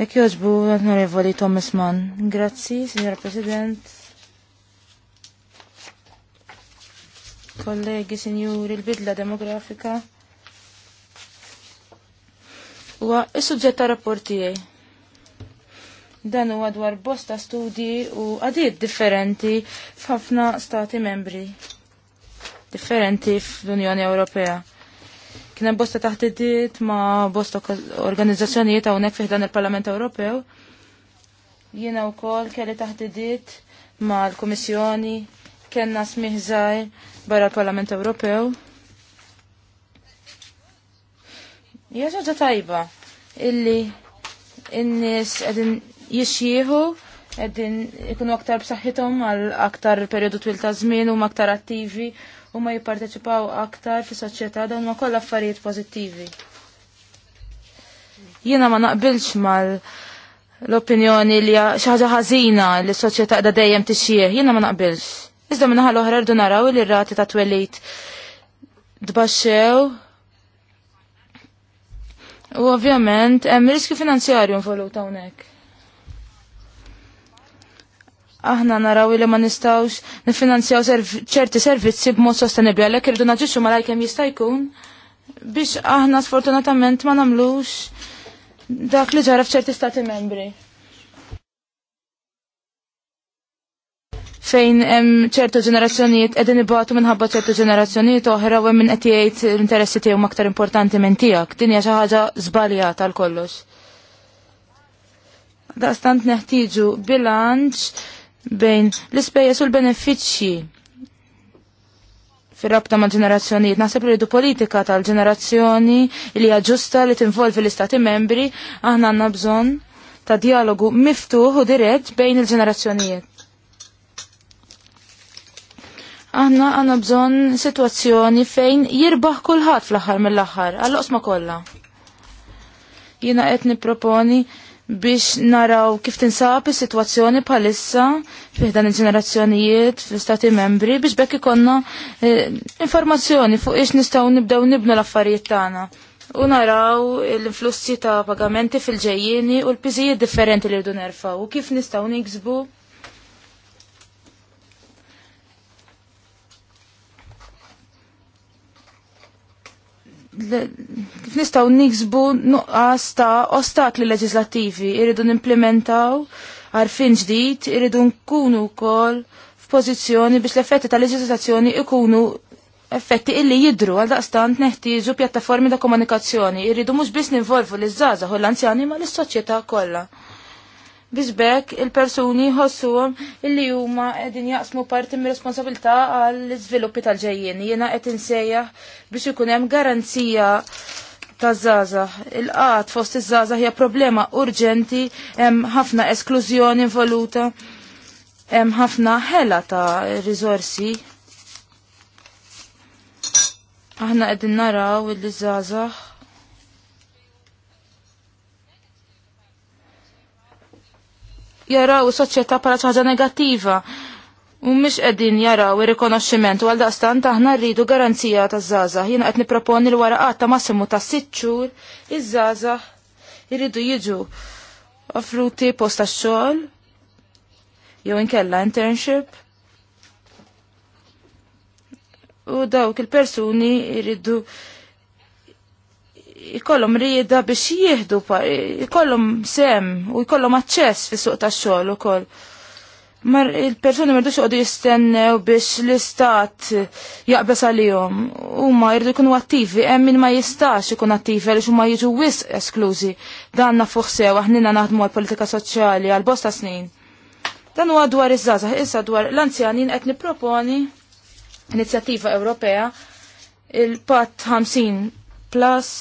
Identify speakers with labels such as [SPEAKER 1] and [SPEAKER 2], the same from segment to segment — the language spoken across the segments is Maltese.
[SPEAKER 1] Ek joġbu l-Onorevoli Thomas Mann. Grazzi, Signora President. Kollegi, Signori, il-bidla demografika. Huwa is-suġġett ta' rapportijaj. Dan huwa dwar bosta studji u għadiet differenti f'ħafna stati membri differenti fl-Unjoni Ewropea. Kien hemm bosta taħdidiet ma' bosta organizzazzjonijiet hawnhekk fih dan il-Parlament Ewropew. Jiena wkoll kelli taħdidiet ma' l-Kummissjoni, kellna smihżaj barra l-Parlament Ewropew. Hija ġaġa tajba illi n-nies qegħdin jixjieħu qegħdin ikunu aktar b'saħħithom għal aktar perjodu twil ta' żmien huma aktar attivi u ma jipparteċipaw aktar fi soċjetà dawn ma kollha affarijiet pożittivi. Jiena ma naqbilx mal l-opinjoni li xi ħaġa ħażina li s-soċjetà da dejjem tixjih, jiena ma naqbilx. Iżda minn ħal oħra rdu naraw li r-rati ta' twelid dbaxxew u ovvjament hemm riskju finanzjarju involut hawnhekk aħna naraw li ma nistawx nifinanzjaw ċerti servizzi b'mod sostenibli għalhekk irridu naġixxu malaj kemm jista' jkun biex aħna sfortunatament ma nagħmlux dak li ġara f'ċerti stati membri. fejn hemm ċertu ġenerazzjonijiet qegħdin ibatu minħabba ċertu ġenerazzjonijiet oħra u hemm min qed jgħid l-interessi tiegħu aktar importanti minn tiegħek. Din hija xi ħaġa żbaljata għal kollox. Daqstant neħtieġu bilanċ bejn l-ispejjeż u l-benefiċċji fir-rabta ma' ġenerazzjonijiet. Naħseb li politika tal-ġenerazzjoni li hija ġusta li tinvolvi l-istati membri, aħna għandna bżonn ta' dialogu miftuħ u dirett bejn il-ġenerazzjonijiet. Aħna għandna bżonn sitwazzjoni fejn jirbaħ kulħadd fl-aħħar mill-aħħar, għall-oqsma kollha. Jiena qed nipproponi biex naraw kif tinsab is-sitwazzjoni bħalissa fih dan il-ġenerazzjonijiet fl-istati membri biex bekk ikonna eh, informazzjoni fuq ix nistgħu nibdew nibnu l-affarijiet tagħna. U naraw l-influssi ta' pagamenti fil-ġejjieni u l-piżijiet differenti li rridu nerfaw u kif nistgħu niksbu kif nistaw niksbu nuqqas ta' ostakli leġislativi, irridu nimplementaw għarfin ġdid, irridu nkunu wkoll f'pożizzjoni biex l-effetti ta' leġislazzjoni ikunu effetti illi jidru għal daqstant neħtieġu pjattaformi ta' komunikazzjoni, irridu mhux biss ninvolvu l-żgħażagħ u l-anzjani ma' l-soċjetà kollha biex bekk il-persuni ħossuhom illi huma qegħdin jaqsmu parti mir responsabilità għall iżviluppi tal ġejjin Jiena qed insejjaħ biex ikun hemm garanzija taż-żgħażagħ. Il-qgħad fost iż-żgħażagħ hija problema urġenti, hemm ħafna esklużjoni involuta, hemm ħafna ħela ta' riżorsi. Aħna qegħdin naraw il-żgħażagħ jaraw soċjetà bħala xi ħaġa negattiva u mhix qegħdin jaraw ir-rikonoxximent u għaldaqstant aħna rridu garanzija taż-żgħażagħ. Jiena qed nipproponi l-waraqat ta' massimu ta' sitt xhur iż-żgħażagħ irridu jiġu offruti post tax-xogħol jew inkella internship. U dawk il-persuni irridu jkollhom rida biex jieħdu jkollhom sem u jkollhom aċċess fis-suq tax-xogħol ukoll. Mar il-persuni merdux għodu jistennew biex l-istat jaqbes għalihom. Huma jridu jkunu attivi, hemm min ma jistax ikun attivi għaliex huma jiġu wisq esklużi. Dan fuxse u għahnina naħdmu għall-politika soċjali għal bosta snin. Dan huwa dwar iż-żgħażagħ, issa dwar l-anzjanin qed nipproponi inizjattiva Ewropea il pat 50 plus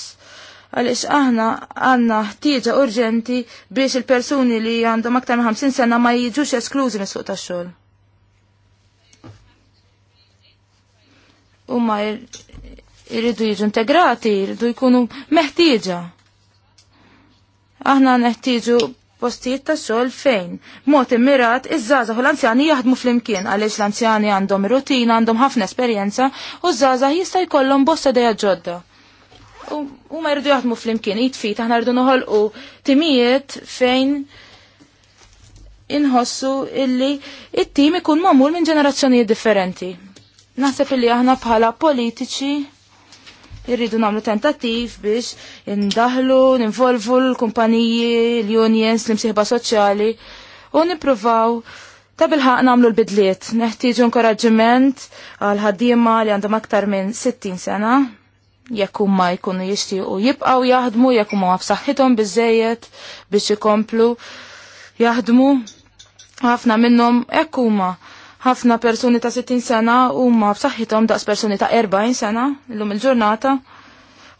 [SPEAKER 1] għaliex aħna għandna ħtieġa urġenti biex il-persuni li għandhom aktar minn 50 sena ma jiġux esklużi mis-suq tax-xogħol. Huma jridu jiġu integrati, jridu jkunu meħtieġa. Aħna neħtieġu postijiet ta' xogħol fejn. Mod immirat iż-żgħażagħ u l-anzjani jaħdmu flimkien għaliex l-anzjani għandhom rutina, għandhom ħafna esperjenza u ż-żgħażagħ jista' jkollhom bosta dejja ġodda u ma jirdu jaħdmu fl-imkien jitfit, aħna rridu noħolqu timijiet fejn inħossu illi it-tim ikun mamul minn ġenerazzjonijiet differenti. Naħseb illi aħna bħala politiċi irridu namlu tentativ biex indaħlu, ninvolvu l-kumpaniji, l-unions, l-imsieħba soċjali u nipruvaw ta' bilħaq namlu l-bidliet. Neħtieġu inkoraġġiment għal ħaddiema li għandhom aktar minn 60 sena jekk huma jkunu jistgħu jibqgħu jaħdmu jekk huma b'saħħithom biżejjed biex ikomplu jaħdmu ħafna minnhom hekk huma ħafna persuni ta' 60 sena huma f'saħħithom daqs persuni ta' 40 sena llum il-ġurnata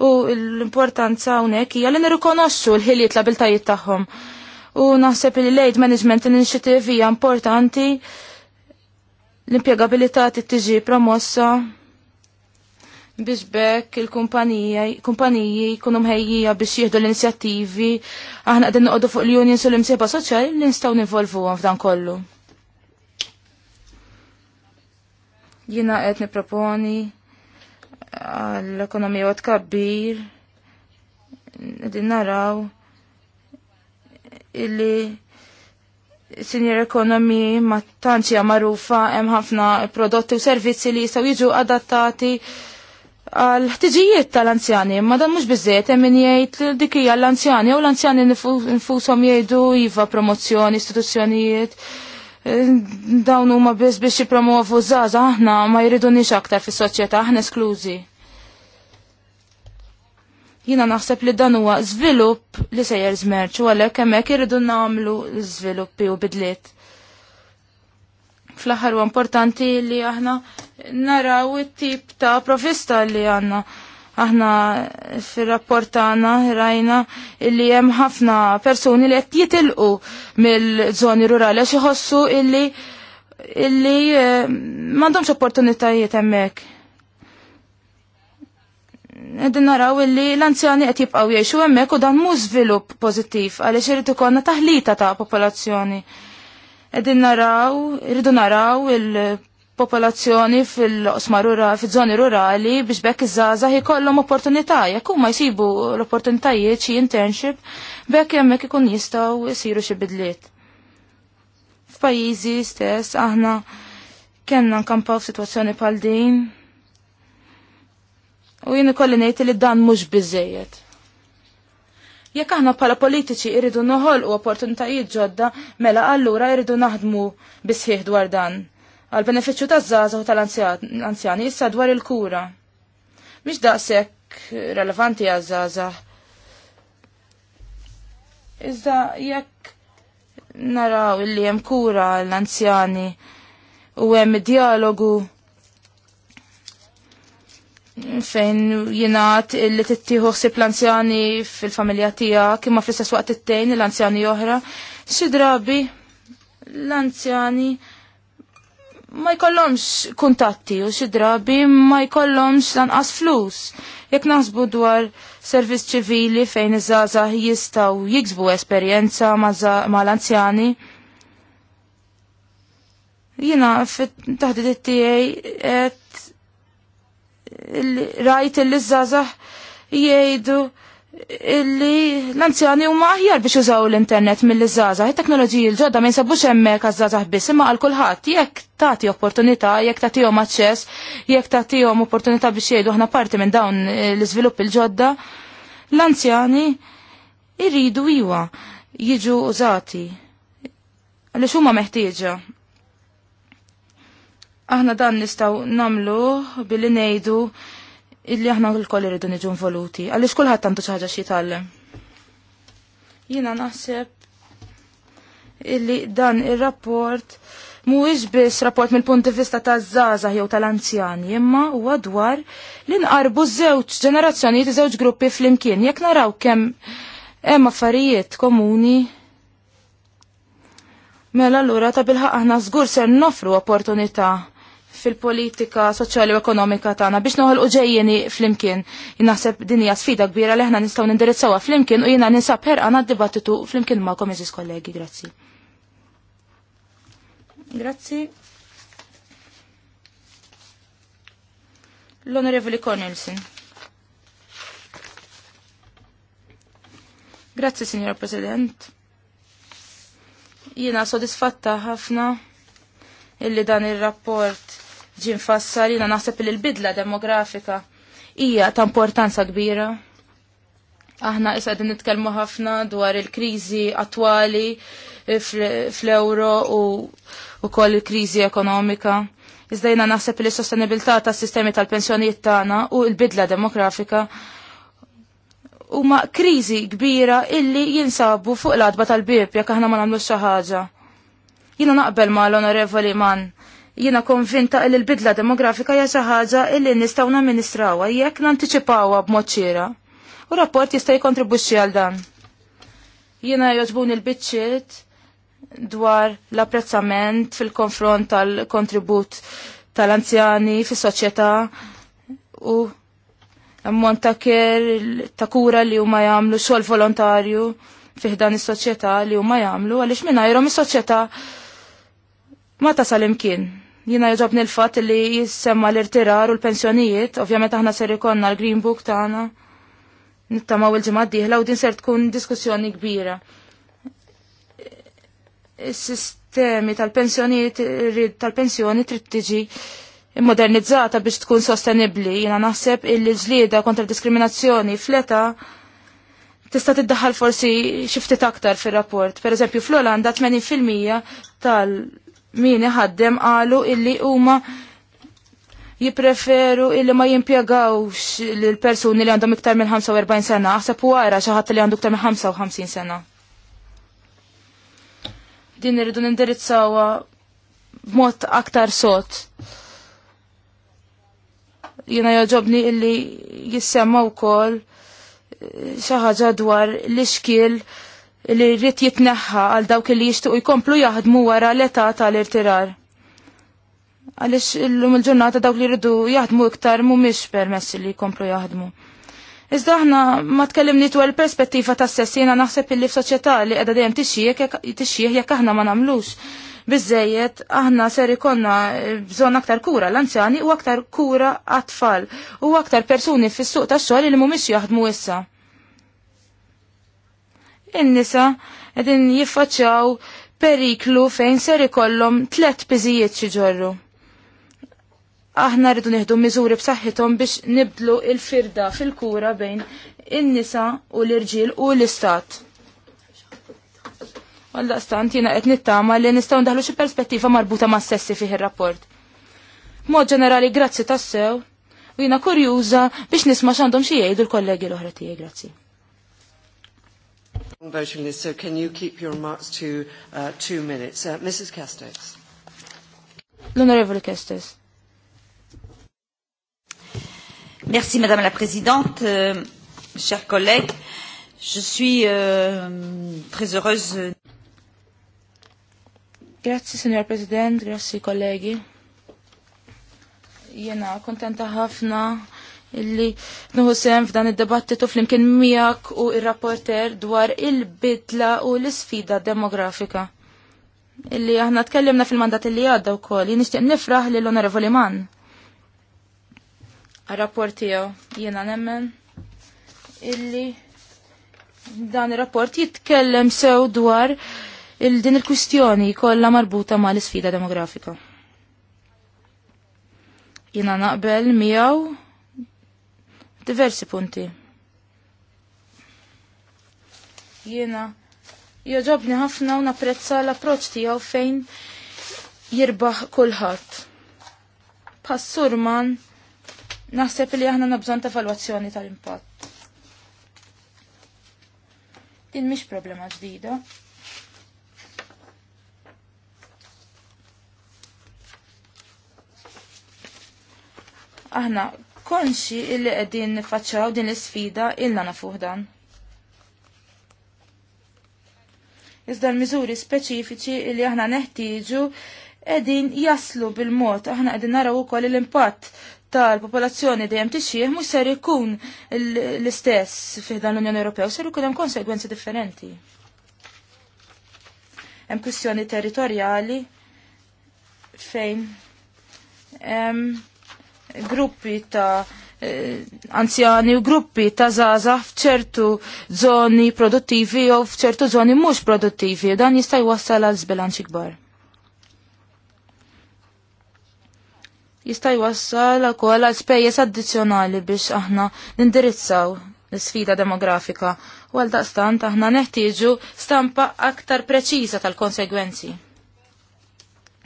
[SPEAKER 1] u l-importanza hawnhekk hija li nirrikonoxxu l-ħiliet l-abiltajiet tagħhom. U naħseb li l-Aid Management Initiative hija importanti l-impjegabilità tiġi promossa biex bekk il-kumpaniji jkunu mħejjija biex jieħdu l-inizjattivi, aħna għadin noqogħdu fuq l-union u l-imsieba soċjali li nistgħu nivolvuhom f'dan kollu. Jiena qed nipproponi għall-ekonomija u tkabbir, qegħdin naraw illi senior economy ma tantx hija magħrufa hemm ħafna prodotti u servizzi li jistgħu jiġu adattati għal ħtiġijiet tal-anzjani, ma dan mhux bizzet, hemm min jgħid dik hija l-anzjani jew l-anzjani nfushom jgħidu iva promozzjoni, istituzzjonijiet. E, dawn huma biss biex jippromovu żgħażagħ aħna ma nix aktar fis-soċjetà aħna esklużi. Jina naħseb li dan huwa żvilupp li sejjer żmerċ u għalhekk hemmhekk irridu nagħmlu żviluppi u bidliet. Fl-aħħar importanti li aħna naraw it-tip ta' provista li għanna. Aħna fil-rapportana tagħna rajna illi hemm ħafna persuni li qed jitilqu mill-żoni rurali għax iħossu illi illi eh, m'għandhomx opportunitajiet hemmhekk. Din naraw illi l-anzjani qed jibqgħu jgħixu hemmhekk u dan mhu żvilupp pożittiv għaliex irid ikollna taħlita ta' popolazzjoni. Ta Edin naraw, irridu naraw il-popolazzjoni fil-osma rurali, fil-żoni rurali biex bekk iż-żaza jkollhom opportunità, jekk huma jsibu l-opportunitajiet xi internship bekk hemmhekk ikun jistgħu jsiru xi bidliet. F'pajjiżi stess aħna kellna nkampaw f'sitwazzjoni bħal din. U jien ikolli ngħid li dan mhux biżejjed. Jekk aħna bħala politiċi irridu noħol u opportunitajiet ġodda, mela allura irridu naħdmu bisħieħ dwar dan. Għal beneficju taż-żgħażagħ u tal-anzjani issa dwar il-kura. Mhix daqshekk relevanti għaż-żgħażagħ. Iżda jekk naraw illi hemm kura l-anzjani u hemm dialogu fejn jenat li tittieħu ħsieb l-anzjani fil-familja tiegħek kima fl-istess waqt it-tejn l-anzjani oħra. Xi drabi l-anzjani ma jkollhomx kuntatti u xi drabi ma jkollhomx lanqas flus. Jekk naħsbu dwar servizz ċivili fejn iż-żgħażagħ jistgħu jiksbu esperjenza ma' l-anzjani. Jiena fit-taħdidiet tiegħi qed rajt illi żgħażagħ jgħidu illi l-anzjani huma aħjar biex jużaw l-internet mill żgħażagħ. It-teknoloġiji l-ġodda ma jinsabux hemmhekk kazzazah biss, imma għal kulħadd jekk tagħti opportunità, jekk tagħtihom aċċess, jekk tagħtihom opportunità biex jgħidu ħna parti minn dawn eh, l izvilupp il-ġodda, l-anzjani irridu iwa jiġu użati. Għaliex huma meħtieġa Aħna dan nistaw namlu billi nejdu illi aħna l-koll irridu niġu involuti. Għalix kullħat għandu ċaħġa xie tal-lem. Jina naħseb illi dan il-rapport mhuwiex biss rapport mill-punt di vista ta' zaza jew tal-anzjani, imma huwa dwar li nqarbu żewġ ġenerazzjonijiet żewġ gruppi flimkien. Jekk naraw kemm hemm affarijiet komuni Mela allura ta' bilħaq aħna żgur ser nofru opportunità fil-politika soċjali u ekonomika tagħna biex noħolqu ġejjeni flimkien. Naħseb din hija sfida kbira li aħna nistgħu nindirizzawha flimkien u jiena ninsab ħerqana d-dibattitu flimkien magħkom eżis kollegi. Grazzi. Grazzi. L-Onorevoli Cornelson. Grazzi, Signor President. Jiena sodisfatta ħafna illi dan il-rapport ġin fassar naħseb li l-bidla demografika hija ta' importanza kbira. Aħna isa din nitkellmu ħafna dwar il-kriżi attwali eh, fl-euro u wkoll il-kriżi ekonomika. Iżda naħseb li sostenibilità tas sistemi tal-pensjonijiet tagħna u l-bidla demografika huma kriżi kbira illi jinsabu fuq l-adba tal-bib jekk aħna ma nagħmlux xi ħaġa. Jiena naqbel ma l-Onorevoli Mann Jiena konvinta li l-bidla demografika hija xi ħaġa li nistgħu namministrawha jekk nantiċipawha b'mod ċira. U rapport jista' jkontribwixxi għal dan. Jiena jogħġbun il-biċċiet dwar l-apprezzament fil-konfront tal-kontribut tal-anzjani fis-soċjetà u ammont ta' ker ta' kura li huma jagħmlu xogħol volontarju fih dan is-soċjetà li huma jagħmlu għaliex mingħajrhom is-soċjetà ma tasal imkien. Jina jġobni l-fat li jissemma l-irtirar u l-pensjonijiet, ovvjament aħna ser ikonna l-Green Book tagħna. Nittamaw il-ġimgħa ġimad diħla u din ser tkun diskussjoni kbira. Is-sistemi tal-pensjonijiet tal-pensjoni trid tiġi immodernizzata biex tkun sostenibbli. Jina naħseb il-ġlieda kontra diskriminazzjoni fleta tista' tiddaħħal forsi xi ftit aktar fir-rapport. Pereżempju fl-Olanda 80% tal- min iħaddem qalu illi huma jipreferu illi ma jimpjegawx l-persuni li għandhom iktar minn 45 sena, għasab u għara xaħat li għandu iktar minn 55 sena. Din irridu nindirizzawa b'mod aktar sot. Jina joġobni illi jissemma u kol xaħġa dwar l-iskil li rrit jitneħħa għal dawk li jishtuq jkomplu jaħdmu wara l-età tal-irtirar. Għalix l-lum il-ġurnata dawk li rridu jaħdmu iktar miex permessi li jkomplu jaħdmu. Iżda aħna ma tkellimni għal perspettiva ta' sessina naħseb illi f-soċieta li qiegħda dejjem tixjih jekk aħna ma nagħmlux. Bizzejiet, aħna ser ikonna bżonn aktar kura l-anzjani u aktar kura għat-tfal u aktar persuni fis-suq tax-xogħol li mhumiex jaħdmu issa in-nisa qegħdin jiffaċċjaw periklu fejn ser ikollhom tliet piżijiet xi ġorru. Aħna rridu nieħdu miżuri b'saħħithom biex nibdlu il-firda fil-kura bejn in-nisa u l-irġiel u l-istat. Għalla stant jina qed nittama li nistgħu ndaħlu xi perspettiva marbuta ma' sessi fih ir-rapport. Mod ġenerali grazzi tassew u jina kurjuża biex nisma' x'għandhom xi jgħidu l-kollegi l-oħra tiegħi grazzi.
[SPEAKER 2] Voting list, so can you keep your remarks to uh, two minutes? Uh, Mrs. Castex.
[SPEAKER 1] L'honorable
[SPEAKER 3] Castex.
[SPEAKER 2] Merci Madame la Présidente,
[SPEAKER 3] euh, chers collègues. Je suis euh, très heureuse.
[SPEAKER 1] Grazie Signor Presidente, grazie colleghi. Jena contenta ħafna illi nuhu f'dan id-debattitu flimkien miegħek u ir-rapporter dwar il-bidla u l-isfida demografika. Illi aħna tkellimna fil-mandat illi għadda wkoll, jien nixtieq nifraħ lil onorevoli Mann. Ar-rapport tiegħu jiena nemmen illi dan ir-rapport jitkellem sew dwar il-din il-kwistjoni kollha marbuta mal-isfida demografika jina naqbel miegħu diversi punti. Jiena joġobni ħafna u napprezza l-approċ tiegħu fejn jirbaħ kulħadd. Passurman naħseb li aħna nabżon ta' valwazzjoni tal-impatt. Din mhix problema ġdida. Aħna konxi illi qegħdin nifaċċaw din l-isfida illa nafuh dan. Iżda l-miżuri speċifiċi illi aħna neħtieġu qegħdin jaslu bil-mod aħna qegħdin naraw ukoll l-impatt tal-popolazzjoni dejjem tixjih mhux ser ikun l-istess fih dan l-Unjoni Ewropea, ser ikun hemm konsegwenzi differenti. Hemm kwistjoni territorjali fejn hemm gruppi ta' eh, anzjani u gruppi ta' zaza fċertu zoni produttivi u fċertu zoni mhux produttivi. Dan jista' jwassal għal zbilanċ ikbar. Jista' jwassal ukoll għal spejjeż addizzjonali biex aħna nindirizzaw l-sfida demografika u għal daqstant aħna neħtieġu stampa aktar preċiża tal-konsegwenzi.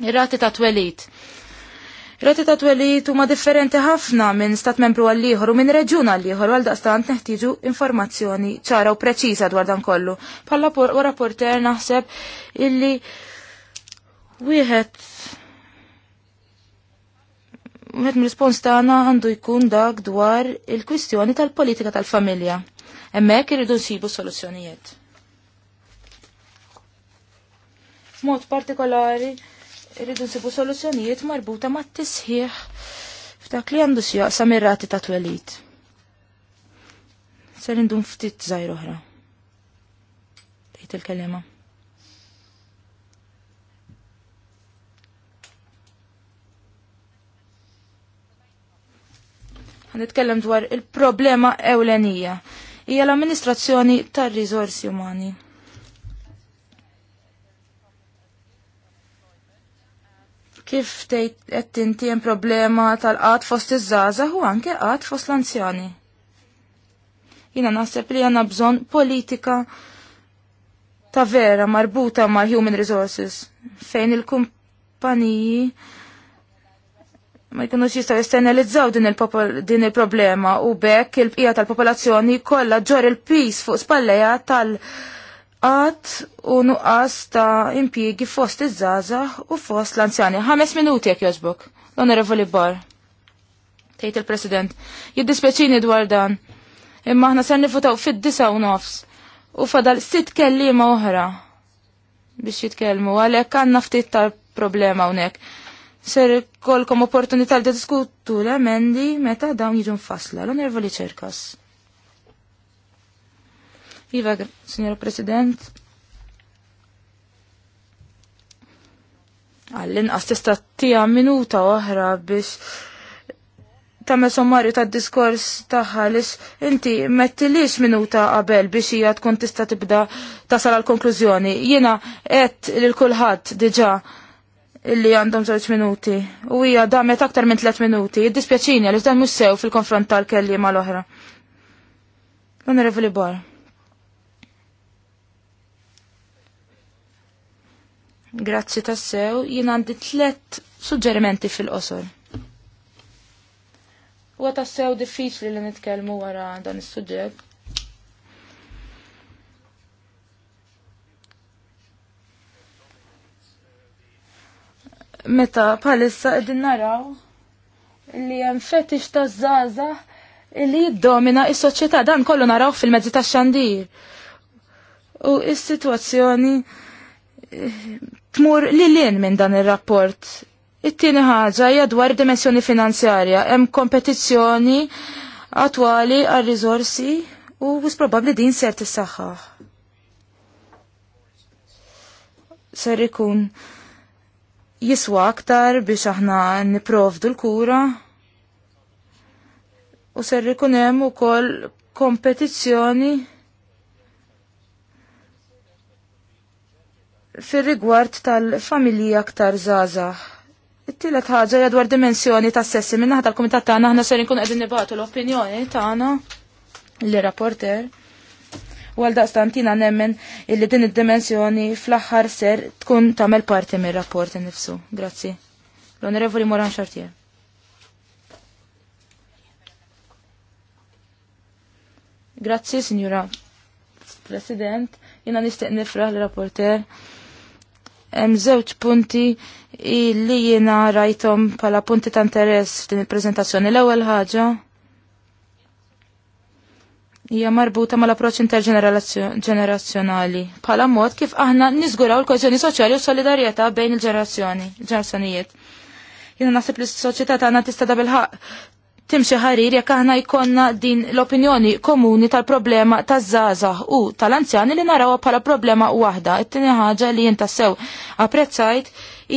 [SPEAKER 1] Ir-rati ta' twelit Rati ta' twelit huma differenti ħafna minn stat membru għal ieħor u minn reġjun għal ieħor għal daqstant neħtieġu informazzjoni ċara u preċiża dwar dan kollu. Bħala u rapporter naħseb illi wieħed Met rispons tagħna għandu jkun dak dwar il-kwistjoni tal-politika tal-familja. Hemmhekk irridu nsibu soluzzjonijiet. Mod partikolari irridu nsibu soluzzjonijiet marbuta ma' tisħiħ f'dak li għandu xjaqsam ir ta' twelit. Ser indum ftit żgħir oħra. Tejt il-kelema. Nitkellem dwar il-problema ewlenija hija l-amministrazzjoni tar rizorsi umani. Kif tejt qed inti problema tal qat fost iż żaza u anke qat fost l-anzjani. Jiena naħseb li jena bżonn politika ta' vera marbuta ma' human resources fejn il-kumpaniji ma jkunux jistaw jistenalizzaw din, din il-problema u bekk il-bqija tal-popolazzjoni kolla ġor il-pis fuq spalleja tal- għat u nuqqas ta' impjiegi fost iż-żaza u fost l-anzjani. Ħames minuti jek jozbok, l-onorevoli bar. Tejt il-president, jiddispeċini dwar dan. Imma ħna ser nifutaw fid-disa u nofs u fadal sitt kellima oħra biex jitkellmu, għalek għanna ftit tal problema unek. Ser kolkom opportunità li diskutu l-emendi meta dawn jiġu fasla, l-onervoli ċerkas. Iva, signor President, Għallin, għastista tista' tija minuta oħra biex tagħmel sommarju tad-diskors tagħha lix inti mettilix minuta qabel biex hija tkun tista' tibda tasal għal konklużjoni. Jiena qed lil kulħadd diġà illi għandhom żewġ minuti u hija damet aktar minn tliet minuti. Jiddispjaċini għaliex dan mhux sew fil-konfront tal-kelliema l-oħra. Onorevoli Bar. Grazzi tassew, jien għandi tlet suġġerimenti fil-qosor. Huwa tassew diffiċli li nitkellmu wara dan is-suġġett. Meta bħalissa qegħdin naraw li hemm fetix ta' żgħażagħ li jiddomina s soċjetà dan kollu naraw fil-mezzi tax-xandir. U s sitwazzjoni eh, tmur li lin minn dan ir-rapport. It-tieni ħaġa hija dwar dimensjoni finanzjarja, hemm kompetizzjoni attwali għal riżorsi u wis probabbli din ser tissaħħaħ. Ser ikun jiswa aktar biex aħna niprovdu l-kura u ser ikun hemm ukoll kompetizzjoni fir-rigward tal-familji aktar żgħażagħ. It-tielet ħaġa hija dimensjoni tas-sessi minnaħa tal-kumitat tagħna aħna ser nkun għedin nibagħtu l-opinjoni tagħna li rapporter. U għal stantina nemmen illi din id-dimensjoni fl-aħħar ser tkun tagħmel parti mir-rapport nifsu. Grazzi. L-Onorevoli Moran Xartier. Grazzi, Signora President. Jina nistaq nifraħ l-rapporter hemm żewġ punti li jiena rajtom bħala punti ta' interess f'din il-preżentazzjoni. L-ewwel ħaġa hija marbuta mal-approċċ interġenerazzjonali bħala mod kif aħna niżguraw il-kohesjoni soċjali u solidarjetà bejn il-ġenerazzjoni, il-ġenerazzjonijiet. Jiena naħseb li s-soċjetà tagħna tista' dabilħaq timxi ħarir jekk aħna jkollna din l-opinjoni komuni tal-problema taż-żgħażagħ u tal-anzjani li narawha bħala problema waħda. It-tieni ħaġa li jien tassew apprezzajt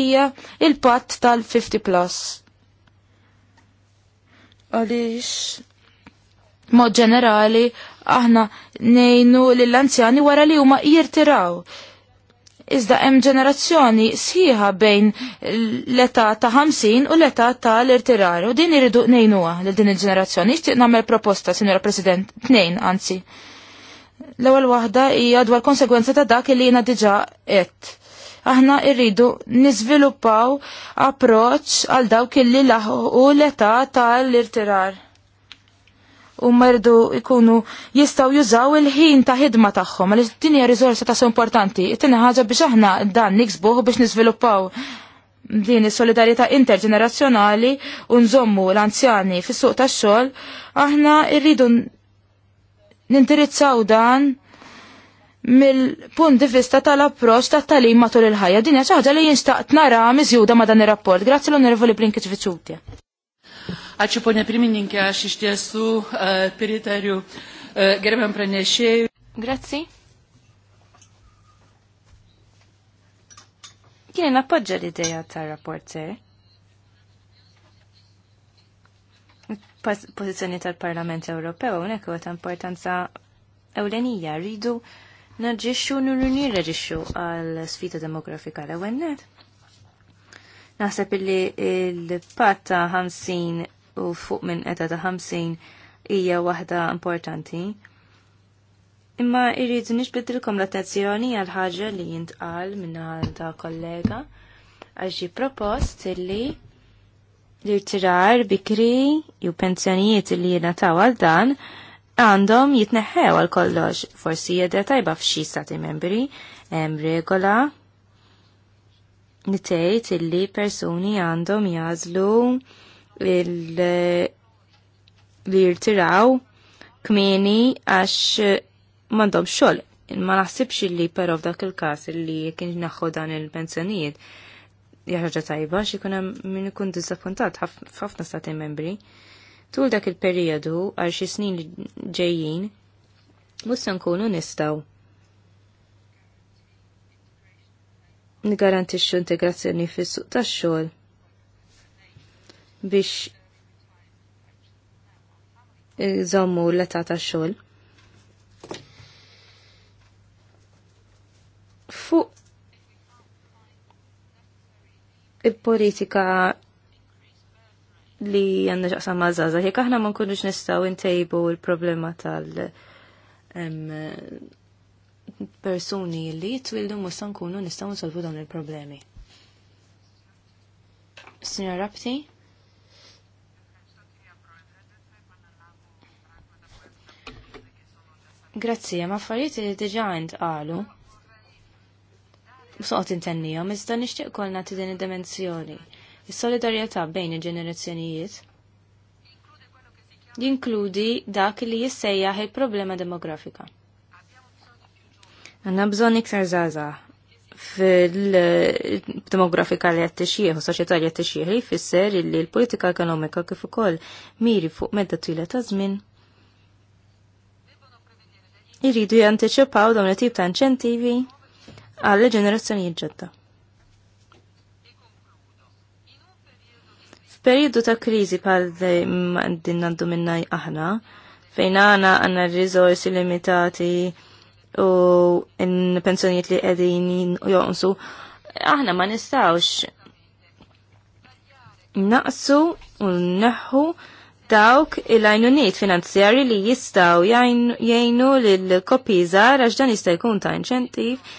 [SPEAKER 1] hija il-patt tal-50 plus. Għaliex mod ġenerali aħna nejnu lill-anzjani wara li huma jirtiraw iżda hemm ġenerazzjoni sħiħa bejn l-età ta' 50 u l-età ta' l-irtirar. U din iridu nejnuha lil din il-ġenerazzjoni. Ixtieq nagħmel proposta, Sinjora President, tnejn anzi. L-ewwel waħda hija dwar konsegwenza ta' dak li jiena diġà qed. Aħna rridu niżviluppaw approċċ għal dawk illi laħu l-età tal-irtirar u merdu ikunu jistaw jużaw il-ħin ta' ħidma tagħhom għaliex din hija riżorsa ta' importanti. It-tieni ħaġa biex aħna dan niksbuh biex niżviluppaw din is-solidarjetà interġenerazzjonali u nżommu l-anzjani fis-suq tax-xogħol, aħna rridu nindirizzaw dan mill-punt di vista tal-approċ ta' talim matul il-ħajja. Din hija xi ħaġa li jinxtaqt nara miżjuda ma' dan ir-rapport. Grazzi l-Onorevoli Blinkiċ Viċutja. Ačiū, ponė pirmininkė, aš iš tiesų e, pritariu
[SPEAKER 3] e, gerbiam pranešėjui. Grazie. Jien appoġġa l-ideja tar-rapporter. Pożizzjoni tal-Parlament Ewropew hawnhekk huwa ta' importanza ewlenija rridu naġġixxu nurru nirreġixxu għal sfida demografika l ewwel Naħseb illi l-patt ta' 50 u fuq minn qeda ta' 50 hija waħda importanti. Imma irrid nixbidilkom l-attenzjoni għal ħaġa li jintqal minn ta' kollega għax propost li l-irtirar bikri ju pensjonijiet li jingħataw għal dan għandhom jitneħħew għal kollox forsi jeda tajba f'xi stati membri hemm regola nitejt li persuni għandhom jażlu li jirtiraw kmini għax mandom xol. Ma naħsibx li pero f'dak il-kas li kien naħħu dan il-pensjonijiet jaħġa tajba xie kuna minn ikun dizappuntat ħafna stati membri. Tul dak il-periodu għal xi snin ġejjin musa nkunu nistaw. Nigarantixxu integrazzjoni fis-suq tax-xogħol biex zommu l-età ta' xogħol. Fuq il-politika li għandna ġaqsa mażaza, jek aħna ma nkunux nistaw intejbu il-problema tal- persuni li jitwildu musta nkunu nistaw nsolvu dawn il-problemi. Signor Rapti? Grazzi, ma affarijiet li diġà qalu. Soqgħod intennihom iżda nixtieq kol nagħti din id-dimensjoni. Is-solidarjetà bejn il-ġenerazzjonijiet jinkludi dak li jissejjaħ il-problema demografika. Għanna bżon iktar zaza fil-demografika li għattixieħ u soċieta li għattixieħ li jfisser li l-politika ekonomika kif ukoll miri fuq medda t-tila ta' żmien jridu jantiċipaw dawn it-tip ta' inċentivi għall ġenerazzjonijiet ġodda. F'periodu ta' kriżi bħal din għandu minna aħna, fejn għana għanna r-rizorsi limitati u n-pensjonijiet li għedin jonsu, aħna ma nistawx naqsu u neħu dawk il-għajnuniet finanzjari li jistaw jgħinu l-kopiza għax dan jista' jkun ta' inċentiv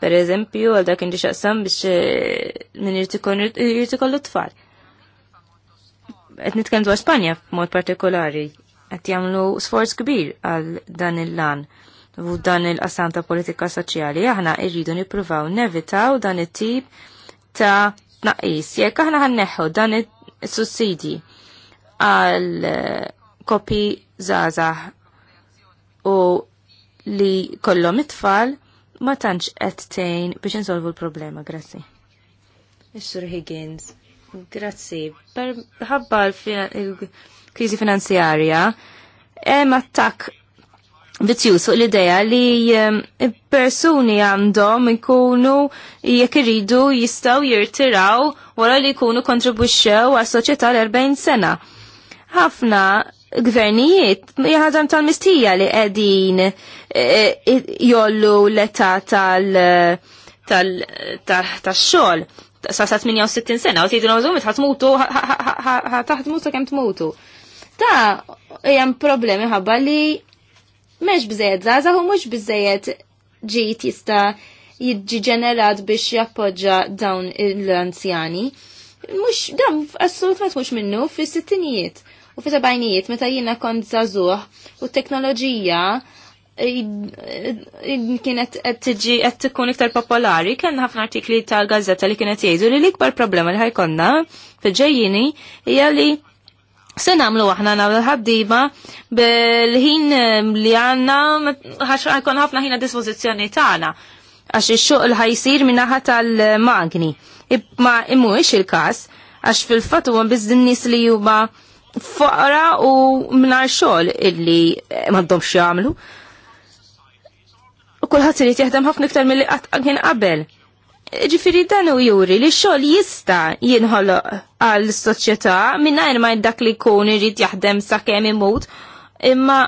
[SPEAKER 3] per eżempju għal dak indi xaqsam biex min eh, jirtikollu t-tfal. Qed nitkellem dwar Spanja mod partikolari qed jagħmlu sforz kbir għal dan il-lan u dan il-qasam ta' politika soċjali, aħna irridu nippruvaw nevitaw dan it-tip ta' naqis. Jekk aħna ħanneħħu dan it sussidji għal eh, kopi zaza u li kollom it-tfal ma tantx qed tgħin biex insolvu l-problema, grazzi. Is-Sur Higgins, grazzi. Ħabba l-kriżi finanzjarja hemm attakk vizzju suq l idea li ehm, persuni għandhom ikunu jekk iridu jistgħu jirtiraw wara li jkunu kontribwixxew għas soċjetà l-40 sena ħafna gvernijiet jħadam tal-mistija li qegħdin e, e, jollu l-età tal-xogħol sa 68 sena u tgħidu nawżum ħatmutu t-ħatmutu kem kemm tmutu. Ta' hemm problemi ħabba li mhux biżejjed żgħażagħ u mhux biżejjed ġejt jista' jiġi ġenerat biex jappoġġa dawn l-anzjani. Mux, dam, assolutament mux minnu fis sittinijiet u fi sebajnijiet meta jiena kont zazuħ u t-teknoloġija kienet qed tiġi qed iktar popolari, kien ħafna artikli tal-gazzetta li kienet jgħidu li l-ikbar problema li ħajkonna fil-ġejjini hija li se nagħmlu aħna nagħmlu l-ħaddiba bil-ħin li għandna ħajkon ħafna ħina dispożizzjoni tagħna għax ix l ħajsir minnaħa tal-magni. Ma ix il-każ għax fil fatu għan biż din nies li juba faqra u mnar xogħol illi maddom jagħmlu. U kulħadd irid jaħdem ħafna iktar milli qatt kien qabel. Ġifiri dan u juri li xogħol jista' jinħoloq għal soċjetà mingħajr ma dak li jkun irid jaħdem sakemm imut imma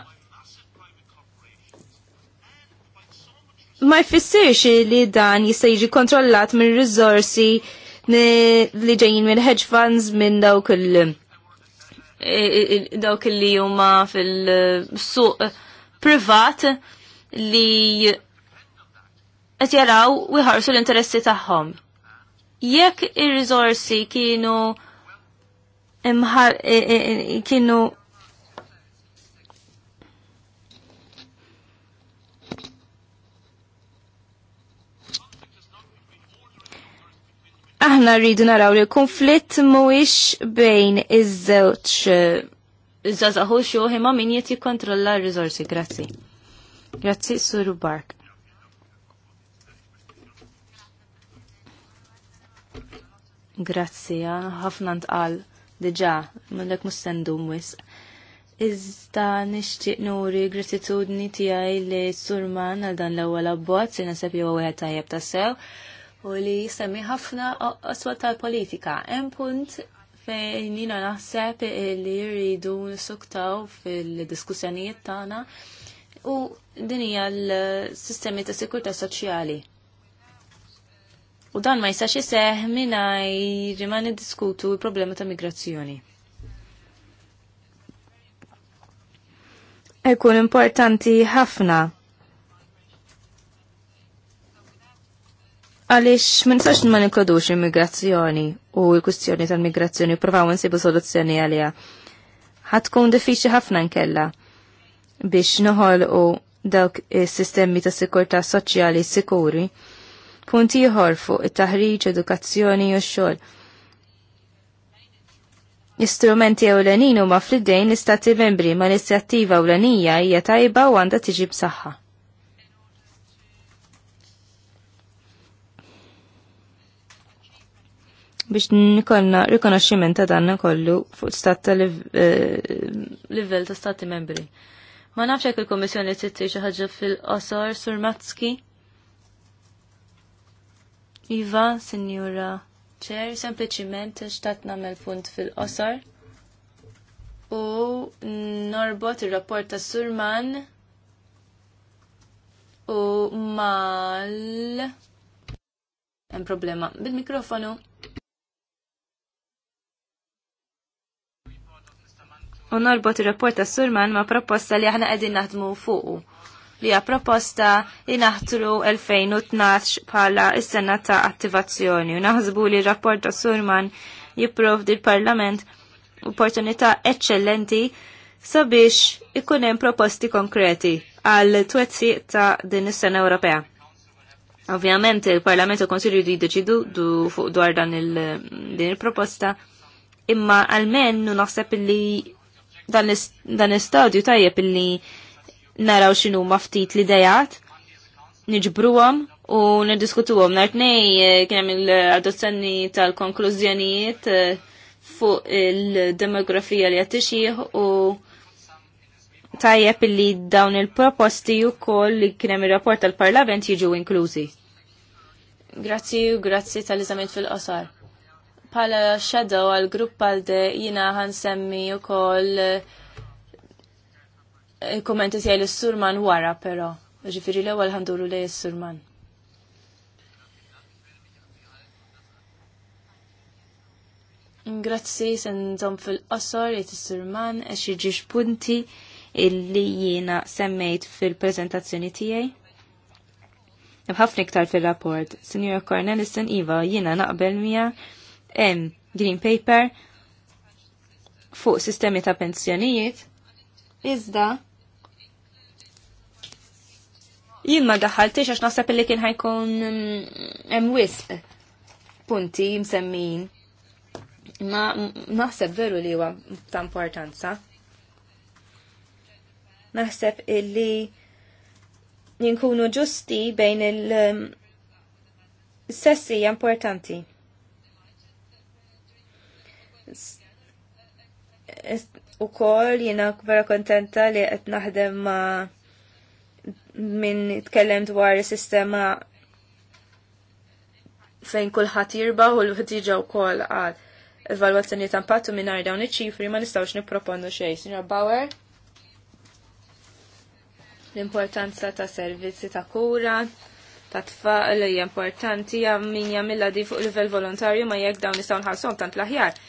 [SPEAKER 3] ma jfissirx li dan jista' jiġi kontrollat minn riżorsi li ġejjin minn hedge funds minn dawk il- dawk li huma fil-suq privat li qed jaraw wieħarsu l-interessi tagħhom. Jekk ir-riżorsi kienu imħar kienu Aħna rridu naraw li konflitt mhuwiex bejn iż-żewġ eh, iż-żazaħu xogħol ma min jrid jikkontrolla r-riżorsi. Grazzi. Grazzi Suru Bark. Grazzi, ah, ħafna ntqal diġà m'għandek mustendu wisq. Iżda nixtieq nuri gratitudni tiegħi li Surman għal dan l-ewwel abbozz, naseb jew wieħed tajjeb ta' sew u li jisemmi ħafna aswat tal-politika. Hemm punt fejn jina naħseb li jridu nisuktaw fil-diskussjonijiet tagħna u din hija l-sistemi ta' sikurtà soċjali. U dan ma jistax jiseħ mingħajr ma niddiskutu l-problema ta' migrazzjoni. Ekun importanti ħafna Għalix, minn sax ma ninkludux immigrazzjoni u l-kustjoni tal-migrazzjoni u provaw nsibu soluzzjoni għalija. Ħatkun diffiċi ħafna nkella biex noħol u dawk is-sistemi ta' sikurta soċjali sikuri. punti ieħor fuq it-taħriġ, edukazzjoni u x-xogħol. Istrumenti ewlenin huma fl dejn l-istati membri ma l-inizjattiva ewlenija hija tajba u għandha tiġi b'saħħa. biex nikonna rikonoxximent ta' danna kollu fuq stat ta' eh, livell ta' stati membri. Ma nafx jekk il-Kommissjoni titti xi ħaġa fil-qosor sur Iva, Sinjura Ċer, sempliċiment xtat nagħmel punt fil-qosor. U norbot ir-rapport ta' Surman u mal hemm problema bil-mikrofonu. u norbot ir-rapport ta' Surman ma' proposta li aħna qegħdin naħdmu fuqu li hija proposta li naħtru 2012 bħala is-sena ta' attivazzjoni u naħsbu li r-rapport ta' Surman jipprovdi l-Parlament opportunità eccellenti sabiex ikun hemm proposti konkreti għal twezzi ta' din is-sena Ewropea. Ovvjament il-Parlament u Konsilju jiddeċidu fuq dwar dan il-din il-proposta, imma għalmen naħseb li dan l-istadju tajjeb illi naraw xinu maftit li dejat, nġbruwam u nidiskutuwam. Nartnej eh, kienem il-adozzjoni tal-konklużjonijiet eh, fuq il-demografija li għattixieħ u tajjeb illi dawn il-proposti u koll li kienem il-rapport tal-parlament jiġu inklużi. Grazzi u grazzi tal-izament fil-qasar pala shadow għal grupp għal de jina għan semmi u koll eh, kommenti tijaj l-surman wara pero. Ġifiri l ewwel għanduru li l-surman. Grazzi, sentom fil-qosor li t-surman, e xieġiġ punti illi jina semmejt fil-prezentazzjoni tijaj. Nibħafni iktar fil-rapport, Sinjora Cornelison Iva, jina naqbel mija hemm green paper fuq sistemi ta' pensjonijiet, iżda jien ma daħaltix għax naħseb li kien ħajkun mm, hemm wisq punti msemmin. Ma naħseb veru li huwa ta' importanza. Naħseb illi jinkunu ġusti bejn il-sessi mm, importanti u kol jina vera kontenta li qed naħdem ma' minn tkellem dwar is-sistema fejn kulħadd jirbaħ u l-ħtiġa wkoll għal evalwazzjoni ta' impattu mingħajr dawn iċ-ċifri ma nistgħux nipproponu xej. Sinjor Bauer? L-importanza ta' servizzi ta' kura, ta' tfal hija importanti hija min jagħmilha di fuq livell volontarju ma jekk dawn nistgħu nħallshom tant laħjar. aħjar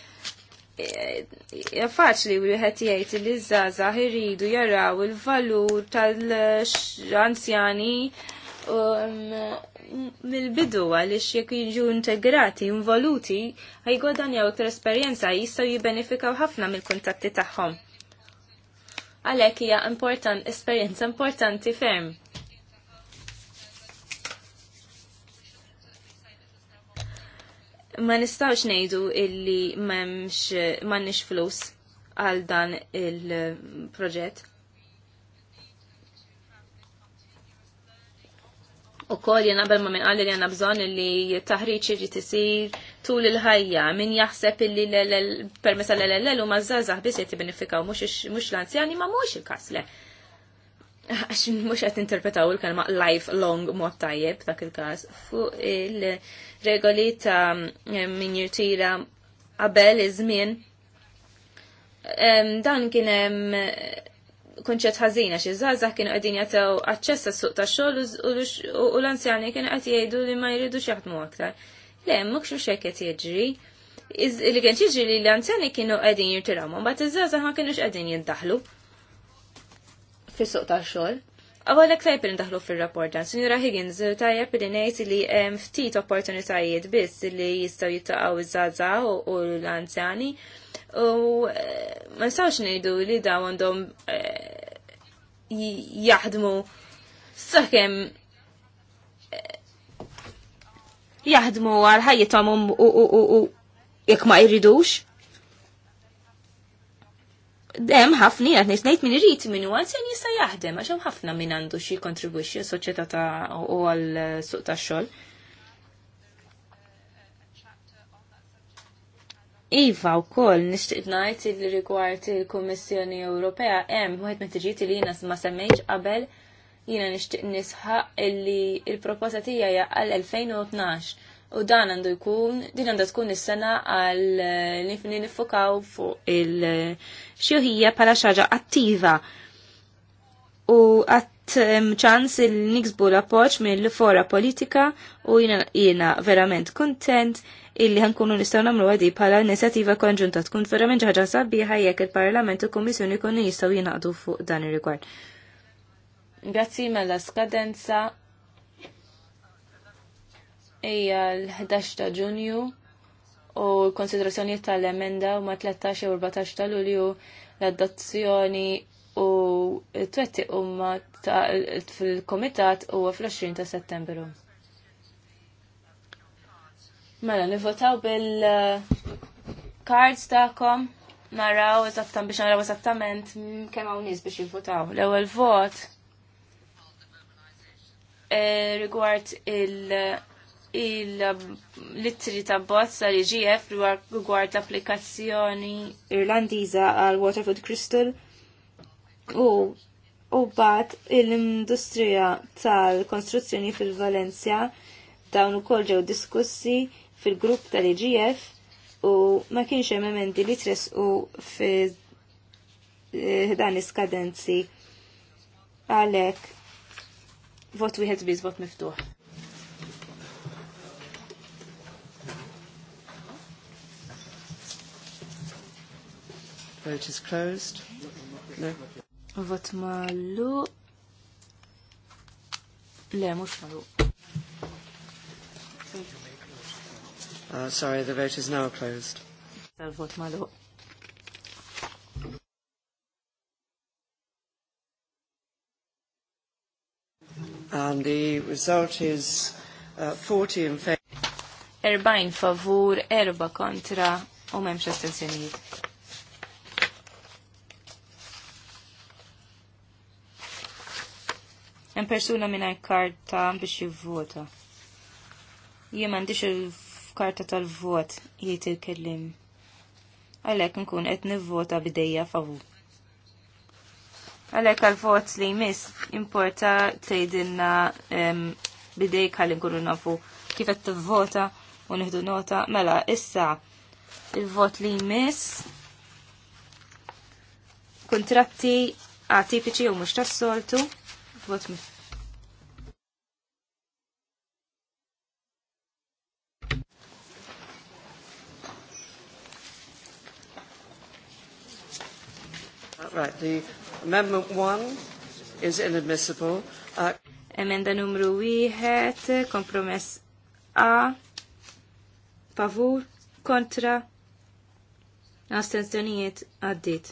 [SPEAKER 3] Eh, eh, faċli wieħed jgħajt li zazah irridu jaraw il-valur tal-anzjani um, mill-bidu għaliex jekk jiġu integrati, involuti, ħajgodanjaw iktar esperjenza jistgħu jibbenefikaw ħafna mill-kuntatti tagħhom. Għalhekk hija important esperjenza importanti ferm. ma nistawx nejdu illi memx mannix flus għal dan il-proġett. U kol jena bel ma minn għalli li għanna bżon li taħriċ irri tisir tul il-ħajja. Min jaħseb li permessa l-LLL u mażazax bis jett benifikaw mux l-anzjani ma mux il-kasle għax mux għat interpretaw il-kelma lifelong mod tajjeb ta' il-kas fuq il-regoli ta' min jirtira qabel iż-żmien. Dan kien hemm kunċett ħażina xi żgħażagħ kienu qegħdin jagħtew aċċess għas-suq tax-xogħol u l-anzjani kienu qed jgħidu li ma jridux jaħdmu aktar. Le mhux mhux hekk qed jiġri. Li kien li l-anzjani kienu qegħdin jirtirawhom, mbagħad iż-żgħażagħ ma kienux qegħdin jiddaħlu fis ta' xol. xogħol ek tajb li ndaħlu fil-rapportan, Sinjura Higgins, tajb li nejt li ftit opportunitajiet biss li jistaw jittaqaw iż-żaza u l-anzjani. U eh, ma nistawx nejdu li daw għandhom eh, jaħdmu sakem eh, jaħdmu għal ħajjithom u jekk ma jridux dem ħafna jgħat nis nejt minn irrit minn u għal jista jaħdem, għax hemm ħafna minn għandu xi kontribwixxi soċjetà ta' u għal suq tax-xogħol. Iva u nixtieq ngħid li rigward il kummissjoni Ewropea hemm wieħed meta tiġiet li jiena ma semmejx qabel jiena nixtieq nisħaq illi il-proposta tiegħi għal 2012 u dan għandu jkun, din għandu tkun is-sena għal nifni eh, nifokaw fuq il-xjuħija eh, pala xaġa attiva u għat ċans il-niksbu l-appoċ mill-fora politika u jina verament kontent illi ħankunu nistaw namlu għadi pala inizjattiva konġunta tkun verament ġaġa sabiħa jekk il-Parlament u komissjoni kunu jistaw jinaqdu fuq dan ir-rigward. Grazzi mela skadenza hija l-11 ta' Ġunju u l tal-emenda u ma 13 u 14 ta' Lulju l-adozzjoni u t-twetti huma fil-Komitat u fl-20 ta' Settembru. Mela, nivotaw bil-cards kom, naraw eżattament biex naraw eżattament kemm hawn nies biex jivvotaw. L-ewwel vot eh, rigward il- il-littri ta' bozza li e ġief rigward l-applikazzjoni irlandiża għal Waterford Crystal u u bat l-industrija tal-konstruzzjoni fil-Valencia dawn ukoll ġew diskussi fil-grupp tal-IGF e u ma kienx hemm emendi li tresqu fi eh, dan iskadenzi għalhekk vot wieħed biż vot miftuħ.
[SPEAKER 2] Vote is closed. No. Vot malu.
[SPEAKER 3] Le, mux malu.
[SPEAKER 2] Uh, sorry, the vote is now closed.
[SPEAKER 3] vot malu.
[SPEAKER 2] And the result is uh, 40 in favor.
[SPEAKER 3] 40 favor, erba kontra, u memx astensjonijiet. hemm persuna mingħajr karta biex jivvota. Jien m'għandix il-karta tal-vot jgħid il-kellim. Għalhekk nkun qed nivvota bidejja favu. Għalhekk għal-vot li jmiss importa tgħidilna bidejk ħalli nkunu nafu kif qed tivvota u nieħdu nota mela issa il-vot li jmiss kontratti atipiċi u mhux tas-soltu
[SPEAKER 2] vot mif Right, the amendment one is inadmissible.
[SPEAKER 3] Uh... Emenda numru wieħed, kompromess A, pavur, kontra, astenzjonijiet għaddit.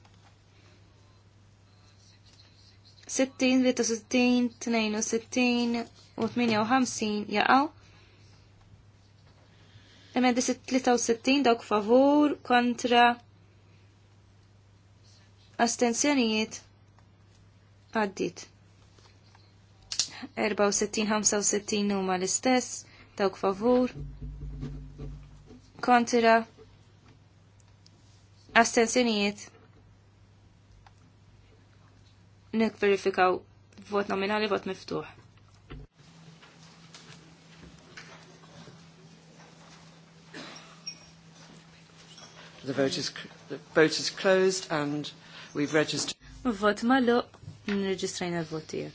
[SPEAKER 3] 60, 63, 62 u 58 jaqaw. Emendi 63 dawk favur kontra astenzjonijiet għaddit. 64-65 huma l-istess, dawk favur, kontra, astensjonijiet nek verifikaw vot nominali, vot miftuħ.
[SPEAKER 2] The vote is the vote is closed and we've registered.
[SPEAKER 3] Vot malo nreġistrajna l-vot tiegħek.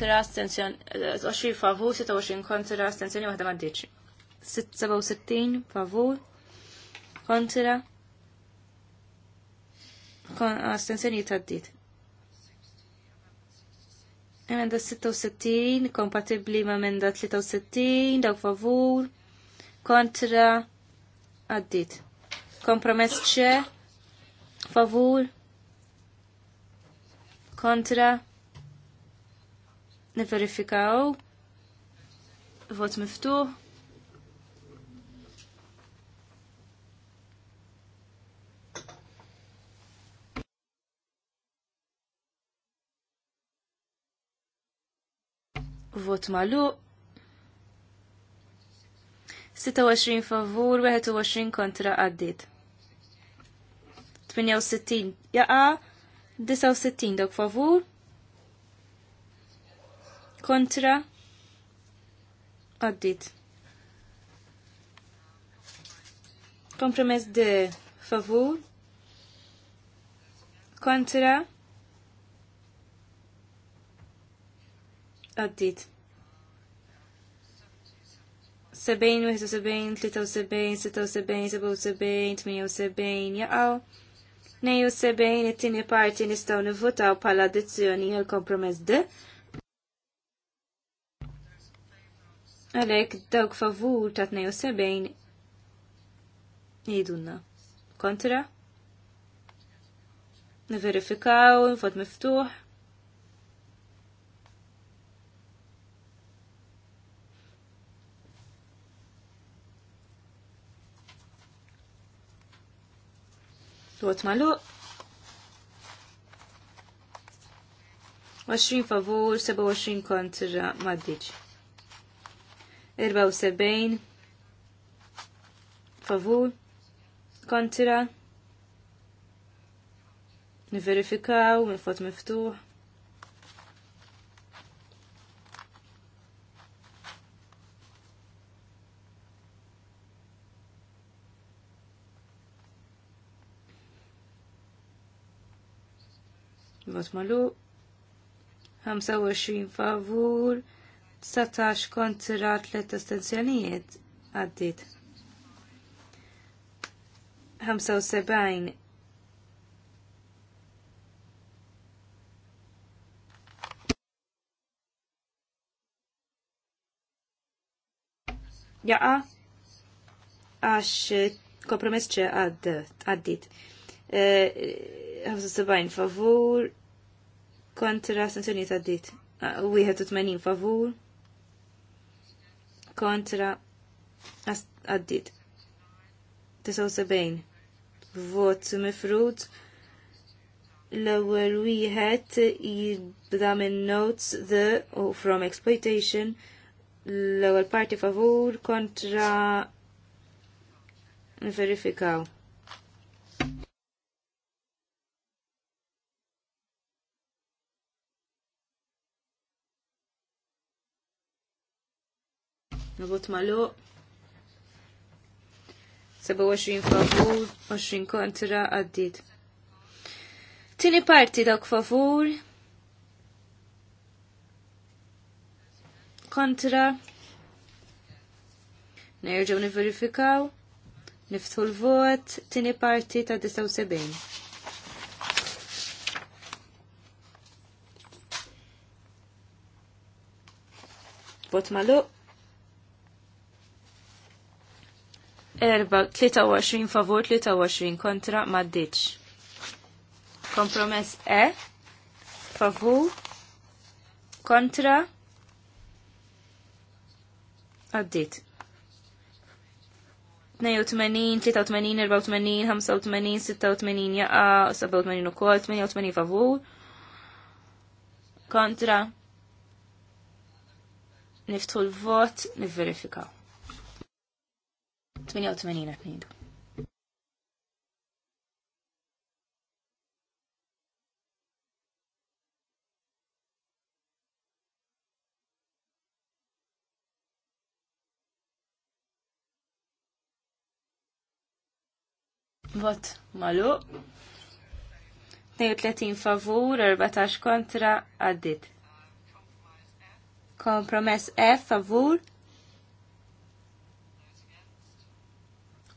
[SPEAKER 3] Tra astensjon, 20 eh, favur, 26 kontra astensjoni waħda ma' 67 favur, kontra kon astensjonijiet għaddit. Emenda 66, kompatibli ma' emenda 63, daw favur, kontra għaddit. Kompromess ċe, favur, kontra, niverifikaw, vot miftuħ. Vot malu. 26 favur, 21 kontra għaddit. 68 jaqa, 69 dok favur, kontra għaddit. Kompromess de favur, kontra għaddit. 70, 71, 73, 76, 77, 78 jaqaw. 72 it-tieni parti nistaw nivvutaw pala addizzjoni għal kompromess D. Għalek, dawk favur ta' 72 jidunna. Kontra? Niverifikaw, vot miftuħ. Vot maluq. 20 favur, 27 kontra maddiċ. 74 favur, kontra. Niverifikaw, mil-fot miftuħ. vot malu 25 favur 19 kontra 3 astenzjonijiet għaddit 75 jaqa għax kompromess ċe għaddit. 75 eh, favur, kontra sanzjonijiet għaddit. 81 favur kontra għaddit. 79 vot mifrut l-ewwel wieħed jibda minn notes the u from exploitation l-ewwel parti favur kontra nverifikaw. Nivot malu. 27 favur, 20 kontra għaddit. Tini parti dawk favur. Kontra. Nerġaw niverifikaw. Niftħu l-vot. Tini parti ta' 79. Vot maluq. erba 23 favur 23 kontra maddiċ. Kompromess E favur kontra għaddit. 82, 83, 84, 85, 86, jaqa, 87 u kol, 88 favur. Kontra. Niftħu l-vot, nivverifikaw. 88 tnidu. Vot malu. 32 favur, 14 kontra, għaddit. Kompromess F favur,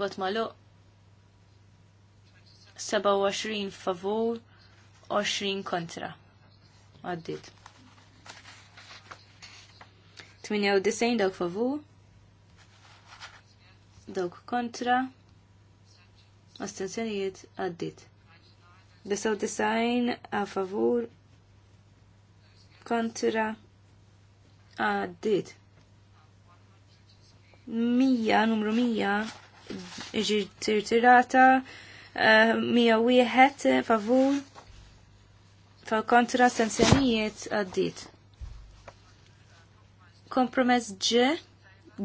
[SPEAKER 3] Vot maluq. 27 favur, 20 kontra. Għaddit. 98 dawk favur, dawk kontra, astenzjonijiet għaddit. 99 a favur, kontra, għaddit. 100, numru 100, iġi tirtirata, eh, mija wieħed eh, favur fa' kontra sanzjonijiet għaddit. Kompromess G,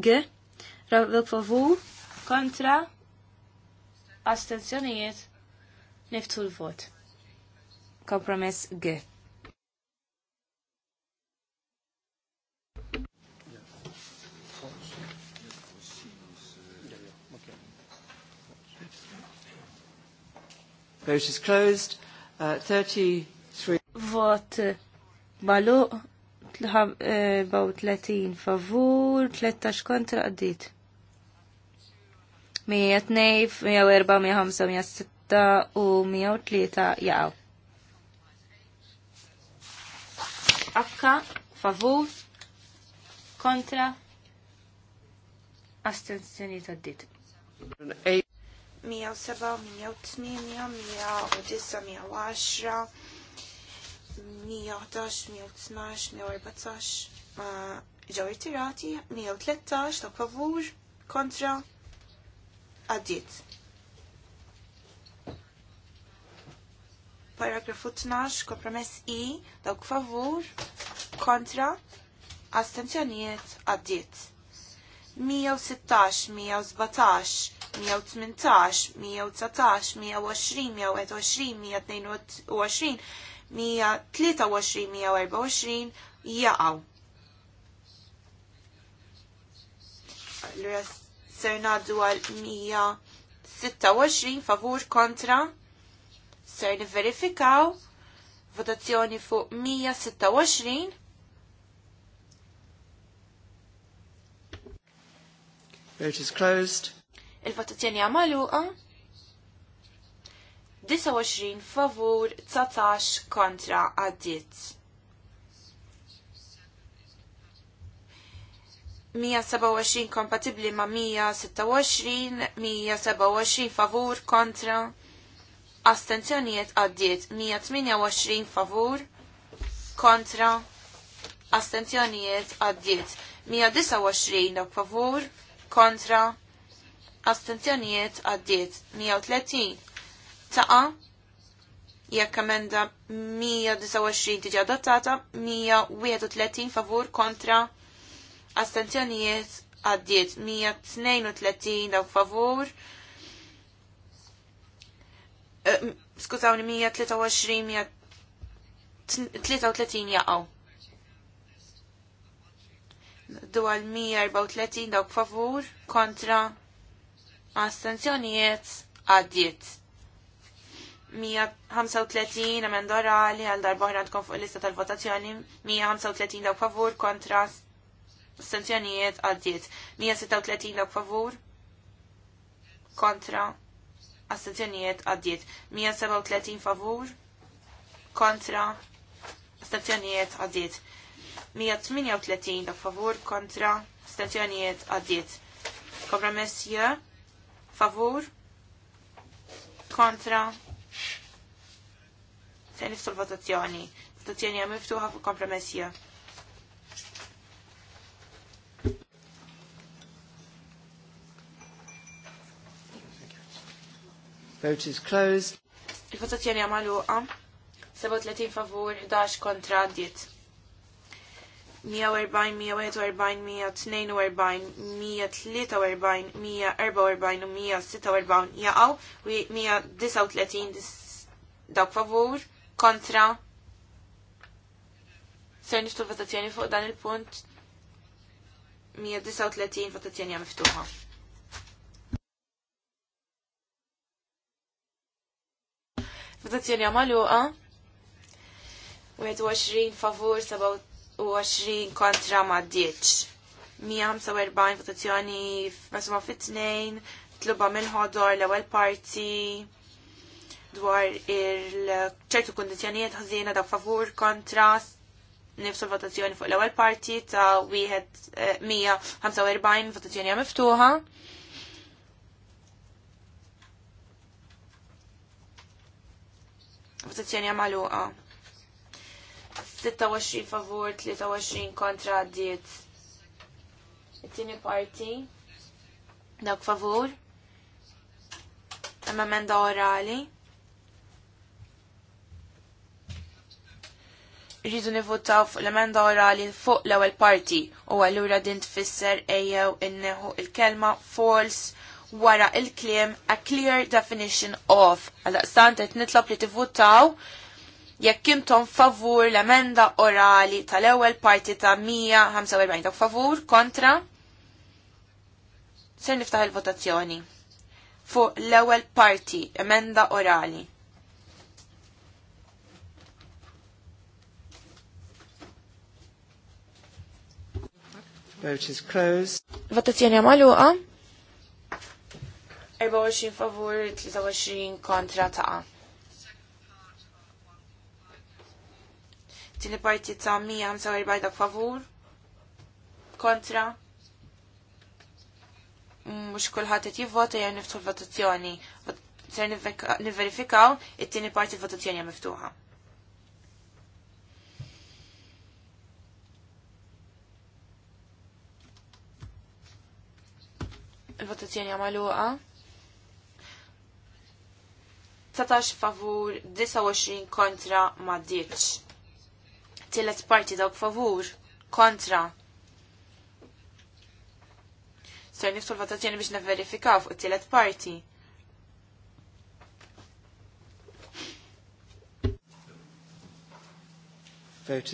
[SPEAKER 3] G, ravdok favur kontra astenzjonijiet niftu l-vot. Kompromess G.
[SPEAKER 2] Vote is closed. Uh, 33. Vote. Uh,
[SPEAKER 3] malu uh, baw 30 favur, 13 kontra għaddit. 102, 104, 105, 106 u 103 jaqaw. Akka, favur, kontra, astenzjoni ta' dit.
[SPEAKER 4] 107, 108, 109, 110, 111, 112, 114 ġew irtirati, 113 ta' favur kontra għaddiet. Paragrafu 12, kompromess I, dawk favur kontra astenzjonijiet għaddiet. 116, 117, jaqaw. L-ura ser naddu 126 favur kontra ser niverifikaw votazzjoni fuq 126
[SPEAKER 2] Vote is closed
[SPEAKER 4] il-votazzjoni għamaluqa 29 favur 19 kontra għaddit. 127 kompatibli ma' 126, 127 favur kontra astenzjonijiet għaddiet 128 favur kontra astenzjonijiet għaddiet 129 favur kontra astenzjonijiet għaddiet 130 taqa jekk emenda 129 tiġi adottata 131 favur kontra astenzjonijiet għaddiet 132 da favur eh, skużawni 123 133 jaqaw dwar 134 dawk favur kontra astenzjonijiet għaddiet. 135 emenda orali għal darbohra tkun fuq lista tal-votazzjoni, 135 daw favur kontra astenzjonijiet għaddiet, 136 daw favur kontra astenzjonijiet għaddiet, 137 favur kontra astenzjonijiet għaddiet. 138 daw favur kontra stazzjonijiet għaddiet. Kompromess favur kontra se niftu l-votazzjoni. Votazzjoni għam miftuħa fuq kompromessija.
[SPEAKER 2] Vote is closed.
[SPEAKER 4] Il-votazzjoni għam għaluqa. 37 favur, 11 kontra, 10. 143 jaqaw u 139 dawk favur kontra ser niftu votazzjoni fuq dan il-punt 139 votazzjoni għam miftuħa. Votazzjoni għam għaluqa 21 favur 7 20 kontra ma ddiċ. 145 votazzjoni masma fit-tnejn, tluba mill-ħodor l-ewwel parti dwar il-ċertu kondizjonijiet ħażina da' favur kontra nifsu votazzjoni fuq l-ewwel parti ta' wieħed 145 eh, votazzjoni miftuħa. Votazzjoni magħluqa. 26 favur, 23 kontra għaddiet. It-tieni parti, dak favor, hemm emenda orali. Rridu nivutaw fuq l-emenda orali fuq l-ewwel parti u allura din tfisser ejjew inneħu il-kelma false wara il-kliem a clear definition of. Għal-daqstant qed nitlob li tivvotaw jekk intom favur l-emenda orali tal-ewwel parti ta' 145 dak favur kontra ser niftaħ il-votazzjoni fuq l-ewwel parti emenda orali.
[SPEAKER 2] Vote is closed. Votazzjoni
[SPEAKER 4] għamaluqa. 24 favur, 23 kontra ta' Tini parti ta' 145 dak favur. Kontra. Mux kullħat qed jivvota jgħu niftu l-votazzjoni. Ser nivverifikaw it-tieni parti votazzjoni jgħu miftuħa. Il-votazzjoni hija magħluqa. 19 favur, 29 kontra ma' 10. Tillet parti dawk favur kontra. Ser nifsu l-votazzjoni biex neverifikaw fuq tillet tielet parti.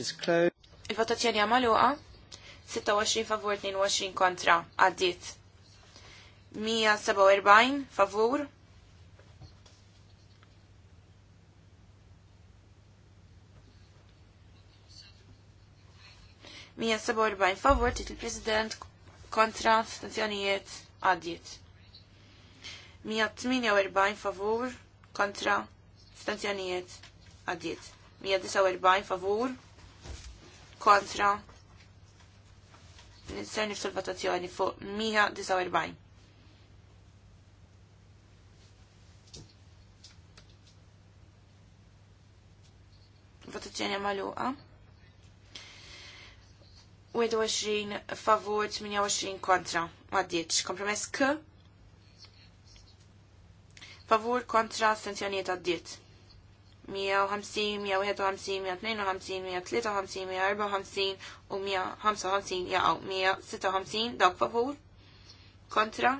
[SPEAKER 4] is closed. Il-votazzjoni għamaluqa 26 favur 22 kontra għaddit. 147 favur 147 favur tit il-President kontra astenzjonijiet għaddiet. 148 favur kontra stanzjonijiet għaddiet. 149 favur kontra nisser nifsu votazzjoni fuq 149. Votazzjoni maluqa. 21 favur, 28 kontra. Maddiċ. Kompromess K. Favur kontra astenzjoniet għaddiet. 150, 151, 152, 153, 154 u 155 jaqaw. 156 dawk favur kontra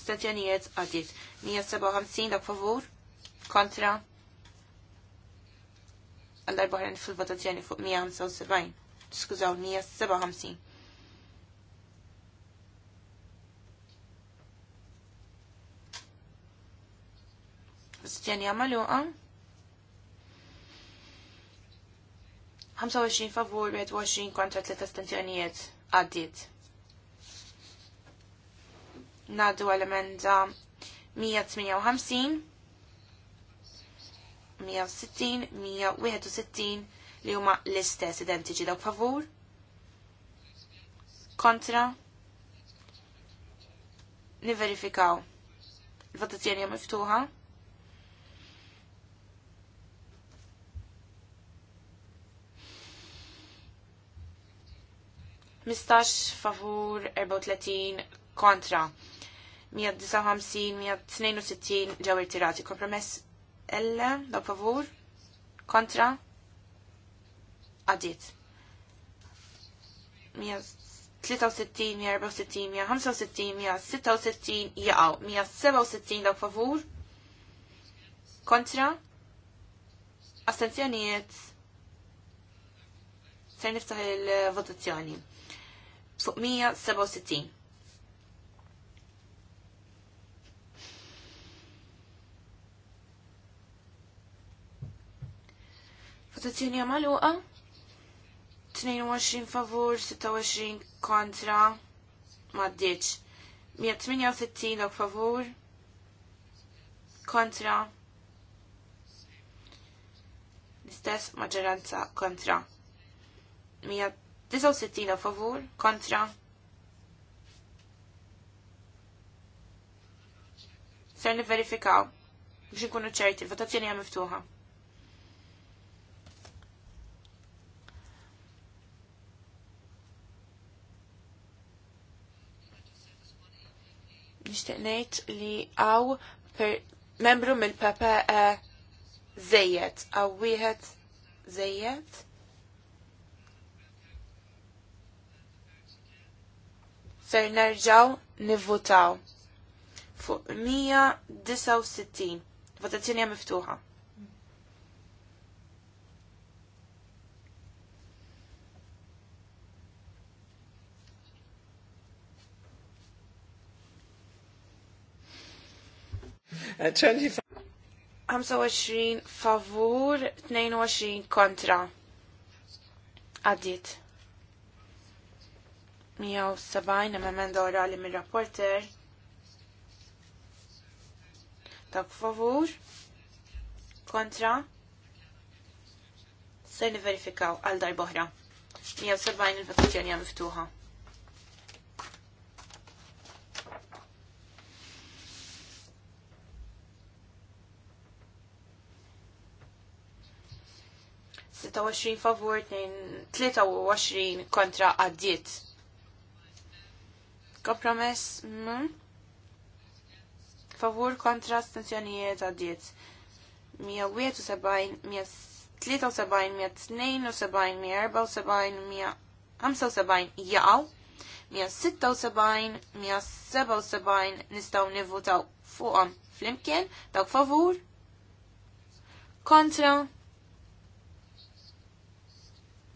[SPEAKER 4] astenzjoniet għaddiet. 157 dawk favur kontra għall-4 fil-votazzjoni fuq 175 skużaw, nija 157. Stjani għamaluqa. 25 favur, 21 kontra 3 astenzjonijiet għaddit. Naddu għal-emenda 158, 160, 161, li huma l-istess identiċi dawk favur kontra niverifikaw il-votazzjoni hija miftuħa Mistax favur 34 kontra 159-162 ġew irtirati. Kompromess L, daw favur, kontra, għadiet. 163, 164, 165, 166 jaqaw, 167 daw favur, kontra, astenzjoniet, ser niftaħ il-votazzjoni. Fuq 167. Votazzjoni għamaluqa? 22 favur, 26 kontra, maddiċ. 168 dok favur, kontra, l-istess maġġoranza kontra. 169 dok favur, kontra. Ser niverifikaw biex nkunu ċerti, votazzjoni għam miftuħa. Nixtieq ngħid li għaw membru mill papa e zejjed, għaw wieħed zejjed. Ser nerġaw nivvutaw fuq 169 votazzjoni miftuħa. 25 uh, favur, 22 kontra. Għaddit. 170 emenda orali mir rapporter Tak favur. Kontra. Se verifikaw għal darboħra. 170 il-votazzjoni għam miftuħa. 26 favur, 23 kontra għaddiet. Kompromess mm? favur kontra stanzjonijiet għaddiet. 171, 173, 172, 174, jaqaw. 176, 177 nistaw nivvotaw fuqom flimkien, dawk favur, kontra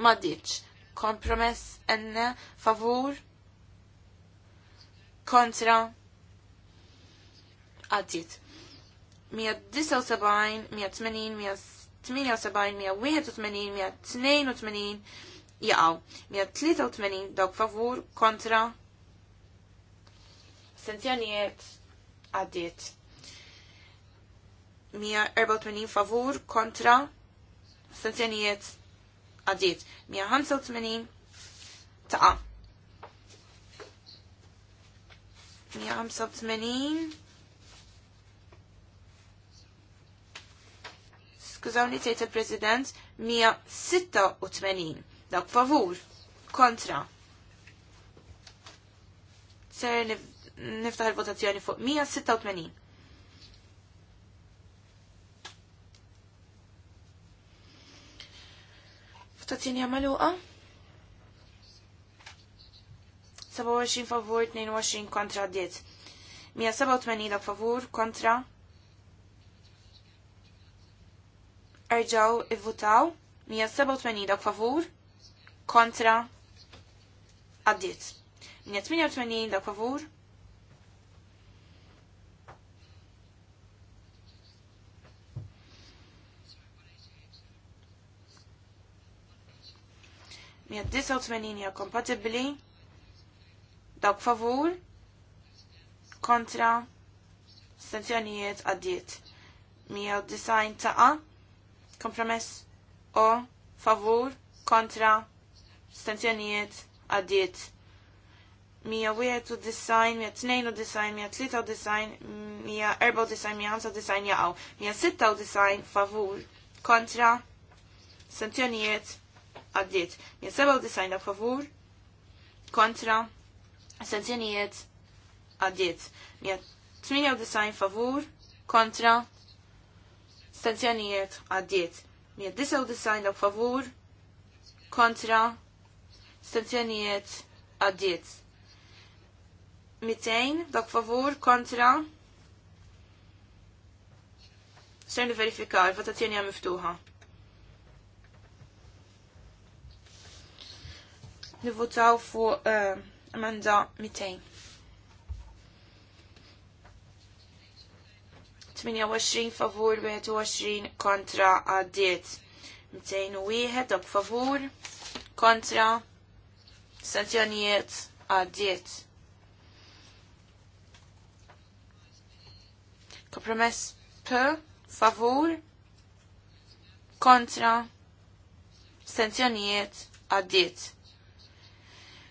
[SPEAKER 4] ma diċ Kompromess enne favur kontra għaddit. 179, 180, 178, 182 jaqaw. 183 dawk favur kontra Sentjanijiet għaddiet. 184 favur kontra Sentjanijiet għaddiet 185 taqa. 185 Skużawni tgħid il-President 186 dak favur kontra ser niftaħ il-votazzjoni fuq 186. votazzjoni għamaluqa. 27 favur, 22 kontra diet. 187 dak favur, kontra. Erġaw i-votaw. 187 dak favur, kontra. Għaddiet. 188 dak favur, kontra 189 kompatibli dawk favur kontra stanzjonijiet għaddiet. 190 taqa kompromess o favur kontra stanzjonijiet għaddiet. 191-192-193-194-195 jaqaw, 196 favur kontra sanzjonijiet għaddiet. Minn 97 favur kontra sanzjonijiet għaddiet. Minn 98 favur kontra sanzjonijiet għaddiet. Minn 99 favur kontra sanzjonijiet għaddit 200 dak favur kontra ser verifikar il-votazzjoni għam miftuħa. nivutaw fuq eh, emenda 200. 28 favur, 21 kontra għaddiet. 201 ob favur, kontra sanzjonijiet għaddiet. Kompromess P, favur, kontra sanzjonijiet għaddiet.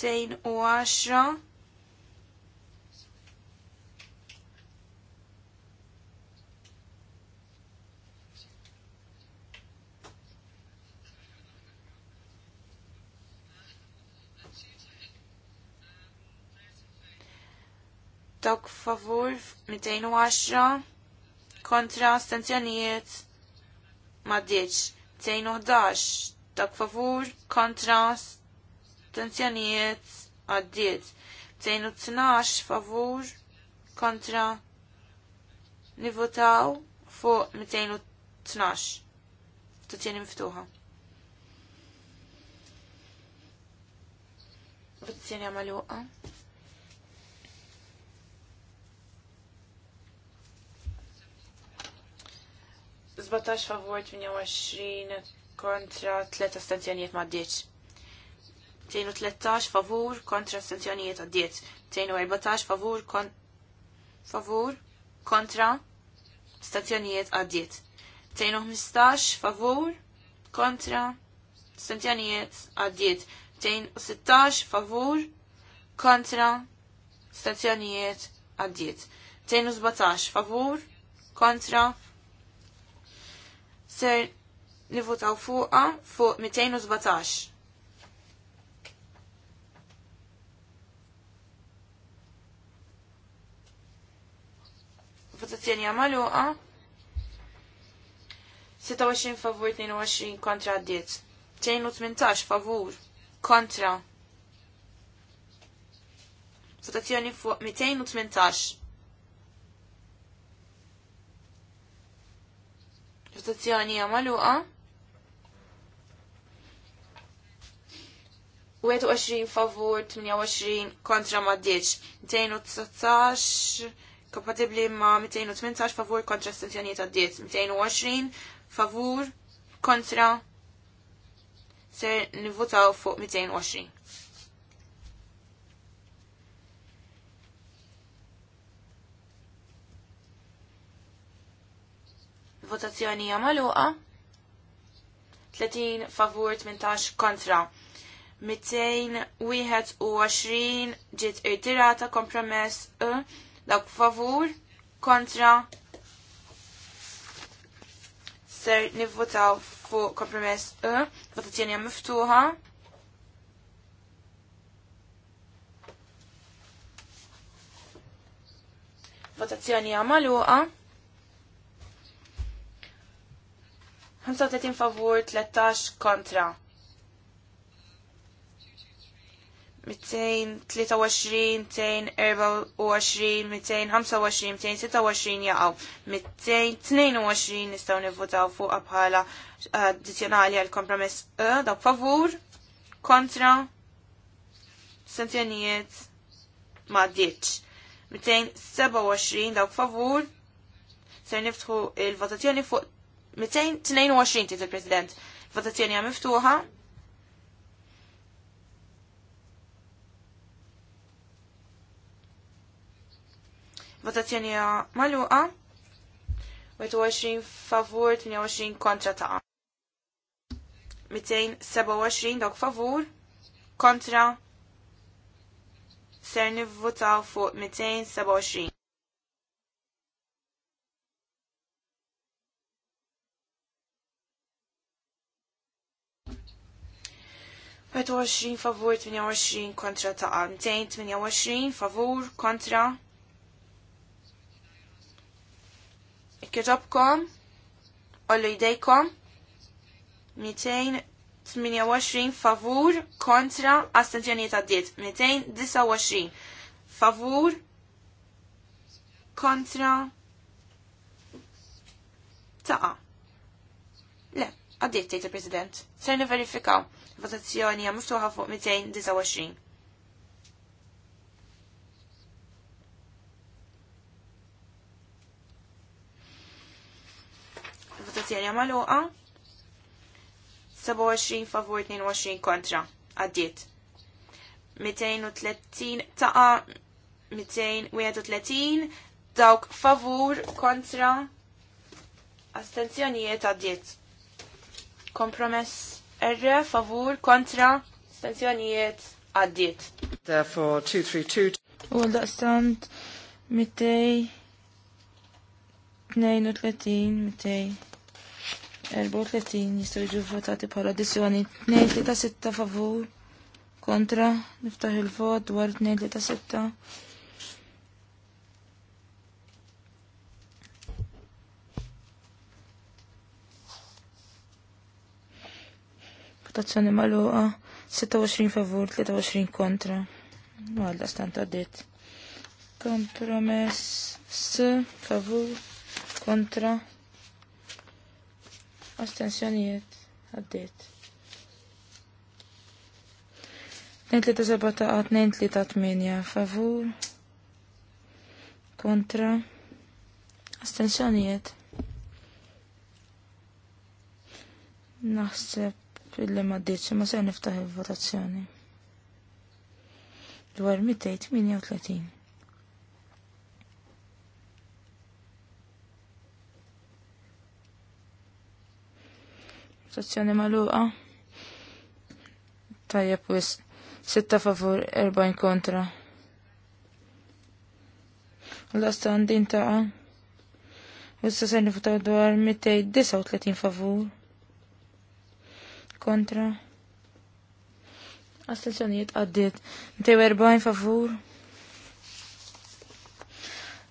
[SPEAKER 4] u għaxra. Tok favur 210 kontra stanzjonijiet ma' 10 211 tok favur kontra Tenzjonijiet għaddiet. 212 favur kontra nivutaw fuq 212. Votazzjoni miftuħa. Votazzjoni għamaluqa. Zbatax favur 28 kontra 3 stanzjonijiet ma' 10. 213 favur kontra astenzjonijiet għaddiet. 214 favur kon favur kontra stazzjonijiet għaddiet. 215 favur kontra stazzjonijiet għaddiet. 216 favur kontra stazzjonijiet għaddiet. 217 favur kontra ser nivutaw fuqa fuq 217 votazzjoni għamaluqa. 26 favur, 22 kontra għaddiet. 218 favur, kontra. Votazzjoni fuq 218. Votazzjoni għamaluqa. 21 favur, 28 kontra maddiċ, 219 kompatibli ma' 218 favur kontra astenzjonijiet għaddiet, 220 favur kontra ser nivvotaw fuq 220. Votazzjoni għamaluqa 30 favur 18 kontra. 221 ġiet irtirata kompromess uh, Dawk favur kontra ser nivvotaw fuq kompromess E, votazzjoni hija miftuħa. Votazzjoni hija magħluqa. 35 favur, 13 kontra. 223, 224, 225 jaqaw, 222 nistaw nivvotaw fuq bħala addizjonali għal kompromess E, daw favur, kontra, sentjonijiet, ma ditx. 227 daw favur, ser niftħu il-votazzjoni fuq 222 tit il-President. Votazzjoni għam miftuħa, Votazzjoni maluqa. 28 favur, 28 kontra ta' 227 dok favur, kontra ser nivvotaw fuq 227. Għet 20 favur, 28 kontra ta' 228 favur, kontra Jekk jġobkom, ollu jdejkom, 228 favur kontra ta' għaddit. 229 favur kontra taqa. Le, għaddit tejt il-President. Ser verifikaw. Votazzjoni għam fuq 229. votazzjoni maluqa. 27 favur 22 kontra. Għaddiet. 230 taqa 231 dawk favur kontra astenzjonijiet għaddiet. Kompromess R favur kontra astenzjonijiet
[SPEAKER 1] għaddiet.
[SPEAKER 2] Therefore 232. U
[SPEAKER 1] daqstant 232 34 jistgħu jiġu votati bħala addizjoni 236 favur kontra niftaħ il-vot dwar 236 votazzjoni maluqa 26 favur 23 kontra għalda stant għaddit kompromess s favur kontra Ostensjonijiet, għaddit. 2-3-7-8 favur kontra ostensjonijiet. naħseb fil-li ma ddiċ ma ser niftaħ il-votazzjoni dwar 238 Stazzjoni maluqa. Tajjeb wis. Sitta favur, erbajn kontra. L-asta għandin taqa. Wissa se nifutaw dwar 239 favur. Kontra. Astenzjonijiet għaddit. 240 favur.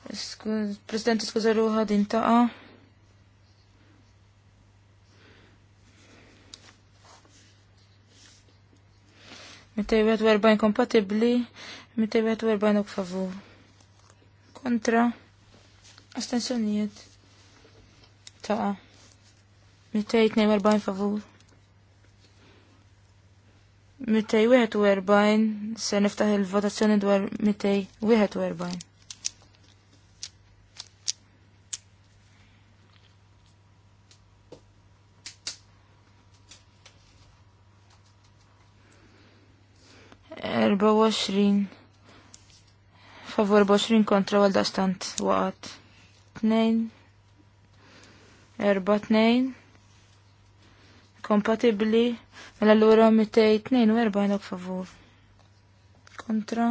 [SPEAKER 1] Presidenti skuza ruħa din taqa. 241 kompatibli, 241 u favur. Kontra, astensjonijiet, ta' 242 favur. 241 se niftaħ il-votazzjoni dwar 241. 24 favor 24 kontra għalda stant waqat 2 4 2 kompatibli mela l-ura għura mitej 242 favor kontra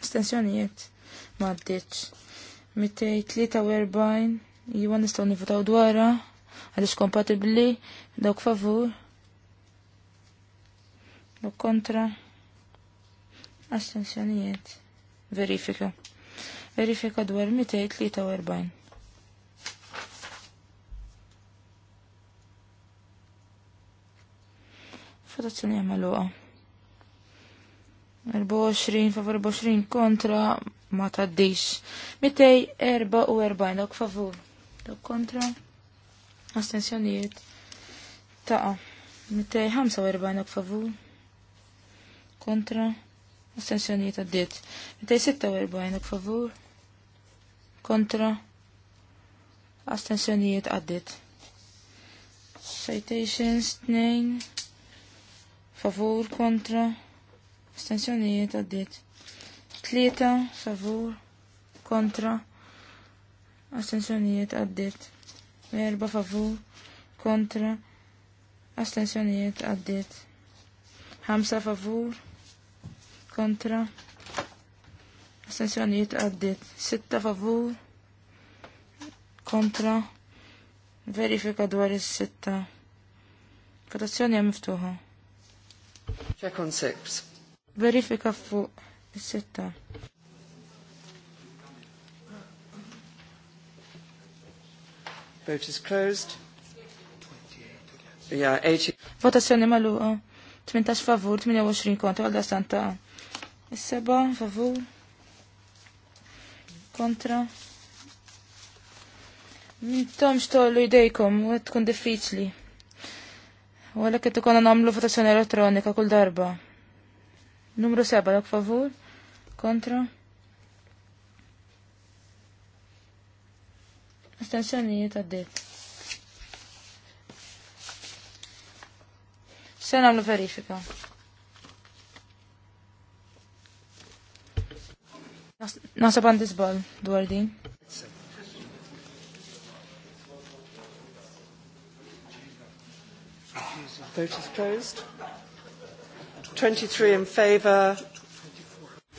[SPEAKER 1] estensjonijiet maddiċ mitej 243 jiwa nistaw nifutaw dwara għadix kompatibli dawk favur dawk kontra Astensjonijiet. Verifika. Verifika dwar 243. Votazzjoni għamaluqa. 24 favor 24 kontra ma taddix. 4 dok favur. Dok kontra. Astensjonijiet. Taqa. 4 dok favur. Kontra. Astensjonijiet 46, 246 favur. Kontra. Astensjonijiet għaddit. Citations 2. Favur kontra. Astensjonijiet għaddit. 3. Favur kontra. Astensjonijiet għaddit. Verba Favur kontra. Astensjonijiet għaddit. Hamsa Favur kontra astensjonijiet għaddit 6 favur kontra verifika dwar is-sitta. Votazzjoni hemm miftuħa.
[SPEAKER 2] Check on six.
[SPEAKER 1] Verifika fuq is-sitta.
[SPEAKER 2] Vote is closed. Yeah, 80.
[SPEAKER 1] Votazzjoni magħluqa. 18 favur, 28 kontra għal da stanta. Is-seba favur kontra. Mintomx mm, tollu jdejkom, u tkun diffiċli. U għalek qed ikun nagħmlu votazzjoni elettronika kull darba. Numru seba' dak favur kontra. Estensjonijiet għaddit. Se nagħmlu verifika. Nasab għandi zbal dwar din.
[SPEAKER 2] Vote is closed. 23 in favor.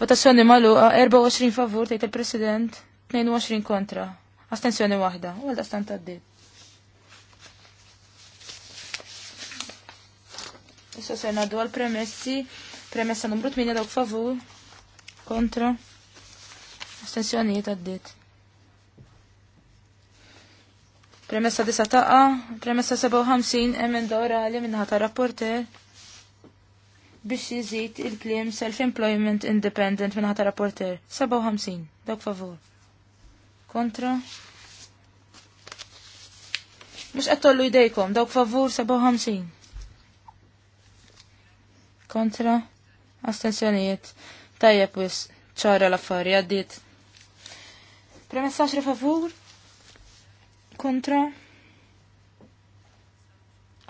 [SPEAKER 1] Votazzjoni maluqa 24 favur tgħid il-President, 22 kontra. Astensjoni waħda, u għal stant għaddit. Issa se ngħaddu għal premessi, premessa numru 8 dawk favur, kontra. Astensjonijiet għaddit. Premessa disa taqa, premessa 57, emenda orali minnaħat ta' rapporter biex jizit il-klim self-employment independent minnaħat rapporter. 57, dok favur. Kontra. Mux għattollu idejkom, dawk favur 57. Kontra. Astenzjonijiet. Tajja wis, ċara l-affari, għaddit. Premessa 10 favur kontra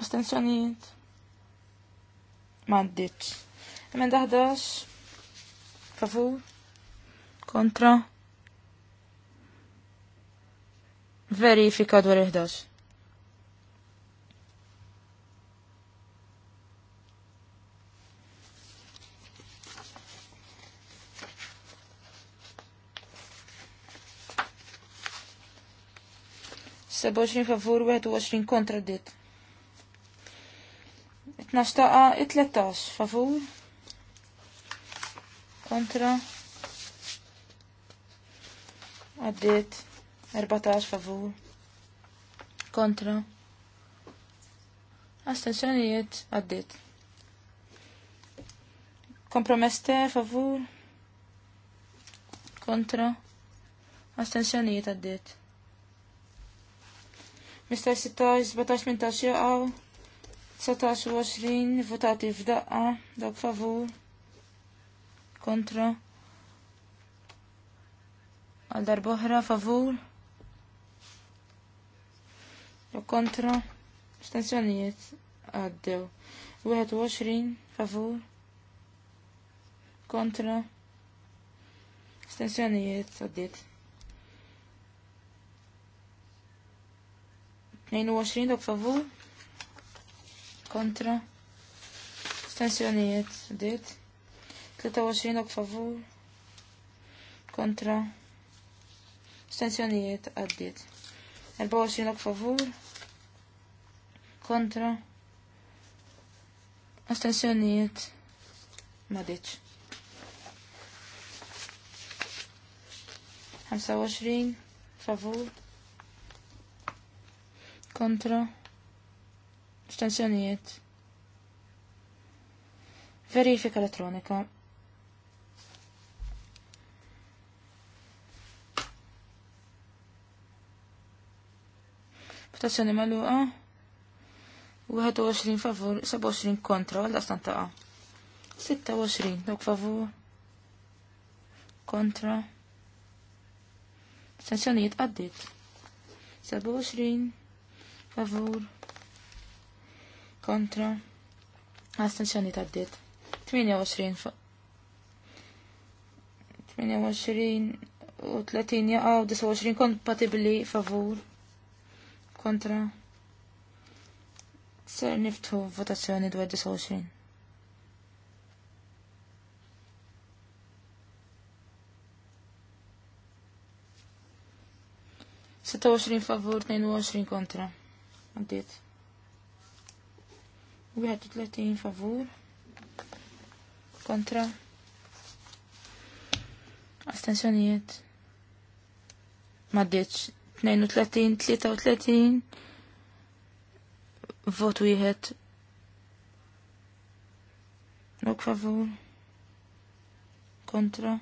[SPEAKER 1] astensjonijiet maddiċ. Emen 11 favur kontra verifika dwar 11. 27 favur 21 kontra dit. 12 taqa 13 favur kontra għaddit 14 favur kontra astensjonijiet għaddit kompromess te favur kontra astensjonijiet għaddit Mr. 16, 17, 19 20 votati f'daqqa, dak favur, kontra. Għal darboħra favur. U kontra. Stenzjonijiet għaddew. 21 favur. Kontra. Stenzjonijiet għaddiet. 22 dok favur kontra stensjonijiet dit 23 dok favur kontra stensjonijiet għaddit 24 dok favur kontra astensjonijiet ma ditx 25 favur kontra stazzjonijiet. Verifika elettronika. Votazzjoni maluqa. 21 favur, 27 kontra, għalda stantaqa. 26, dawk favur. Kontra. Sanzjonijiet għaddit. 27 favur kontra għastan xani taddit 28 28 u 30 jaqaw 29 kompatibli favur kontra ser niftu votazzjoni dwar 29 26 favur 22 kontra għaddiet. tletin favur kontra astensjonijiet maddiċ 32, 33 votu jħed Lok favur kontra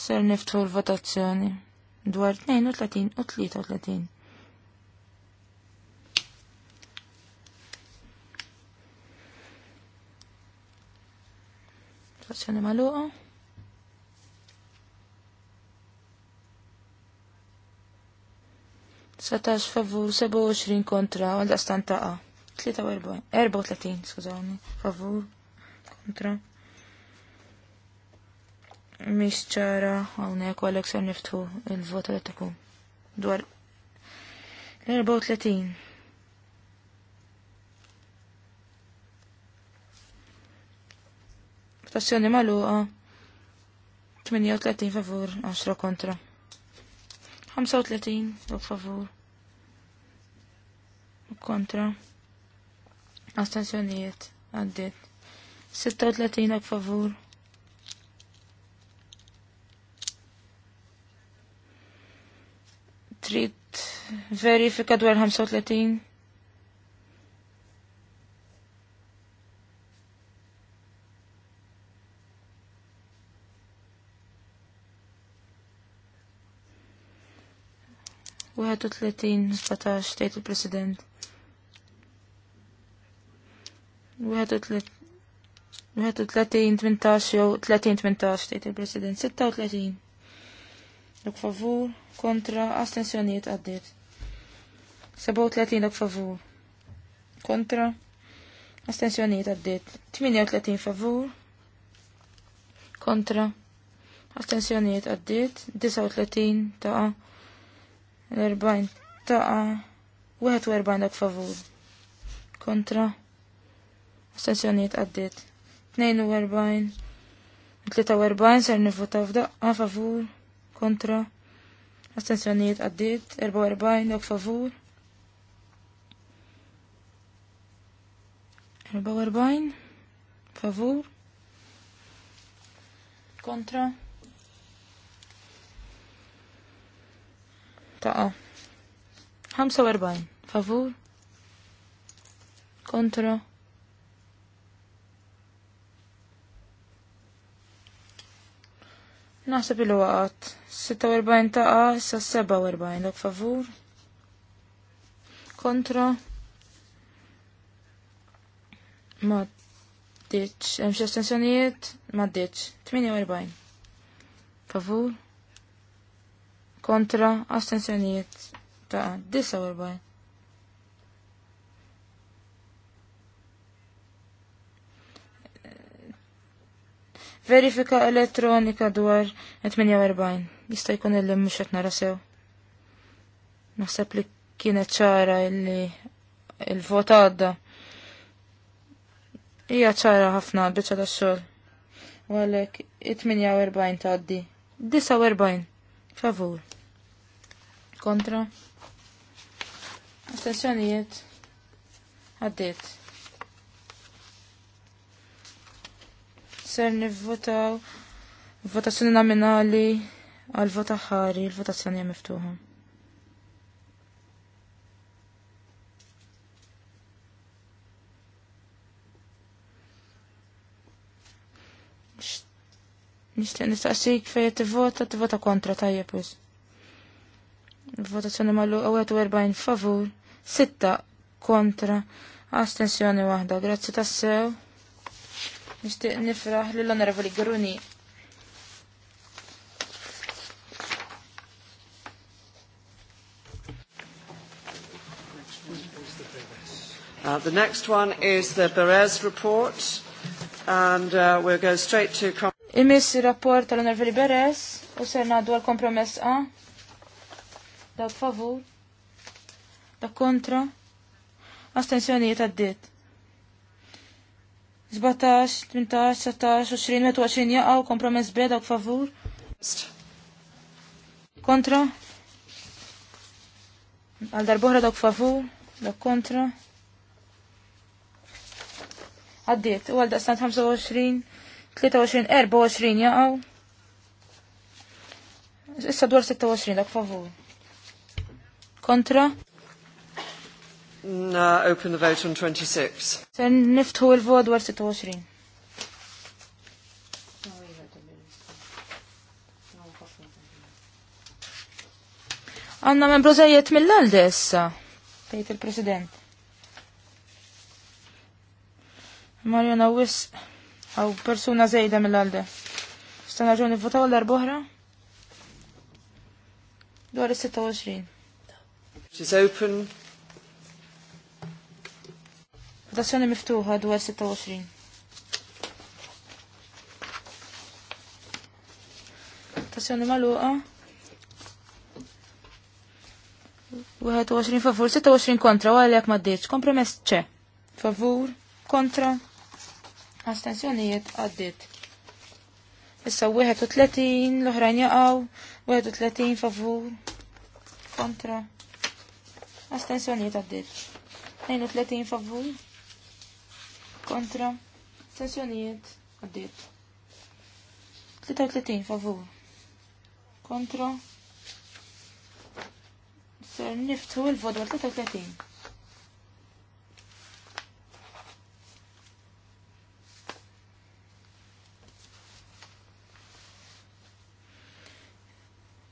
[SPEAKER 1] ser niftħu l-votazzjoni dwar 32 u 33. Fazzjoni maluqa. Satax favur 27 kontra, għal dastan taqa. 34, 34, skużawni, favur kontra. Mix ċara hawnhekk għalhekk ser niftħu il-vot elettriku dwar l-34. Votazzjoni magħluqa 38 favur, 10 kontra. 35 dok favur. Kontra. Astenzjonijiet għaddit. 36 dok favur trid verifika dwar 35. Wieħed u tletin sbatax tgħid il-President. Wieħed u tletin tmintax jew tletin tmintax tgħid il-President. Sitta u tletin. Lok favur kontra Astensjoniet għaddit. 37 dak favur kontra Astensjoniet għaddit. 38 favur kontra astensjonijiet għaddit. 39 ta' l-40 taqa 41 lok favur kontra astensjonijiet għaddit. 42 43 ser nivvota f'daqqa favur kontra astensjonijiet għaddit 44 dawk favur 44 favur kontra taqa 45 favur kontra Naħseb il waqat 46 taqa, issa 47, dak favur. Kontra. Ma ditx, hemm xi astensjonijiet? Ma ditx, 48. Favur. Kontra, astensjonijiet ta' 49. verifika elettronika dwar 48. Jista' jkun illi mhux qed nara sew. Naħseb li kienet ċara illi il-vot għadda. Hija ċara ħafna bieċa tax-xogħol. U għalhekk 48 tgħaddi. 49 favur. Kontra. Astensjonijiet. Għaddit. Ser nivvotaw votazzjoni nominali għal vota ħari, il-votazzjoni hija miftuħa. Nishtiq nistaqsik fejn tivvota tivvota kontra tajjeb wis. Votazzjoni magħluqa 41 favur, 6 kontra, astensjoni waħda. Grazzi tassew. Nishtiq nifraħ l-Onorevoli Gruni.
[SPEAKER 2] Uh, the next one is the Perez report, and uh, we'll go straight to... Imis rapport tal-Onorevoli Perez,
[SPEAKER 1] u ser naddu għal-kompromess A. Dak favur, dak kontra, astensjonijiet għaddit. 17, 18, 19, 20, 21 jaqaw, kompromess B dawk favur. Kontra. Għal darbohra dawk favur, dawk kontra. Għaddiet, u għal stant 25, 23, 24 jaqaw. Issa dwar 26 dawk favur. Kontra.
[SPEAKER 2] No, open the vote on 26.
[SPEAKER 1] Sen niftħu il-vot dwar 26. Għanna membru zajiet mill-għalde issa, tejt il-president. Marjona Wis, għaw persona zejda mill-għalde. Stana ġuni votaw l-arbohra? Dwar il-26.
[SPEAKER 2] She's open.
[SPEAKER 1] Votazzjoni miftuħa dwar 26. Votazzjoni maluqa. 21 favur, 26 kontra, u għalek maddiċ. Kompromess ċe. Favur, kontra, astensjonijiet għaddit. Issa 31, l-oħrajn jaqaw, 31 favur, kontra, astensjonijiet għaddit. 32 favur, kontra sessjonijiet Għaddit. 33 favur kontra ser niftu il vodu għal 33.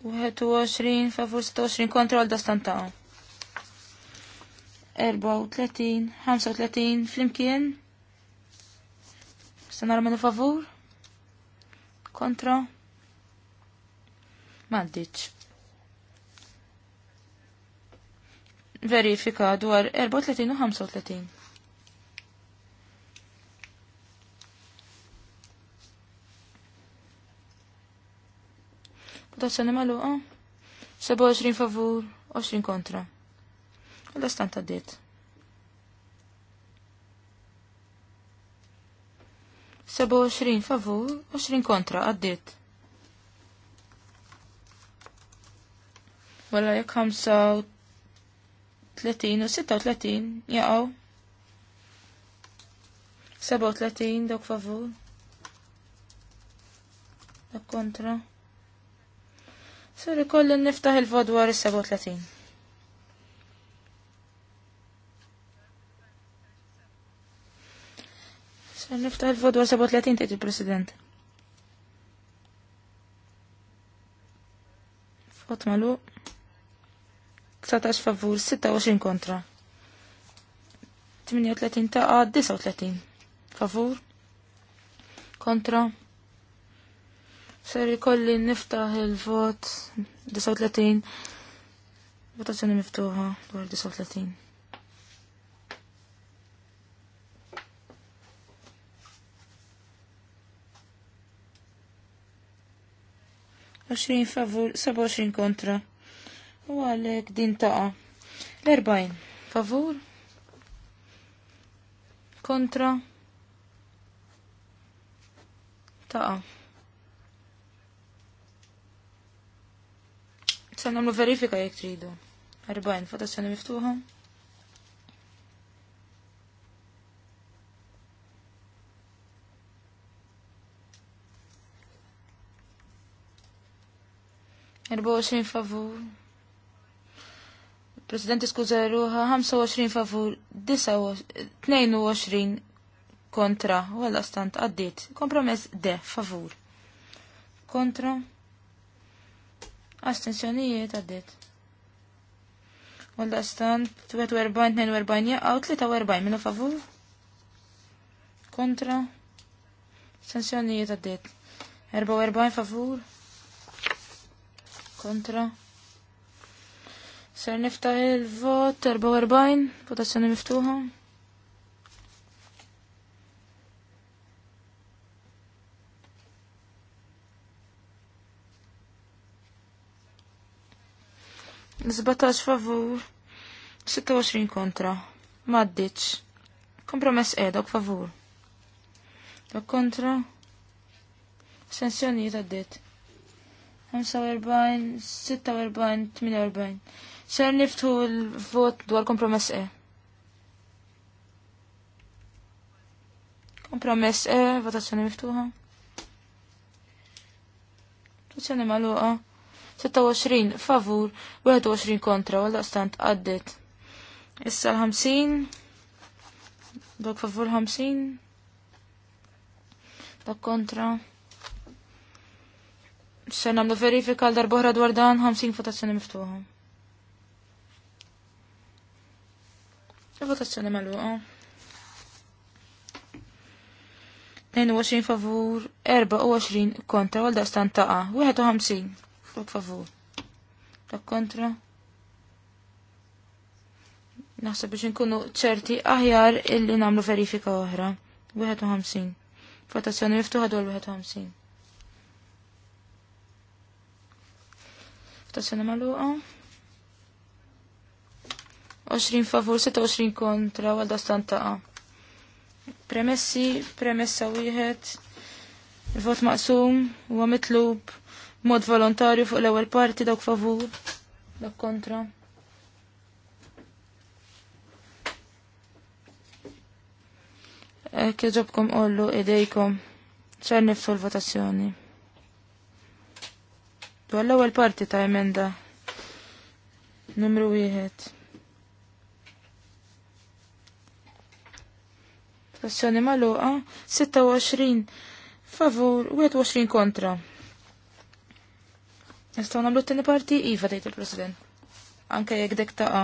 [SPEAKER 1] Wieħed u 20, favur 26 kontra għal dastantaw. 34, 35 flimkien Se minu favur? Kontra? Maddiċ. Verifika dwar 34 u 35. Votazzjoni maluqa? 27 favur, 20 kontra. U l-istan ta' 27 favur, 20 kontra, għaddit. Walla jek 35 u 36 jaqaw. 37 dok favur. Dok kontra. Sori kollin niftaħ il vodwar is-37. Ser niftaħ il-vot dwar 37 tgħid il-President. Vot malu. 19 favur, 26 kontra. 38 taqa, 39 favur, kontra. Ser kolli niftaħ il-vot 39. Votazzjoni miftuħa dwar 39. 20 favur, 27 kontra. U għalek din taqa. L-40 favur. Kontra. Taqa. Sa namlu verifika jek tridu. 40 votazzjoni miftuħa. 24 favur. Presidenti skuza ruħa, 25 favur, 22 kontra, għalla stant għaddit. Kompromess de favur. Kontra. astensjonijiet għaddit. Għalla stant 42, 42 jgħaw 43 minu favur. Kontra. astensjonijiet għaddit. 44 favur kontra. Ser niftaħ il-vot 44, votazzjoni miftuħa. Zbatax favur, 26 kontra, maddiċ, kompromess edok favur. Dok kontra, sensjoni jitaddit. 45, 46, 48. Ser niftu l-vot dwar kompromess E. Kompromess E, votazzjoni miftuħa. Votazzjoni maluqa. 26 favur, 21 kontra, għal stant għaddit. Issa l-50, dok favur 50, dok kontra. Sen nagħmlu verifika għal darbohra dwar dan 50 votazzjoni miftuħa. Votazzjoni magħluqa. 22 favur, 24 kontra, għal da stan taqa, 51 fuq favur. Ta' kontra. Naħseb biex nkunu ċerti aħjar illi namlu verifika oħra. 51. Votazzjoni miftuħa dwar 51. Votazzjoni maluqa. 20 favur, 26 kontra, għalda stanta. taqa. Premessi, premessa wieħed, vot maqsum, huwa mitlub, mod volontarju fuq l-ewwel parti dawk favur, dak kontra. Kieġobkom ollu idejkom, ċar niftu l-votazzjoni. Tu l-ewwel parti ta' emenda numru wieħed. Tassjoni magħluqa 26 favur 21 kontra. Nistgħu nagħmlu t tini parti iva dejt il-President. Anke jekk dek taqa.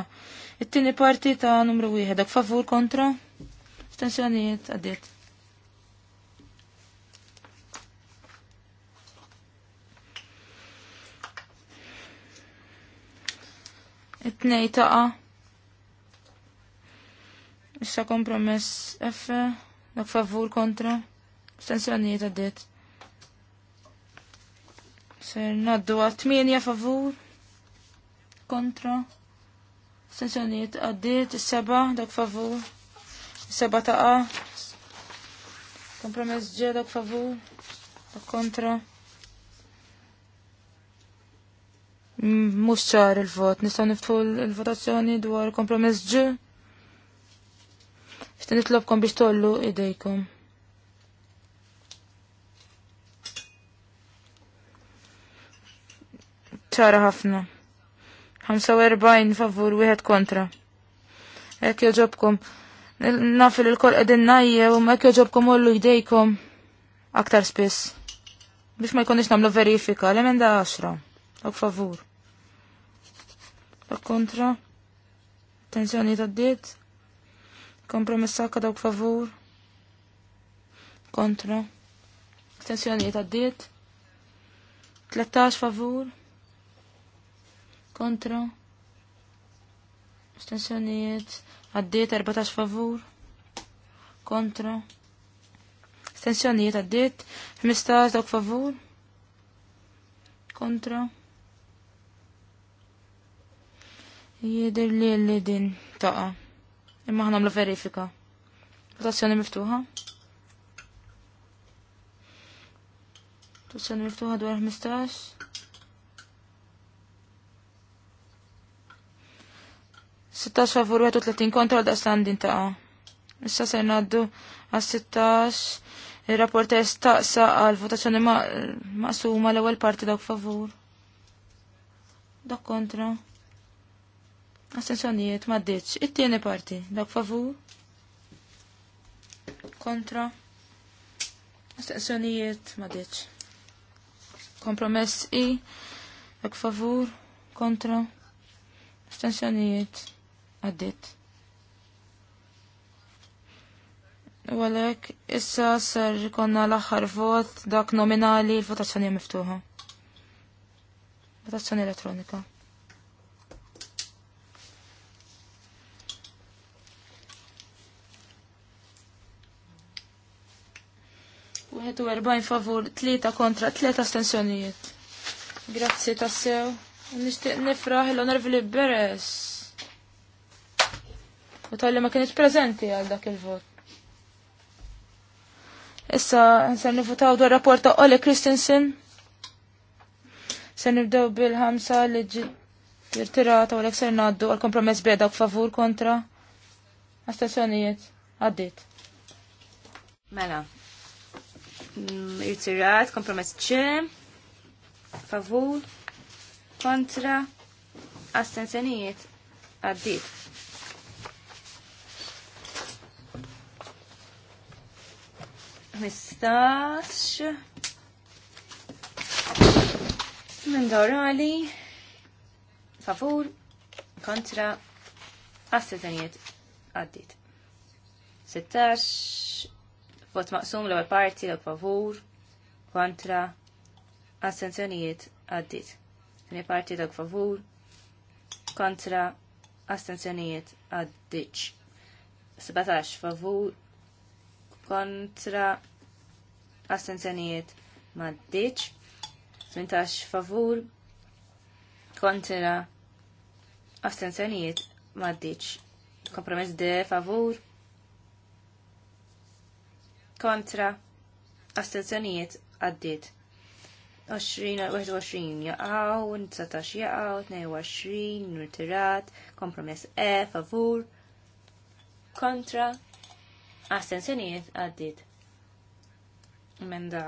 [SPEAKER 1] It-tieni parti ta' numru wieħed dak favur kontra. Stensjonijiet għaddiet. it taqa. Issa kompromess F, dak favur kontra, stenzjonijiet għaddit. Ser naddu għal favur kontra, stenzjonijiet għaddit, is-seba dak favur, Seba seba taqa. Kompromess G dak favur, dak kontra, Mux ċar il-vot, nistaw niftħu il-votazzjoni dwar kompromess ġ. Xta nitlobkom biex tollu idejkom. ċara ħafna. 45 favur, wieħed kontra. Ek joġobkom. Nafil il-kol edin najje, u ek joġobkom ullu jdejkom. Aktar spiss. Biex ma jkonix namlu verifika, l-emenda 10. Ok favur dak kontra, ta' taddiet, kompromessa ka' dawk favur, kontra, tensjoni ta' taddiet, 13 favur, kontra, Stenzjonijiet, għaddiet 14 favur, kontra. Stenzjonijiet għaddiet 15 dawk favur, kontra. Jider li li din taqa. Imma ħana mlu verifika. Votazzjoni miftuħa. Votazzjoni miftuħa dwar 15. Sittax favur 31 kontra da din taqa. Issa se naddu għas 16. Il-rapport staqsa għal votazzjoni maqsuma l-ewwel parti dawk favur. Dak kontra. Astenzjonijiet maddiċ. It-tieni parti. Dak favur. Kontra. Astenzjonijiet maddiċ. Kompromess i. Dak favur. Kontra. Astenzjonijiet għaddit. U għalek, issa ser konna l axar vot dak nominali l-votazzjoni miftuħa. Votazzjoni elettronika. 41 favur, 3 kontra, 3 astensjonijiet. Grazzi tassew. Nishtiq nifraħ l-onorvili Beres. U tal-li ma kienieċ prezenti għal dak il-vot. Issa, nser nifutaw dwar rapporta Ole Christensen. Sen nibdew bil-ħamsa li ġirtirata u l-ekser naddu għal-kompromess beda u favur kontra. Astensjonijiet, għaddit.
[SPEAKER 3] Mela, Mm, irtirat, kompromess ċe, favur, kontra, astensjonijiet, għaddit. Mistax. mendorali, Favur. Kontra. Assetaniet. Għaddit. 16. Vot maqsum l ewwel parti l favur kontra astenzjonijiet għaddit. Għani parti l favur kontra astenzjonijiet għaddit. 17 favur kontra astenzjonijiet maddiċ. 18 favur kontra astenzjonijiet maddiċ. Kompromess de favur kontra astazzjonijiet għaddit. 21 jaqaw, 19 jaqaw, 22 nirtirat, kompromess E, favur, kontra, astensjonijiet għaddit. Menda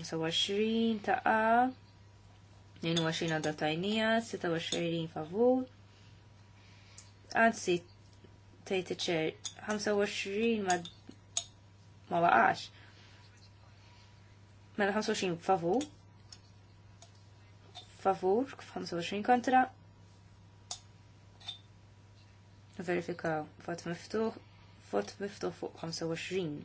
[SPEAKER 3] 25 taqa, 22 għadda tajnija, 26 favur, għansi tejti 25 ma' ma waqax. Mela 25 favur. Favur, 25 kontra. Verifika vot miftuħ, vot miftuħ fuq 25.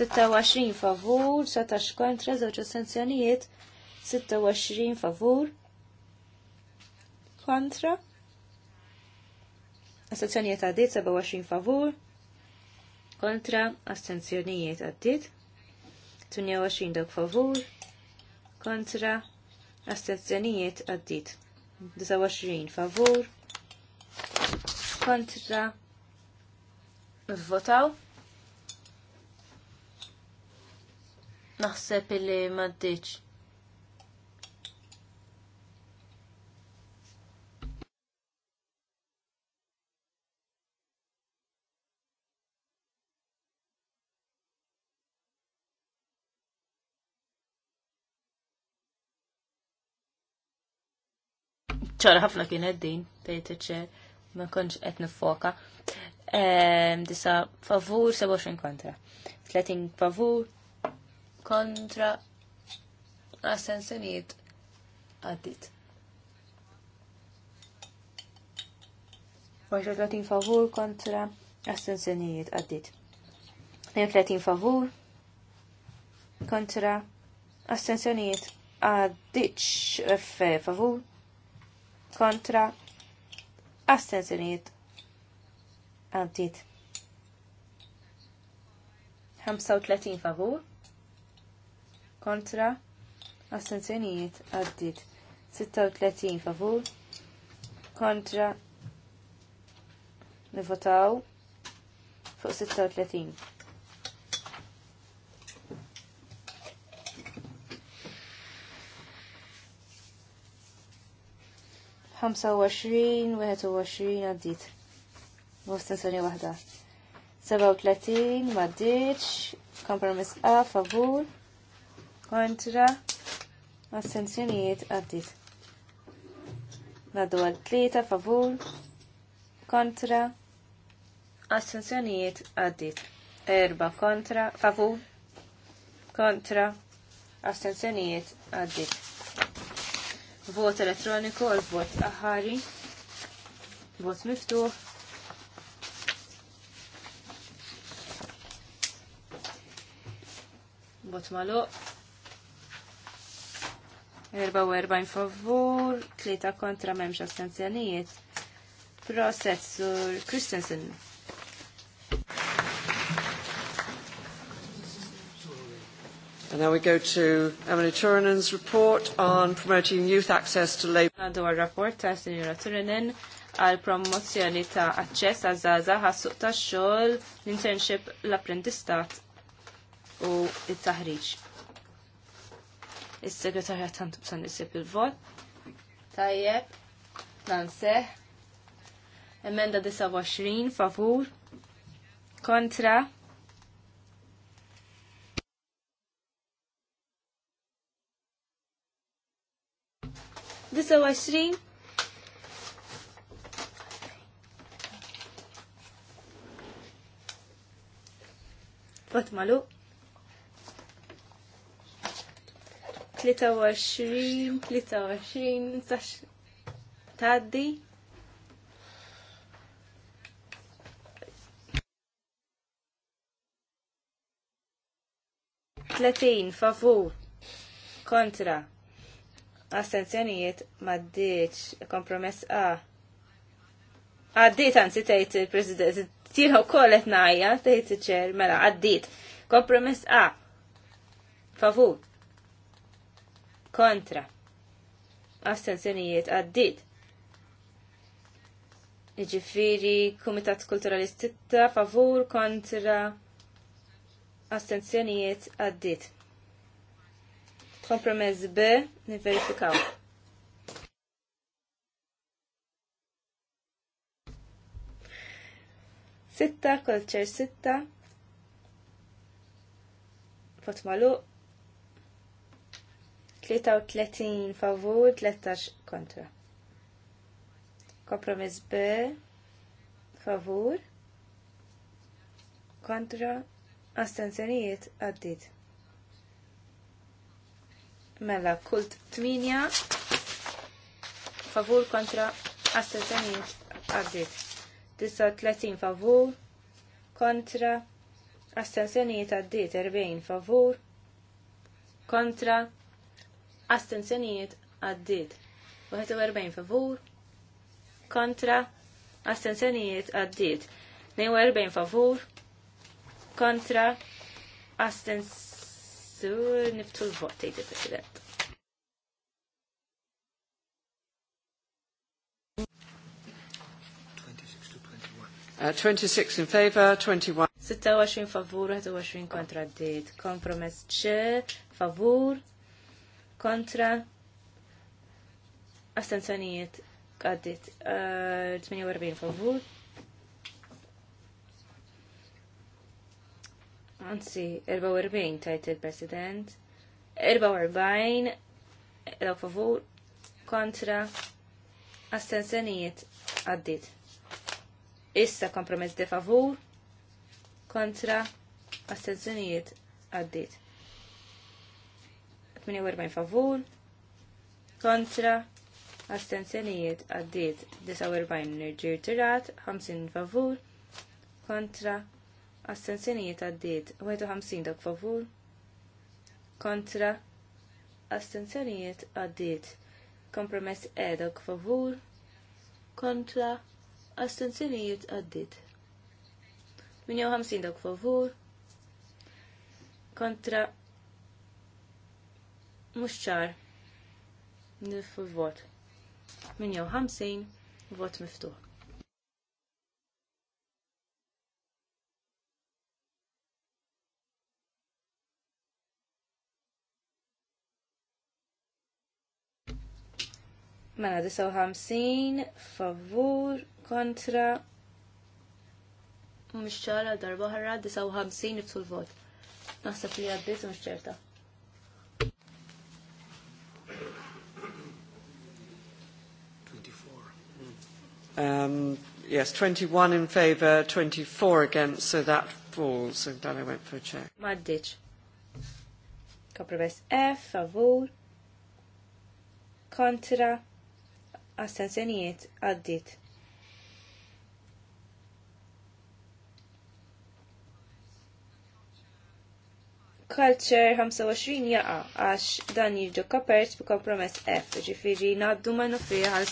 [SPEAKER 3] Sitta favur, satax kontra, zewċ assenzjonijiet, 26 favur, kontra. Astenzjonijiet għaddit 27 favur kontra. Astenzjonijiet għaddit 28 dok favur kontra. Astenzjonijiet għaddit 29 favur kontra. Votaw. Naħseb illi maddiċ. ċara ħafna kien din tgħid ċer ma konċ qed nifoka. Disa favur 27 kontra. 30 favur kontra senijiet, għaddit. 30 favur kontra senijiet għaddit. 30 favur kontra senijiet għaddit favur kontra astenzjoniet għantit 35 favur kontra astenzjoniet għantit 36 favur kontra nivotaw fuq 36. 25, 21 għaddit. Mustensjoni wahda. 37 maddiċ, kompromiss A, favur, kontra, astensjonijiet għaddit. Naddu għal 3, favur, kontra, astensjonijiet għaddit. 4 kontra, favur, kontra, astensjonijiet għaddit vot elettroniku għal vot aħari, vot miftuħ. Vot malu. 44 favur, 3 kontra memx astenzjonijiet. Processur Christensen.
[SPEAKER 2] now we go to Emily Turinen's report on promoting youth access to labor. Għadu għal-rapport ta' Signora Turinen
[SPEAKER 3] għal-promozzjoni ta' access għal zaza għas ta' xol, l-internship, l-apprendistat u il-taħriġ. Is-segretarja tant b'san nisib il-vot. Tajjeb, nanseħ. Emenda 29, favur. Kontra. 29 Vot malu 23, taddi Tletin favur kontra astenzjonijiet maddiċ kompromess A. Għaddit għan tejt il-President, tiħu kollet najja, tejt ċer, mela, għaddit. Kompromess A. Favur. Kontra. Astenzjonijiet għaddit. Iġifiri, Kumitat Kulturalistitta, favur, kontra, astenzjonijiet għaddit. Kompromess B, niverifikaw. Sitta, kolċer sitta. Fotmalu. 33 favur, 13 kontra. Kompromess B, favur, kontra, astenzjonijiet għaddit. Mela, kult tminja favur kontra astenzjonijiet għaddit. 39 favur kontra astenzjonijiet għaddit. 40 favur kontra astenzjonijiet għaddit. 41 favur kontra astenzjonijiet għaddit. 42 favur kontra astenzjonijiet Su, niftu l-vot tgħid president
[SPEAKER 2] Uh, 26 in favor, 21. 26
[SPEAKER 3] favur, 21 kontra d-dit. Kompromess ċe, favur, kontra, astenzjonijiet għaddit. Uh, 48 favur, Anzi, 44 tajt il-President. 44 la favur kontra astensjonijiet għaddit. Issa kompromess de favur kontra astensjonijiet għaddit. 48 favur kontra astensjonijiet għaddit 49 nirġir tirat 50 favur kontra Astenzjonijiet għaddiet 51 dak favur kontra astenzjonijiet għaddiet kompromess E dak favur kontra astenzjonijiet għaddiet. 58 dak favur kontra mux ċar nil-vot. 58 vot miftuħ. Mela 59 favur kontra mhux ċara darba ħarra 59 nifsu l-vot. Naħseb li għaddiet mhux ċerta.
[SPEAKER 2] Um, yes, 21 in favour, 24 against, so that falls. and then I went for a check.
[SPEAKER 3] Maddic. Compromise F, favor. Contra għas-sensenijiet għaddit. Culture 25 jaqa għax dan jiġu kapert bi kompromess F, ġifiri naddu ma nofri għal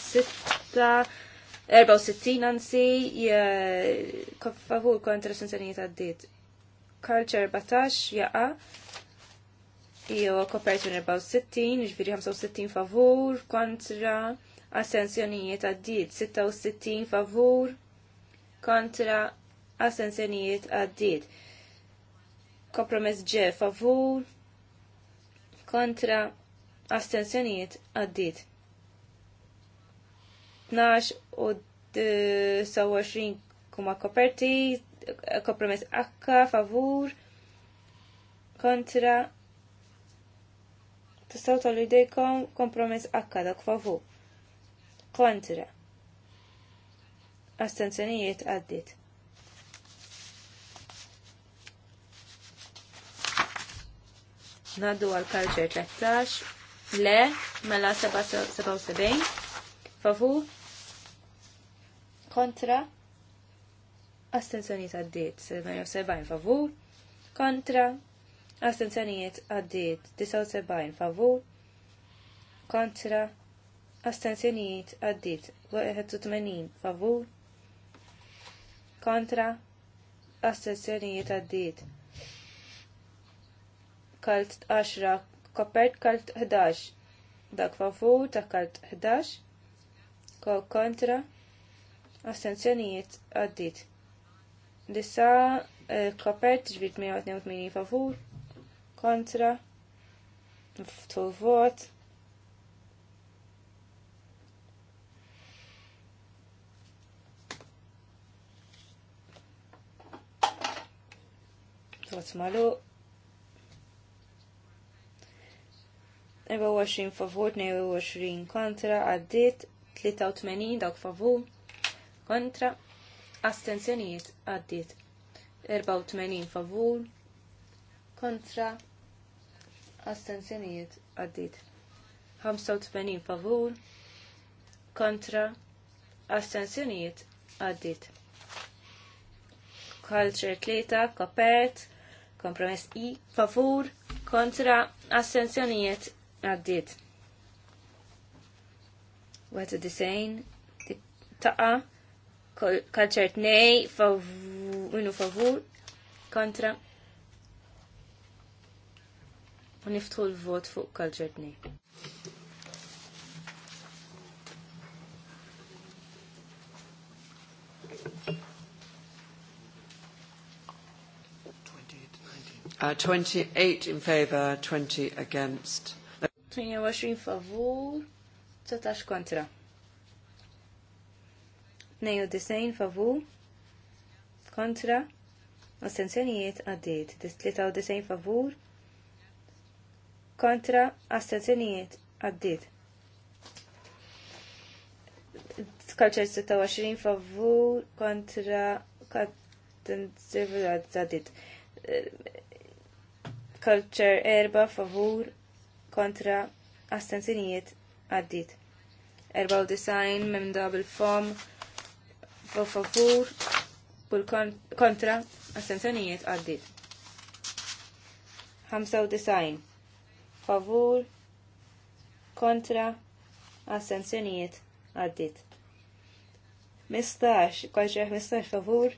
[SPEAKER 3] 64 ansi favur kontra sensenijiet għaddit. Culture 14 jaqa jew kopert minn 64, ġifiri 65 favur kontra assenzjonijiet għaddit 66 favur kontra assenzjonijiet għaddit kompromess ġe favur kontra assenzjonijiet għaddit 12 u 27 kuma koperti kompromess akka favur kontra tistaw tal-idejkom kompromess akka dak favur kontra astenzjonijiet għaddit. Naddu għal kalċer 13, le, mela 77, favu, kontra, astenzjonijiet għaddit, 77, favu, kontra, astenzjonijiet għaddit, 79 favu, kontra, astenzjonijiet għaddit 81 favur kontra astenzjonijiet għaddit kalt 10 kopert kalt 11 dak favur ta' kalt 11 ko kontra astenzjonijiet għaddit dissa eh, kopert ġbit 182 favur kontra ftu vot Vot malu. 24 favur, 22 kontra, għaddit 83 dawk favur, kontra, astenzjonijiet għaddit 84 favur, kontra, astenzjoniet għaddit 85 favur, kontra, astenzjoniet għaddit. Culture tlieta, kopert, Kompromess I, favur, kontra, assenzjonijiet għaddit. 91 taqa kalċert nej minu favur kontra u niftħu l-vot fuq kalċert nej.
[SPEAKER 2] 28 uh, in favor, 20 against. 28 favur, 19 kontra.
[SPEAKER 3] 92 favur, kontra, astenzjonijiet għaddit. 93 favur, kontra, astenzjonijiet għaddit. Kalċer 26 favur kontra kattenzivra għaddit. Culture erba favur kontra astensinijiet għaddit. design minn double fom favur kull kontra astensinijiet għaddit. disajn favur kontra astensinijiet għaddit. Mistax kontra mistax favur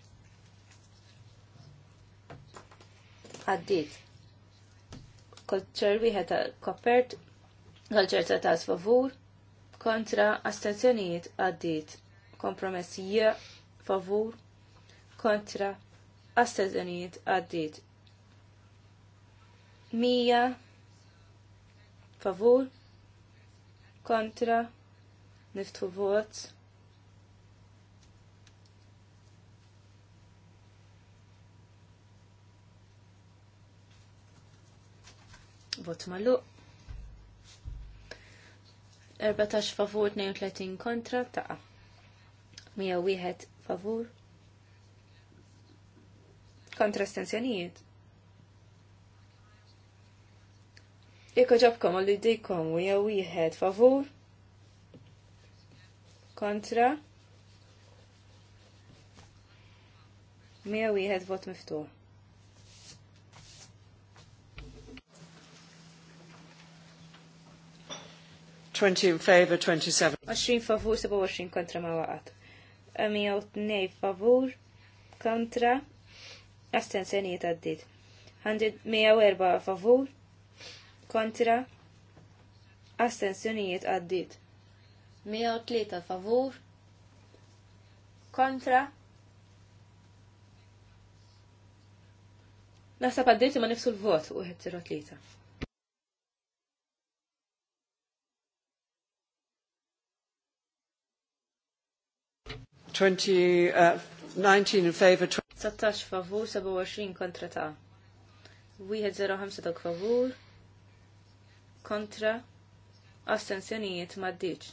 [SPEAKER 3] għaddit kultur wieħed kopert koppert, ċerta ta' favur kontra astenzjonijiet għaddit kompromessija favur kontra astenzjonijiet għaddit mija favur kontra niftu vot vot malu. 14 favur, 32 kontra, taqa. 101 favur. Kontra stenzjonijiet. Iko ġabkom għalli dejkom u jew wieħed favur kontra 101 vot miftuħ. 20 in favor, 27. 20 favur, 27 kontra ma waqat. nej favur, kontra, astensjonijiet għaddit. erba' favur, kontra, astensjonijiet għaddit. 103 favur, kontra, Nasa għaddit ma nifsu l-vot u 103.
[SPEAKER 2] 20, uh, 19 in favur, 27 kontra ta'
[SPEAKER 3] wieħed zero dak favur kontra astensjonijiet maddiċ.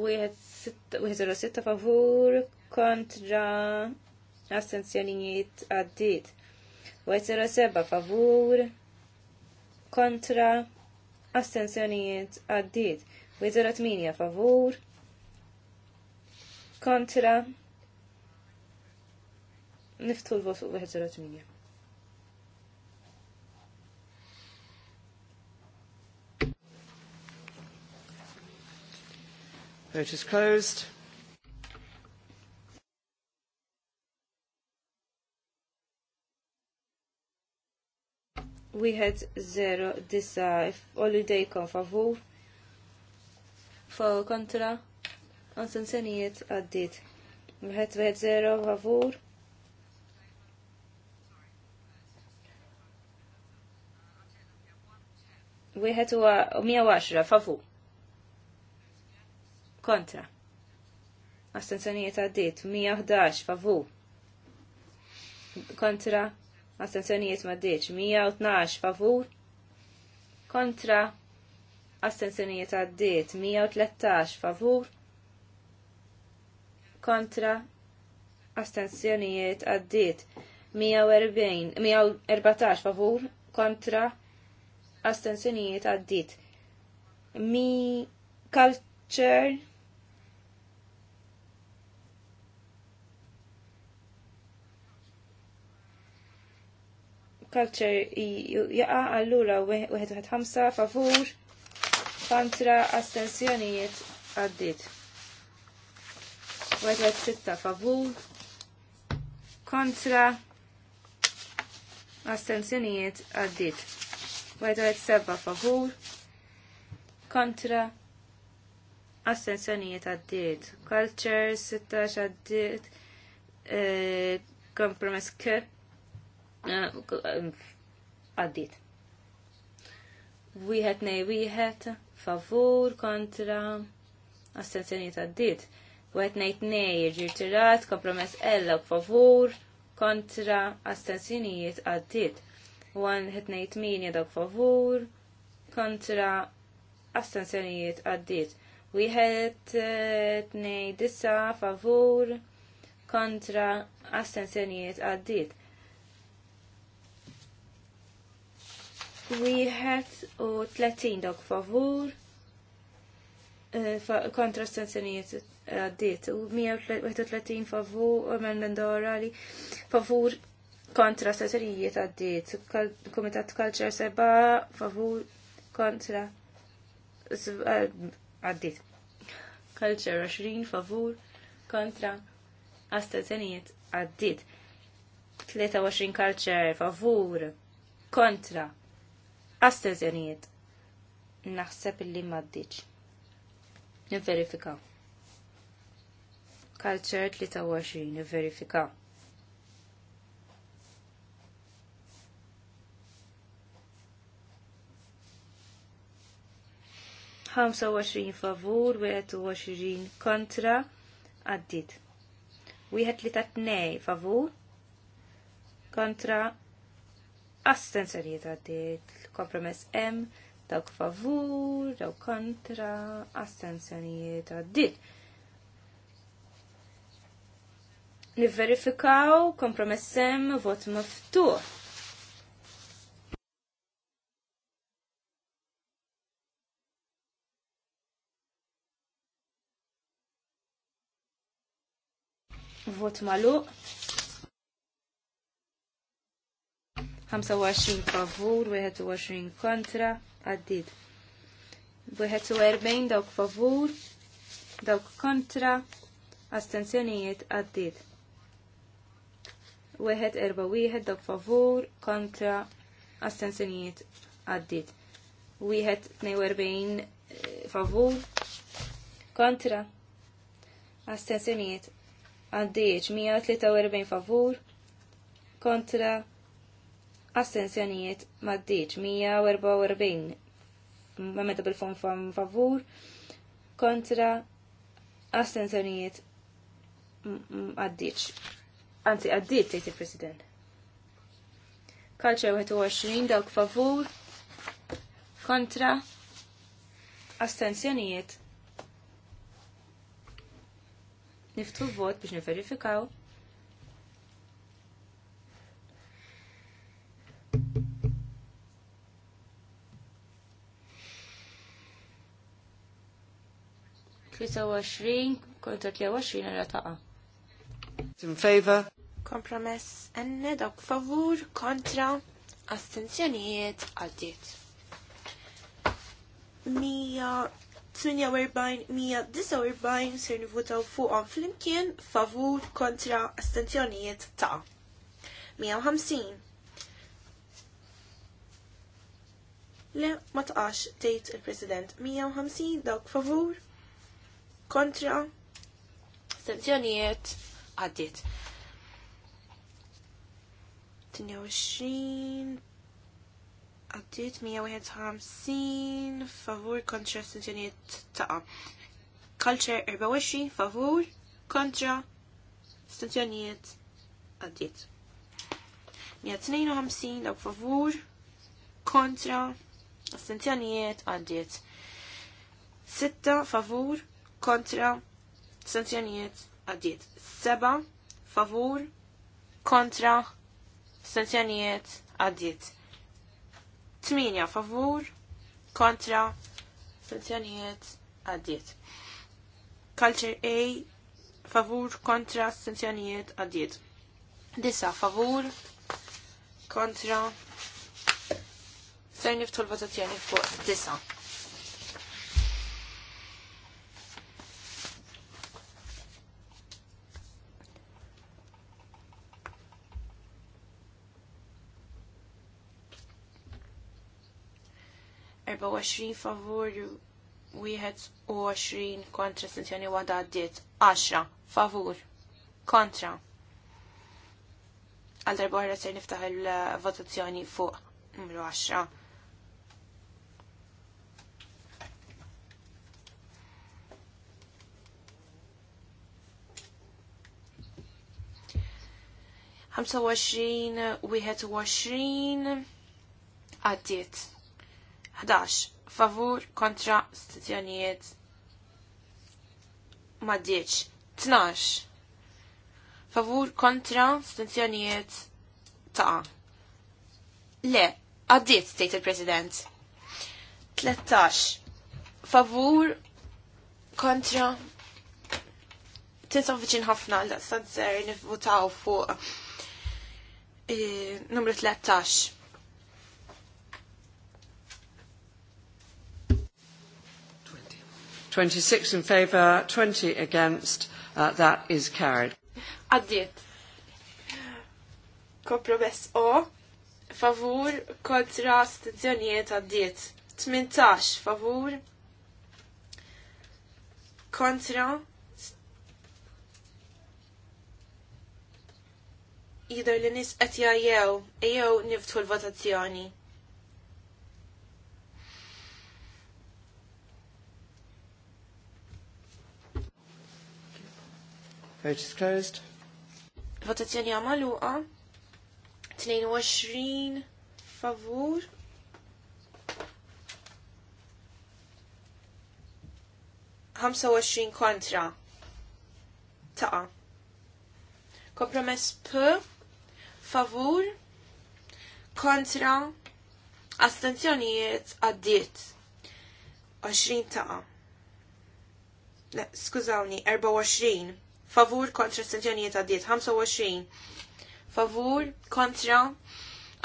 [SPEAKER 3] 1.06 favur kontra astensjonijiet għaddit. 1.07 favur kontra astensjonijiet għaddit. 1.08 favur kontra niftu l-vot fuq 108.
[SPEAKER 2] Vote is closed.
[SPEAKER 3] We had zero this uh, if disa come for favur. For contra senijiet għaddit. Mħet wieħed zero favur. Wieħed huwa 110 favu? Kontra. senijiet għaddit 111 favu. Kontra. Astenzjonijiet maddiċ 112 favur. Kontra. senijiet għaddit 113 favur kontra astenzjonijiet għaddit 114 favur kontra astenzjonijiet għaddit. Mi culture culture jaqa għallura 1.5 favur kontra astenzjonijiet għaddit. Wet sitta favur kontra astenzjonijiet għaddit. Wet seba favur kontra astenzjonijiet għaddit. Culture 16 għaddit. E, kompromess k e, għaddit. Wieħed nej wieħed favur kontra astenzjonijiet għaddit u għet nejt nej ġirtirat, kompromess ella favur kontra astensjonijiet għaddit. U għan għet nejt min jadak favur kontra astensjonijiet għaddit. U jħet eh, nejt disa favur kontra astensjonijiet għaddit. Wieħed u 30 dok favur eh, kontra astensjonijiet għaddiet. U 131 favur, emenda orali, favur kontra saserijiet għaddiet. Komitat Culture seba favur kontra eh, għaddiet. Culture 20 favur kontra għastazzjonijiet għaddiet. 23 culture favur kontra għastazzjonijiet. Naħseb li maddiċ. Nverifikaw kalċer 23 verifika. ħamsa 25 favur, u 21 kontra, għaddit. Wieħed li ta' tnej favur, kontra, astensjoniet għaddit. Kompromess M, dawk favur, dawk kontra, astensjoniet għaddit. Niverifikaw kompromessem vot maftuħ. Vot malu. 25 favur, 21 kontra, għaddit. 41 dawk favur, dawk kontra, astenzjonijiet għaddit wieħed erba' wieħed dak favur kontra astensjonijiet għaddit. Wieħed 42 favur kontra Mija tlita 143 favur kontra astensjonijiet maddiċ 144 ma meta bil-fon favur kontra astensjonijiet għaddiċ Anzi, għaddiet tgħid il-President. Kalċa 21 dawk favur kontra astensjonijiet. Niftu vot biex niverifikaw. 20 kontra 23 għala
[SPEAKER 2] taqa. In favor.
[SPEAKER 4] Kompromess enne dok favur kontra Mija għaddiet. Mija 49 ser nivutaw fuqhom flimkien favur kontra astenzjonijiet ta' 150. Le ma tqax tgħid il-President 150 dawk favur kontra ta' għaddit. 22 għaddit 151 favur kontra stazzjoniet taqa. Culture 24 favur kontra stazzjoniet għaddit. 152 dawk favur kontra Astenzjonijiet għaddit. 6 favur kontra astenzjonijiet għaddiet. Seba, favur, kontra, sanzjonijiet għaddiet. Tminja, favur, kontra, sanzjonijiet għaddiet. Culture A, favur, kontra, sanzjonijiet għaddiet. Disa, favur, kontra, Ser niftu l-votazzjoni fuq disa. 24 favur wieħed u 20 kontra astenzjoni wada għaddiet 10 favur kontra għal darba għarra se niftaħ il-votazzjoni fuq numru 10 25, 21, għaddiet 11. Favur kontra ma 10 12. Favur kontra stazzjonijiet ta' Le, għaddit state il-President. 13. Favur kontra tinsaw viċin ħafna l-stanzer nivvutaw fuq eh, numru
[SPEAKER 2] 13 26 in favour, 20 against. Uh, that is carried.
[SPEAKER 4] Addiet. Kompromess O. Favur kontra stazzjonijiet addiet. 18 favur kontra jidher li nis qed jgħajjew jew niftħu l-votazzjoni.
[SPEAKER 2] Vote is closed.
[SPEAKER 4] Votazzjoni għamaluqa. 22 favur. Hamsa kontra. Taqa. Kompromess P. Favur. Kontra. Astenzjonijiet għaddiet. 20 taqa. Le, skużawni, 24 favur kontra astenzjonijiet għaddiet 25 favur kontra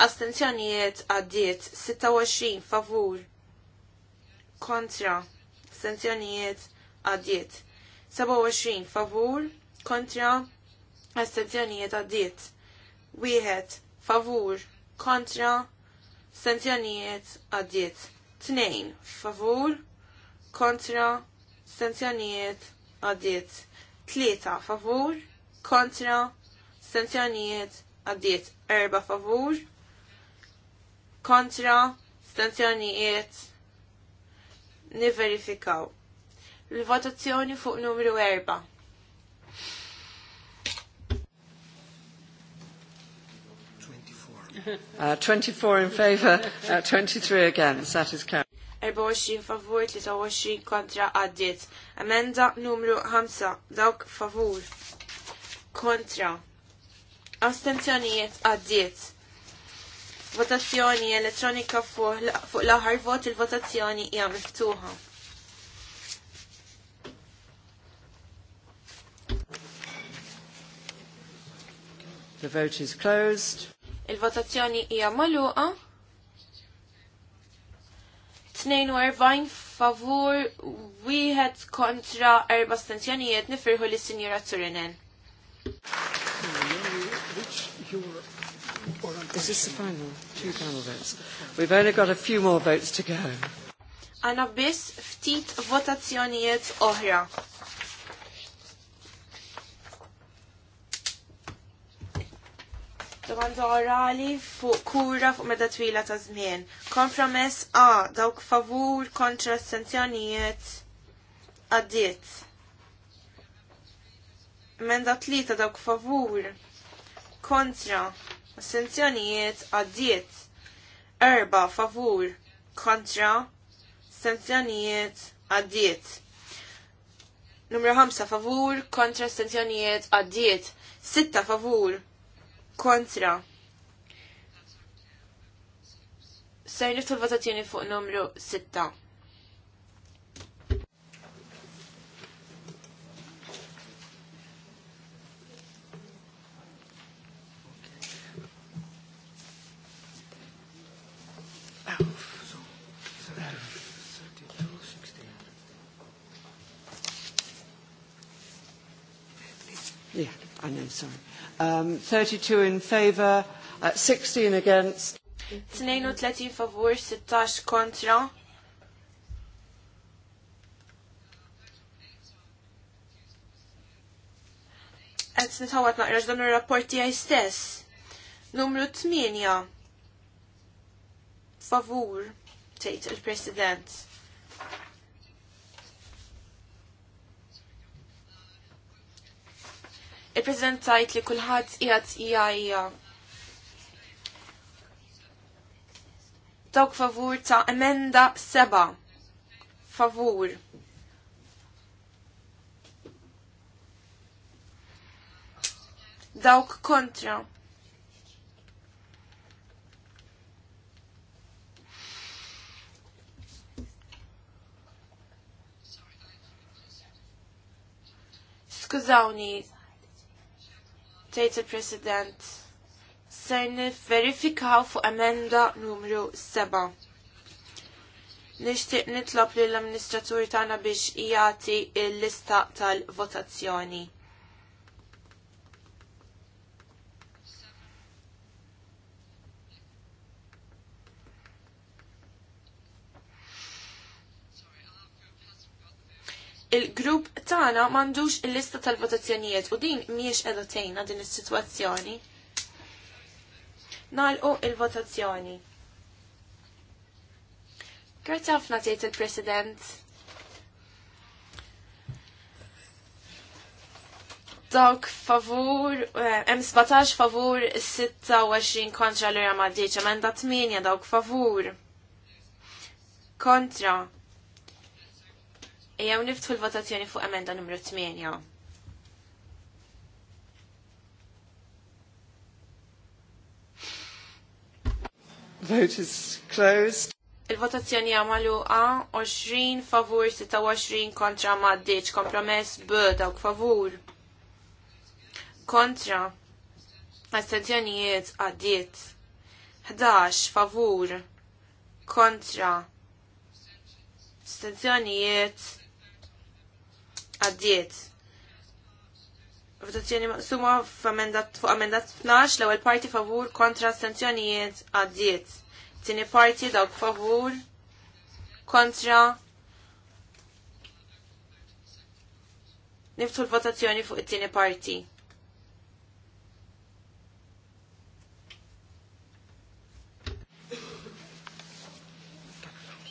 [SPEAKER 4] astenzjonijiet għaddiet 26 favur kontra astenzjonijiet għaddiet 27 favur kontra astenzjonijiet għaddiet wieħed favur kontra astenzjonijiet għaddiet 2 favur kontra astenzjonijiet għaddiet tlieta favur kontra stanzjonijiet għaddiet erba favur kontra stenzjonijiet niverifikaw. Il-votazzjoni fuq numru erba.
[SPEAKER 2] Uh, 24 in favour, uh, 23 against, that is carried.
[SPEAKER 4] 24 favur, 23 kontra għaddiet. Emenda numru 5, dawk favur, kontra. Astenzjonijiet għaddiet. Votazzjoni elettronika fuq l-aħħar vot il-votazzjoni hija miftuħa.
[SPEAKER 2] The vote is closed.
[SPEAKER 4] Il-votazzjoni hija magħluqa. 42 favur, wieħed kontra erba' stenzjonijiet nifirħu lis sinjura Turinen.
[SPEAKER 1] Is this the
[SPEAKER 2] final? Two final votes. We've only got a few more votes to go.
[SPEAKER 4] Anna biss ftit votazzjonijiet oħra. domanda orali fuq kura fuq meda twila ta' żmien. Kompromess A dawk favur kontra sanzjonijiet għaddiet. Emenda tlita dawk favur kontra sanzjonijiet għaddiet. Erba favur kontra sanzjonijiet għaddiet. Numru 5 favur kontra sanzjonijiet għaddiet. 6 favur kontra. Ser niftu votazzjoni fuq numru 6.
[SPEAKER 2] Yeah, I know, sorry. Um, 32 in favour, uh, 16 against.
[SPEAKER 4] 32 favur, 16 kontra. nitħawat dan il-rapporti għaj stess. Numru 8. Favur, tejt il-President. il prezentajt li kullħat jgħat jgħajja. Dawk favur ta' emenda seba. Favur. Dawk kontra. Skużawni, tgħid il-President sejni verifikaw fuq emenda numru 7. Nixtieq nitlob lill amministraturi tagħna biex jagħti l-lista tal-votazzjoni. il-grupp tagħna m'għandux il-lista tal-votazzjonijiet u din mhijiex qiegħda tgħinna din is-sitwazzjoni. Nalqu il-votazzjoni. Grazzi ħafna tgħid il-President. dawk favur, eh, hemm 17 favur, 26 kontra l-Real Madrid, emenda 8 dawk favur. Kontra, Ejjew niftħu l-votazzjoni fuq emenda numru 8.
[SPEAKER 2] Vote is closed.
[SPEAKER 4] Il-votazzjoni għamalu A, 20 favur, 26 kontra ma kompromess B, dawk favur. Kontra, astenzjonijiet għaddiet. 11 favur, kontra, astenzjonijiet għaddiet. Votazzjoni maqsuma fuq amendat 12 l-ewwel parti favur kontra sanzjonijiet, għaddiet. Tini parti dawk favur kontra niftu l-votazzjoni fuq it-tieni parti.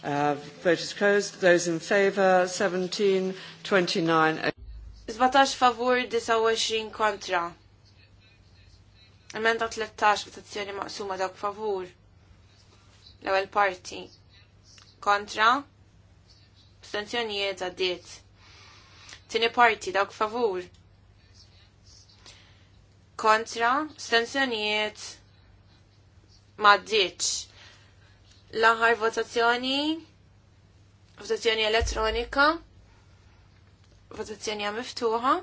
[SPEAKER 2] Uh, vote is closed. Those in favour, 17, 29.
[SPEAKER 4] 17 favur, 29 kontra. Emenda 13, votazzjoni maqsuma dawk favur. L-ewel parti. Kontra. Abstenzjonijiet għaddiet. Tini parti dawk favur. Kontra. Abstenzjonijiet ma għaddietx l-aħħar votazzjoni, votazzjoni elettronika, votazzjoni miftuħa.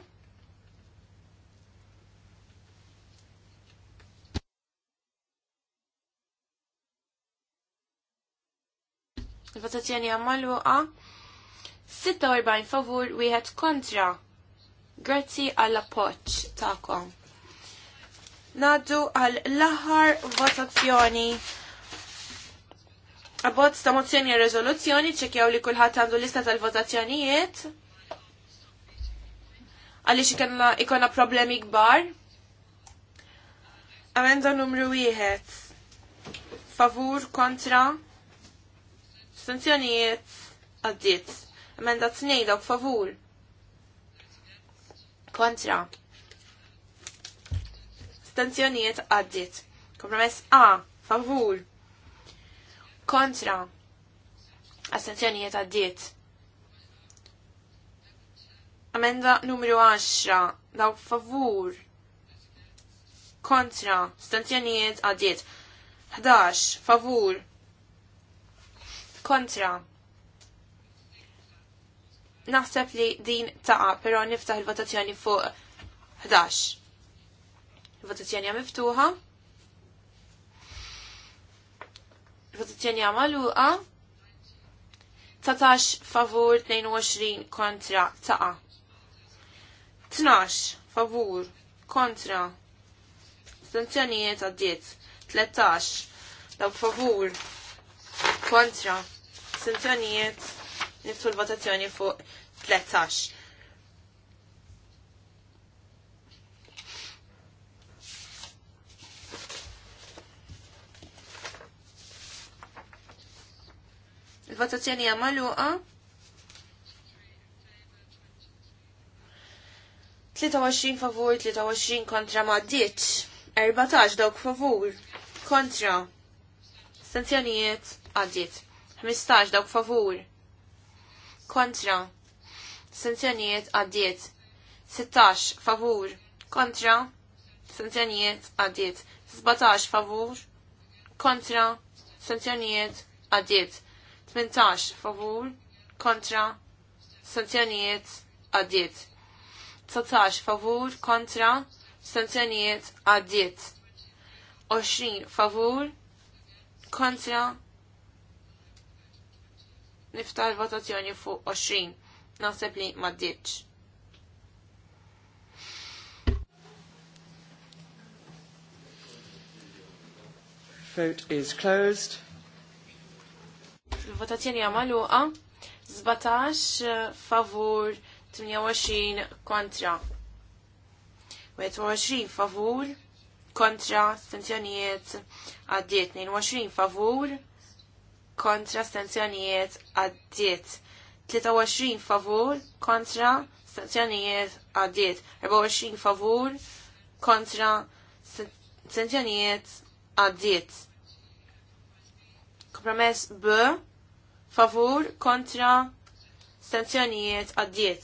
[SPEAKER 4] Il-votazzjoni għamma l 46 favur wieħed kontra. Grazzi għall appoġġ tagħkom. Naddu għal l-aħħar votazzjoni Abbot sta mozzjoni e rezoluzzjoni ċekjaw li kulħadd għandu lista tal-votazzjonijiet għaliex ikanna ikonna problemi kbar. Amenda numru wieħed. Favur kontra sanzjonijiet għaddiet. Amenda tnej dawk favur. Kontra. Stanzjonijiet għaddiet. Kompromess A. Favur kontra astenzjonijiet għaddiet. Amenda numru 10 daw favur kontra astenzjonijiet għaddiet. 11 favur kontra naħseb li din taqa, pero niftaħ il-votazzjoni fuq 11. Il-votazzjoni għam miftuħa. Votazzjoni għamaluqa. tatax favur 22 kontra taqa. Tnax, favur kontra stanzjonijiet għaddiet. tletax, daw favur kontra stanzjonijiet niftu l-votazzjoni fuq 13. Il-votazzjoni hija magħluqa. 23 favur, 23 kontra ma ditx. 14 dawk favur, kontra. Stanzjonijiet għaddit. 15 dawk favur, kontra. Stanzjonijiet għaddit. 16 favur, kontra. Stanzjonijiet għaddit. 17 favur, kontra. Stanzjonijiet għaddit. 18 favur kontra sanzjonijiet għaddiet. 19 favur kontra sanzjonijiet għaddiet. 20 favur kontra niftar votazzjoni fuq 20. Naħseb li ma ddiċ.
[SPEAKER 2] Vote is closed
[SPEAKER 4] il-votazzjoni għamaluqa 17 eh, favur 28 kontra. 21 favur kontra stenzjonijiet għaddiet. 22 favur kontra stenzjonijiet għaddiet. 23 favur kontra stenzjonijiet għaddiet. 24 favur kontra stenzjonijiet għaddiet. Kompromess B favur kontra stanzjonijiet għaddiet.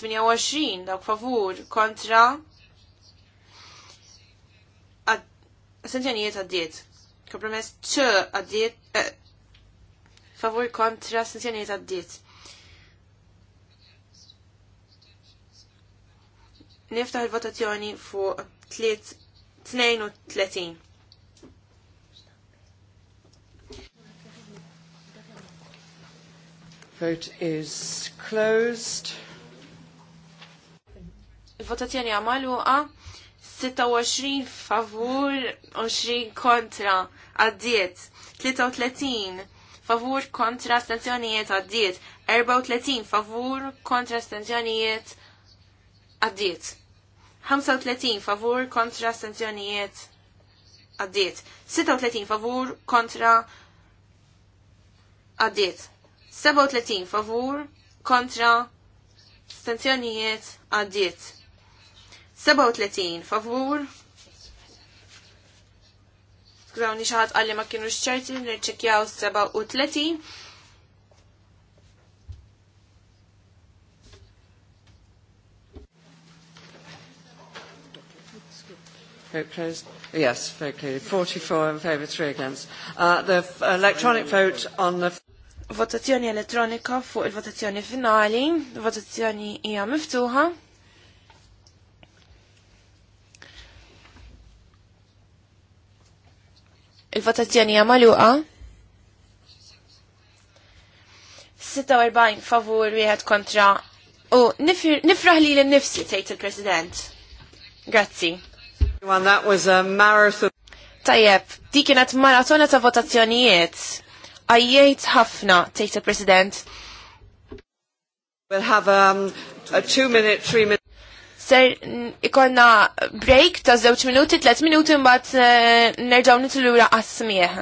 [SPEAKER 4] 28 dawk favur kontra stanzjonijiet għaddiet. Kompromess t għaddiet eh, favur kontra stanzjonijiet għaddiet. Niftaħ il-votazzjoni fuq 32.
[SPEAKER 2] Vote is closed.
[SPEAKER 4] Il-votazzjoni għamaluqa 26 favur, 20 kontra, għaddiet. 33 favur kontra stenzjonijiet għaddiet. 34 favur kontra astenzjonijiet għaddiet. 35 favur kontra stanzjonijiet għaddiet. 36 favur kontra għaddiet. 37 favur kontra stanzjonijiet għaddiet. 37 favur Skużawni xaħat għalli ma kienu xċerti, nirċekjaw 37.
[SPEAKER 2] Vote closed. Yes, very clearly. 44 in favour, 3 against. Uh, the electronic vote on the votazzjoni
[SPEAKER 4] elettronika fuq il-votazzjoni finali, votazzjoni hija miftuħa. Il-votazzjoni hija magħluqa. 46 favur wieħed kontra u nifraħ li l-nifsi tgħid il-President. Grazzi. Tajjeb, dik kienet maratona ta' votazzjonijiet għajjejt ħafna, tejt il-President.
[SPEAKER 2] We'll have um, a two minute, three minute
[SPEAKER 4] ser ikonna break ta' zewċ minuti, tlet minuti mbatt eh, nerġaw
[SPEAKER 1] nitlura għas-smieħ.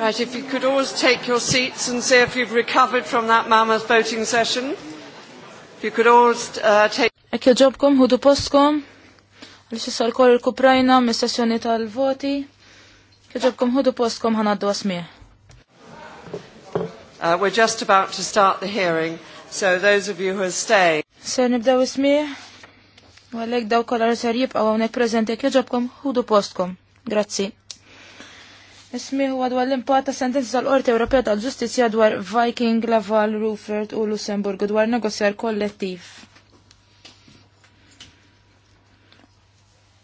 [SPEAKER 2] Right, if you could always take your seats and see if you've recovered from that mammoth voting session. If you could always uh,
[SPEAKER 1] take... Ek joġobkom, hudu postkom, għalix jissal kol il-Kuprajna, mis-sessjoni tal-voti. Joġobkom, hudu postkom, ħanaddu għasmie.
[SPEAKER 2] Uh, we're just about to start the hearing, so those of you who are staying. Ser
[SPEAKER 1] nibdaw ismieħ, u għalek daw kolar ser jibqaw għonek prezenti, joġobkom, hudu postkom. Grazie huwa dwar l-impat ta' sentenzi tal-Qorti Ewropea tal-Ġustizzja dwar Viking, Laval, Rufert u Lussemburgu dwar negozjar kollettiv.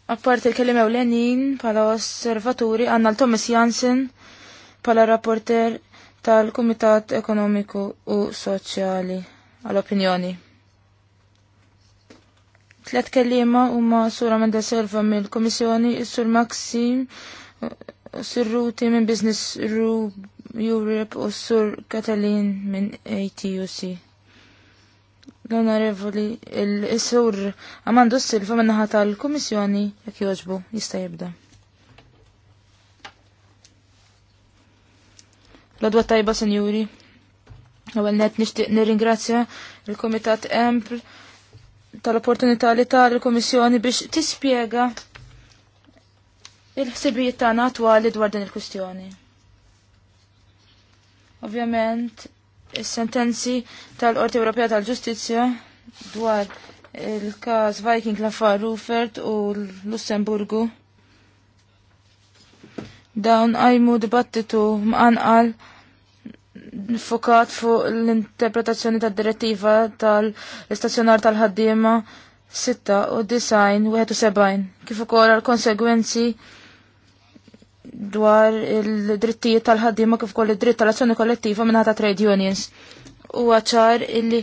[SPEAKER 1] Apparti l kelim ewlenin pala osservaturi għanna l-Thomas Jansen pala rapporter tal-Kumitat Ekonomiku u Soċjali għal-Opinjoni. Tlet kellima huma Sura Mendeselva mill-Komissjoni, Sur Maxim, Surruti minn Business Europe u Sur Katalin minn ATUC. L-onorevoli, il-sur s Silva minnaħa tal-Komissjoni jekk joġbu jista' jibda. l tajba, senjuri. Għawel net nixtieq nirringrazzja il-Komitat Empl tal-opportunità li tal-Komissjoni biex tispjega il-ħsibijiet tagħna attwali dwar din il-kwistjoni. Ovvjament, is-sentenzi tal-Qorti Ewropea tal-Ġustizzja dwar il-każ Viking l-affar Rufert u l Lussemburgu dawn għajmu dibattitu mqanqal fokat fuq l-interpretazzjoni tad direttiva tal-istazzjonar tal-ħaddiema 6 u design 71 kif ukoll għal konsegwenzi dwar il-drittijiet tal-ħaddiema kif ukoll id-dritt tal-azzjoni kollettiva minn trade unions. Huwa ċar illi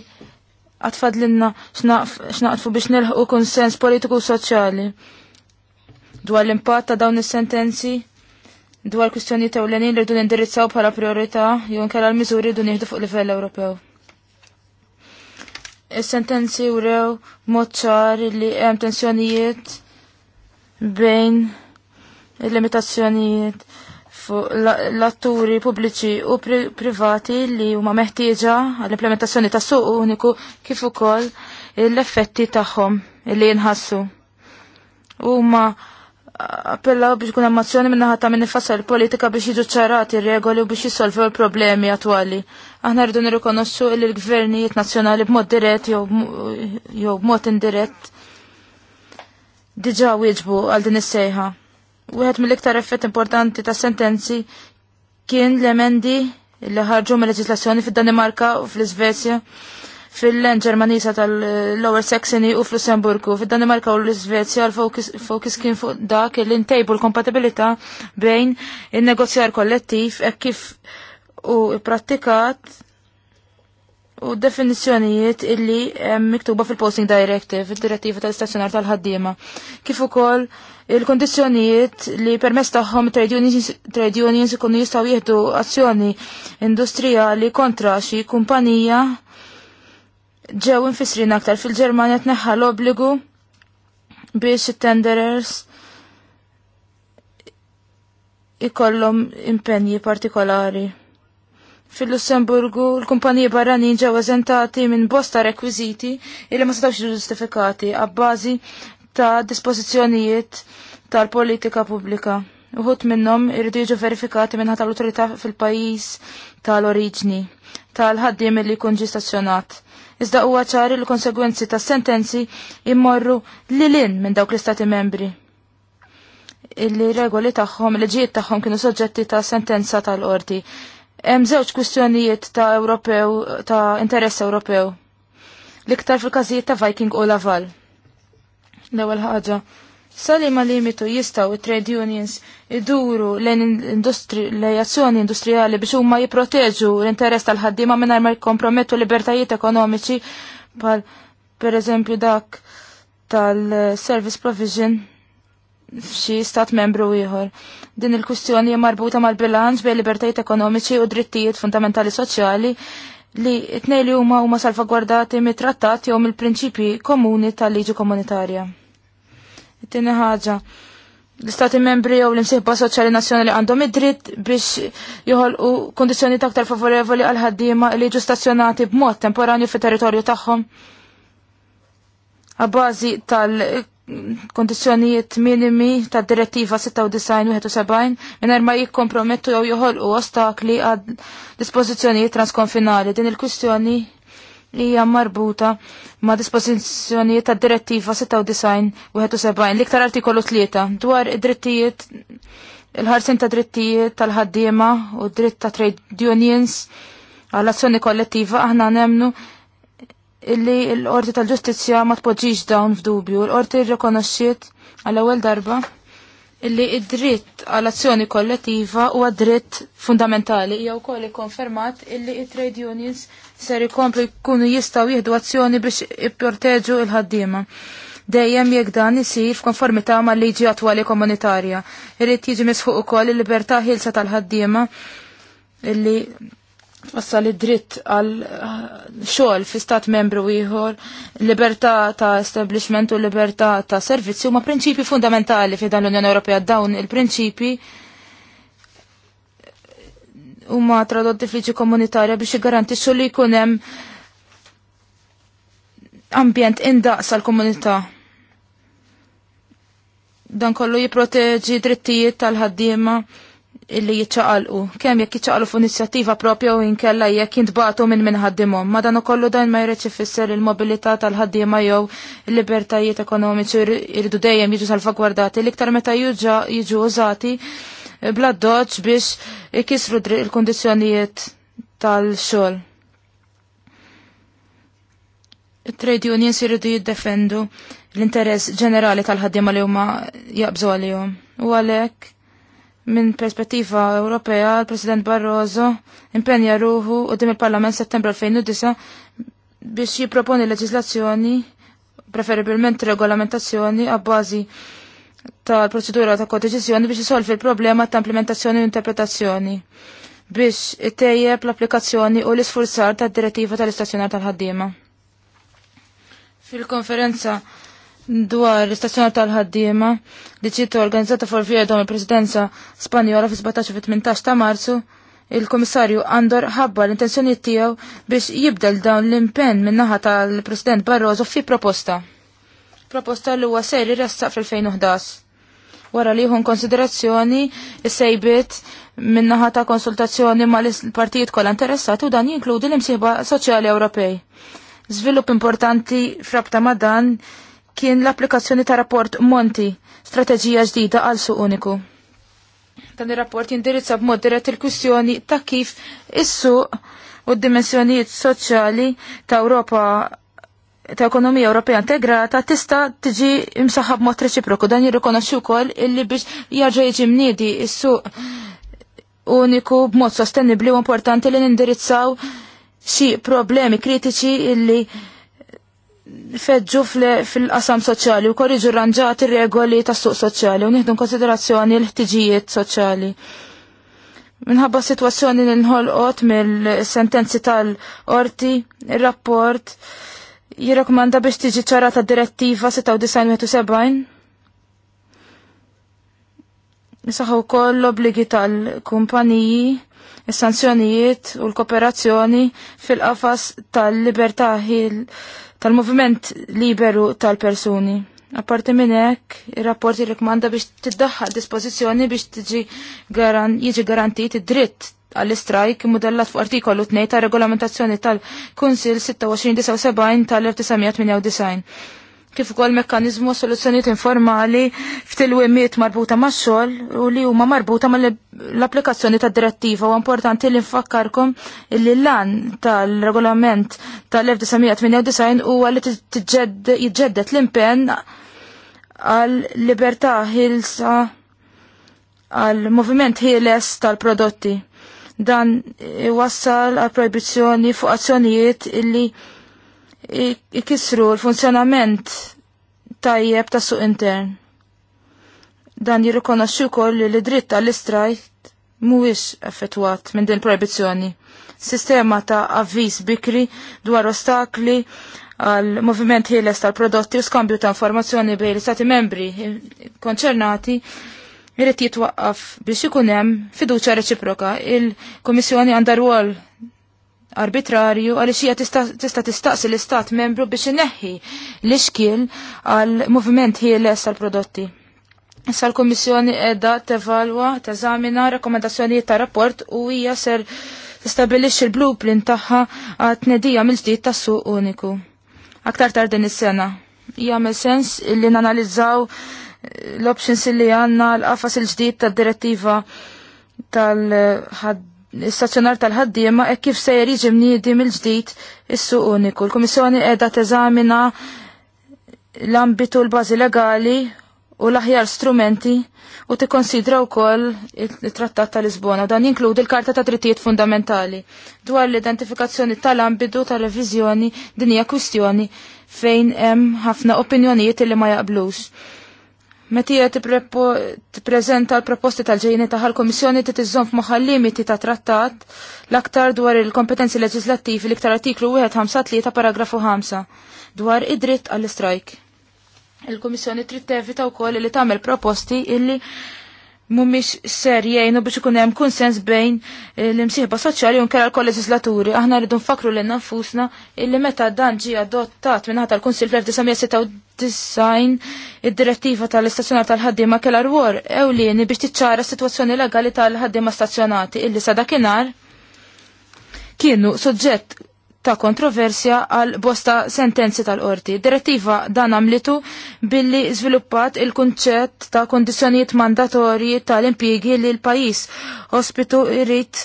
[SPEAKER 1] l-inna x'naqfu biex nilħu konsens politiku u soċjali dwar l-impatt ta' dawn is-sentenzi dwar kwistjoni ta' l li rridu indirizzaw bħala priorità jew nkella l-miżuri rridu nieħdu fuq livell Ewropew. Is-sentenzi wrew mod ċar li hemm tensjonijiet bejn il-limitazzjonijiet fuq l-atturi pubbliċi u privati li huma meħtieġa għall-implementazzjoni ta' suq uniku kif ukoll l-effetti tagħhom li jinħassu. Huma appellaw biex kun ammazzjoni naħa ta' minn ifassal politika biex jiġu ċarati regoli u biex jissolvu l-problemi attwali. Aħna rridu nirrikonoxxu li l-gvernijiet nazzjonali b'mod dirett jew b'mod indirett diġà wieġbu għal din is-sejħa. Wieħed mill-iktar effett importanti ta' sentenzi kien l-emendi li ħarġu mill leġislazzjoni fid-Danimarka u fl-Iżvezja fil-len ġermanisa tal-Lower Saxony u fl-Lussemburgu. Fil-Danimarka u l-Svezja l-fokus kien fuq dak li ntejbu l-kompatibilità bejn il-negozjar kollettiv e kif u pratikat u definizjonijiet illi miktuba fil-Posting Directive, il-direttiva tal stazzjonar tal-ħaddima. Kif ukoll il-kondizjonijiet li permess tagħhom trade unions, ikunu jistgħu jieħdu azzjoni industrijali kontra xi kumpanija ġew infisrin aktar fil-Ġermanja tneħħa l-obbligu biex it-tenderers ikollhom impenji partikolari. Fil-Lussemburgu, l-kumpaniji barranin ġew eżentati minn bosta rekwiżiti illi ma setgħux ġustifikati għabbażi ta' dispożizzjonijiet tal-politika pubblika. Uħut minnom irridu jiġu verifikati minnħat tal-autorità fil-pajis tal-oriġni, tal-ħaddim li kun ġistazzjonat. Iżda huwa ċari l-konsegwenzi ta' sentenzi immorru lilin minn dawk l-istati membri. Il-regoli tagħhom, l-ġiet tagħhom kienu soġġetti ta' sentenza tal-qorti. Hemm żewġ kwistjonijiet ta' Ewropew ta' interess Ewropew. L-iktar fil-każijiet ta' Viking u Laval. L-ewwel ħaġa Sali ma limitu jistaw trade unions iduru l-ajazzjoni industrijali biex huma jipproteġu l-interess tal-ħaddiema mingħajr ma jkompromettu libertajiet ekonomiċi bħal per eżempju dak tal-service provision f'xi stat membru ieħor. Din il-kwistjoni hija marbuta mal-bilanċ bejn libertajiet ekonomiċi u drittijiet fundamentali soċjali li t nejli huma huma salvagwardati mit-trattat jew mill-prinċipji komuni tal-liġi komunitarja. Tini ħaġa. L-istati membri jew l-imsieħba soċjali nazzjonali għandhom id-dritt biex joħolqu kondizjoni aktar favorevoli għal ħaddiema li jiġu stazzjonati b'mod temporanju fi territorju tagħhom. Għabbażi tal kondizjonijiet minimi ta' direttiva 96-71 minn ma jikkompromettu jew joħolqu ostakli għad dispożizzjonijiet transkonfinali. Din il-kwistjoni hija marbuta ma' dispożizzjonijiet ta' direttiva 96 71 l-iktar artikolu 3 dwar id-drittijiet il-ħarsin ta' drittijiet tal-ħaddiema u dritt ta' trade unions għall azzjoni kollettiva aħna nemnu illi l-Qorti tal-Ġustizzja ma tpoġġix dawn f'dubju. L-Qorti rrikonoxxiet għall-ewwel darba illi id-dritt għal azzjoni kollettiva huwa dritt fundamentali. jew wkoll ikkonfermat illi id trade unions ser ikomplu jkunu jistgħu jieħdu azzjoni biex ipporteġu il-ħaddiema. Dejjem jekk dan isir f'konformità mal-liġi attwali komunitarja. Irid jiġi misfuq ukoll il-libertà ħilsa tal-ħaddiema illi Wassal id-dritt għal eh, xogħol fi stat membru ieħor, libertà ta' establishment u libertà ta' servizzi huma prinċipji fundamentali fi dan l-Unjoni Ewropea dawn il-prinċipji huma tradotti fliġi komunitarja biex jiggarantixxu li jkun hemm ambjent indaqs għal komunità. Dan kollu jipproteġi drittijiet tal-ħaddiema illi jitċaqalqu, kemm jekk jitċaqalqu fuq inizjattiva propja u jinkella jekk jintbagħtu minn minn ħaddimhom. Madan ukollu dan ma jridx fisser il-mobilità tal-ħaddiema jew il-libertajiet ekonomiċi jridu dejjem jiġu salvagwardati l-iktar meta jiġu użati eh, bla doġġ biex ikisru il kondizjonijiet tal-xogħol. Trade unions jiridu jiddefendu l-interess ġenerali tal-ħaddiema li huma jaqbżu għalihom. U għalhekk Minn perspettiva Ewropea, l-President Barroso impenja ruħu u dim il-Parlament settembru 2009 biex jiproponi leġislazzjoni, preferibilment regolamentazzjoni, għabbażi tal-proċedura ta' kodeċizjoni biex jisolvi il-problema ta' implementazzjoni u interpretazzjoni biex it-tejjeb l-applikazzjoni u l-isfurzar ta' direttiva tal-istazzjonar tal-ħaddiema. Fil-konferenza dwar l-istazzjoni tal-ħaddiema li ċitu organizzata vjer dom il-presidenza Spanjola fi 17 fi 18 ta' Marzu, il-Komissarju Andor ħabba l-intenzjoni tiegħu biex jibdel dawn l-impenn min-naħa tal-President Barroso fi proposta. Proposta li huwa ser jressaq fil-2011 wara li liħun konsiderazzjoni sejbit minnaħa ta' konsultazzjoni ma' l-partijiet kolla interessati u dan jinkludi l-imsiħba soċjali Ewropej. Zvilup importanti frabta ma' dan kien l-applikazzjoni ta' rapport Monti, strateġija ġdida għal suq uniku. Dan ir-rapport jindirizza b'mod dirett il-kwistjoni ta' kif is-suq u d-dimensjonijiet soċjali ta' Ewropa ta' ekonomija Ewropea integrata tista' tiġi imsaħħa b'mod reċiproku dan jirrikonoxxi wkoll illi biex jarġa' jiġi mniedi s-suq uniku b'mod sostenibbli u importanti li nindirizzaw xi problemi kritiċi illi feġġu fil-qasam soċjali u korriġu rranġat ir-regoli tas-suq soċjali u nieħdu konsiderazzjoni l-ħtiġijiet soċjali. Minħabba sitwazzjoni nħolqot mill-sentenzi tal-orti, ir rapport jirrakmanda biex tiġi ċara ta' direttiva 96-71. Nisaħu koll l-obligi tal-kumpaniji, s sanzjonijiet u l-kooperazzjoni fil-qafas tal-libertà tal-moviment liberu tal-persuni. Apparti minn hekk, ir-rapport jirrikmanda biex tiddaħħaq dispożizzjoni biex tiġi garan, jiġi garantit id-dritt għall-istrajk modellat fuq artikolu 2 ta' regolamentazzjoni tal-Kunsil 2679 tal-1998 kif ukoll mekkaniżmu soluzzjonijiet informali f'tilwimiet marbuta max-xogħol u li huma marbuta mal-applikazzjoni tad-direttiva u importanti li nfakkarkom li l-lan tal-regolament tal-1998 huwa li jiġġedded l-impenn għal libertà ħilsa għal moviment ħieles tal-prodotti. Dan wassal għal proibizzjoni fuq azzjonijiet illi ikisru l-funzjonament tajjeb ta' suq intern. Dan jirrikonoxxu wkoll li l-dritt tal-istrajt mhuwiex effettwat minn din proibizzjoni. Sistema ta' avviż bikri dwar ostakli għal moviment ħieles tal-prodotti u skambju ta' informazzjoni bejn l-Stati membri konċernati irrid jitwaqqaf biex ikun hemm fiduċja reċiproka. Il-Kummissjoni għandha rwol arbitrarju għaliex hija tista' tistaqsi l-istat membru biex ineħħi l-ixkiel għal moviment ħieles għal prodotti. Issa l-Kommissjoni qiegħda tevalwa, teżamina rakkomandazzjonijiet ta' rapport u hija ser tistabilixxi il blueprint tagħha għat tnedija mill-ġdid tas-suq uniku. Aktar tard din is-sena. Jagħmel sens li nanalizzaw l-options li għandna l-qafas il-ġdid tad-direttiva tal-ħad l-istazzjonar tal-ħaddiema e kif se jeriġi mniedi mill-ġdid is-suq uniku. L-Kummissjoni qiegħda teżamina l-ambitu l-bażi legali u l-aħjar strumenti u tikkonsidra wkoll it-Trattat tal Lisbona. Dan jinkludi l-Karta ta' Drittijiet Fundamentali dwar l-identifikazzjoni tal-ambitu tal-reviżjoni din hija kwistjoni fejn hemm ħafna opinjonijiet li ma jaqblux. Metija t-prezenta l-proposti tal-ġejni taħal komissjoni t f f'moħħa limiti ta' trattat l-aktar dwar il-kompetenzi leġislattivi l-iktar artiklu 153 paragrafu 5 dwar id-dritt għall-strajk. Il-Komissjoni trid tevita wkoll li tagħmel proposti illi mumiex ser jgħinu biex ikun hemm kunsens bejn eh, l-imsieħba soċjali u nkera l-kolleġislaturi. Aħna rridu nfakru lil nfusna illi meta dan ġie adottat minn ħata l-Kunsil fl-1996 id-direttiva tal-istazzjonar tal-ħaddiema kella rwor ewlieni biex tiċċara s-sitwazzjoni legali tal-ħaddiema stazzjonati illi sa dakinhar kienu soġġett ta' kontroversja għal bosta sentenzi tal-qorti. Direttiva dan għamlitu billi zviluppat il-kunċett ta' kondizjoniet mandatorji tal impiegi li l-pajis ospitu irrit e,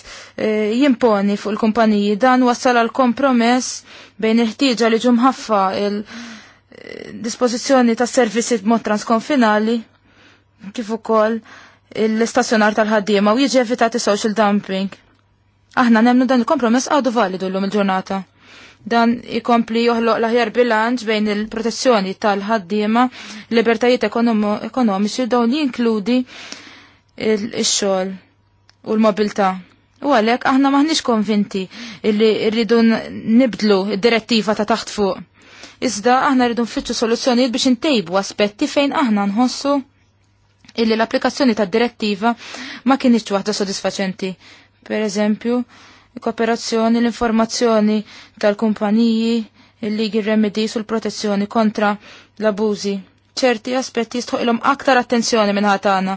[SPEAKER 1] jimponi fuq il-kumpaniji. Dan wassal għal kompromess bejn il-ħtieġa li ġumħaffa il-dispozizjoni eh, ta' servizzi mod transkonfinali kif ukoll l-istazzjonar tal-ħaddiema u jiġi evitat social dumping Aħna nemnu dan il-kompromess għadu validu l-lum il-ġurnata. Dan ikompli joħloq laħjar bilanċ bejn il-protezzjoni tal-ħaddiema, libertajiet ekonomiċi dawn jinkludi il-xogħol u l-mobilità. U għalhekk aħna maħniex konvinti illi rridu nibdlu id-direttiva ta' taħt fuq. Iżda aħna rridu nfittxu soluzzjonijiet biex intejbu aspetti fejn aħna nħossu illi l-applikazzjoni tad direttiva ma kienx waħda sodisfaċenti. Per eżempju, kooperazzjoni l-informazzjoni tal-kumpaniji, il-ligi remedi sul protezzjoni kontra l-abużi. ċerti aspetti jistħuqilhom aktar attenzjoni minn ħatana.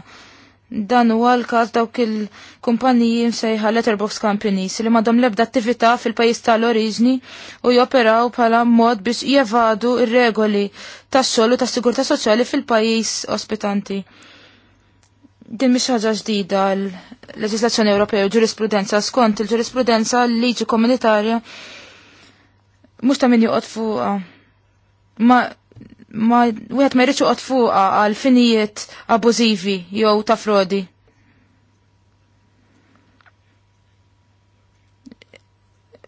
[SPEAKER 1] Dan huwa l-każ dawk il-kumpaniji msejħa letterbox companies li madhom l-ebda attività fil-pajjiż tal-oriġni u joperaw bħala mod biex jevadu ir-regoli tas-sol u tas-sigurtà soċjali fil-pajjiż ospitanti. Din mhix ħaġa ġdida l-leġislazzjoni Ewropea u ġurisprudenza skont il-ġurisprudenza l-liġi komunitarja mhux ta' min joqgħod fuqha. Ma ma wieħed ma jridx joqgħod fuqha għal finijiet abużivi jew ta' frodi.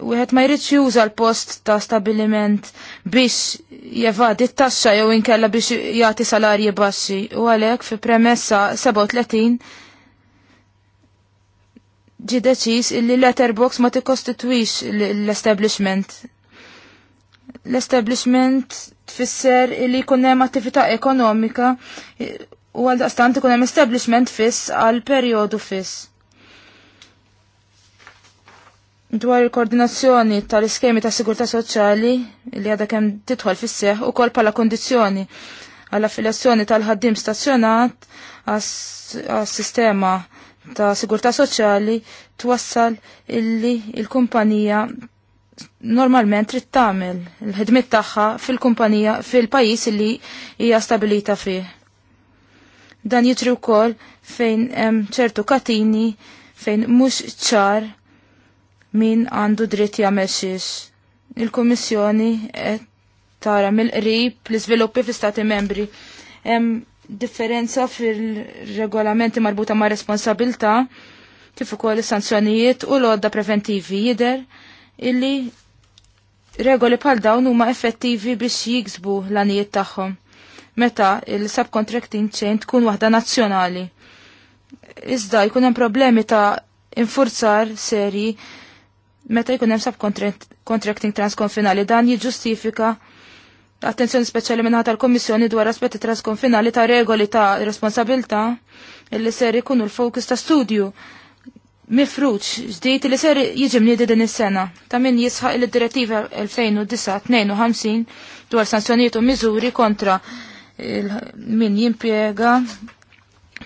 [SPEAKER 1] wieħed ma jridx juża l-post ta' stabiliment biex jevadi t-taxxa jew inkella biex jagħti salarji baxxi u għalhekk fi premessa 37 ġi deċiż illi letterbox ma tikkostitwix l-establishment. L-establishment tfisser illi jkun hemm attività ekonomika u għal daqstant ikun hemm establishment fiss għal perjodu fiss dwar il-koordinazzjoni tal-iskemi ta' sigurta soċjali li għadha kemm titħol fis seħħ ukoll bħala kondizzjoni għall affiljazzjoni tal-ħaddim stazzjonat għas-sistema ta' sigurta soċjali twassal illi il-kumpanija normalment trid tagħmel il-ħidmiet tagħha fil-kumpanija fil-pajjiż li hija stabilita fih. Dan jiġri wkoll fejn hemm ċertu katini fejn mhux ċar min għandu dritt jagħmel xiex. Il-Kummissjoni qed tara mill-qrib l-iżviluppi fl-Stati membri. Hemm differenza fil-regolamenti marbuta ma' responsabilità kif ukoll is-sanzjonijiet u l-għodda preventivi jidher illi regoli bħal dawn huma effettivi biex jiksbu l għanijiet tagħhom. Meta il-subcontracting chain tkun waħda nazzjonali. Iżda jkun hemm problemi ta' infurzar seri meta jkun hemm subcontracting transkonfinali dan jiġġustifika attenzjoni speċjali minn tal-Kommissjoni dwar aspetti transkonfinali ta' regoli ta' responsabilità illi ser ikunu l-fokus ta' studju mifruċ ġdijt li ser jiġimni din is-sena ta' min jisħaq il-direttiva 2009-52 dwar sanzjonijiet u miżuri kontra min jimpiega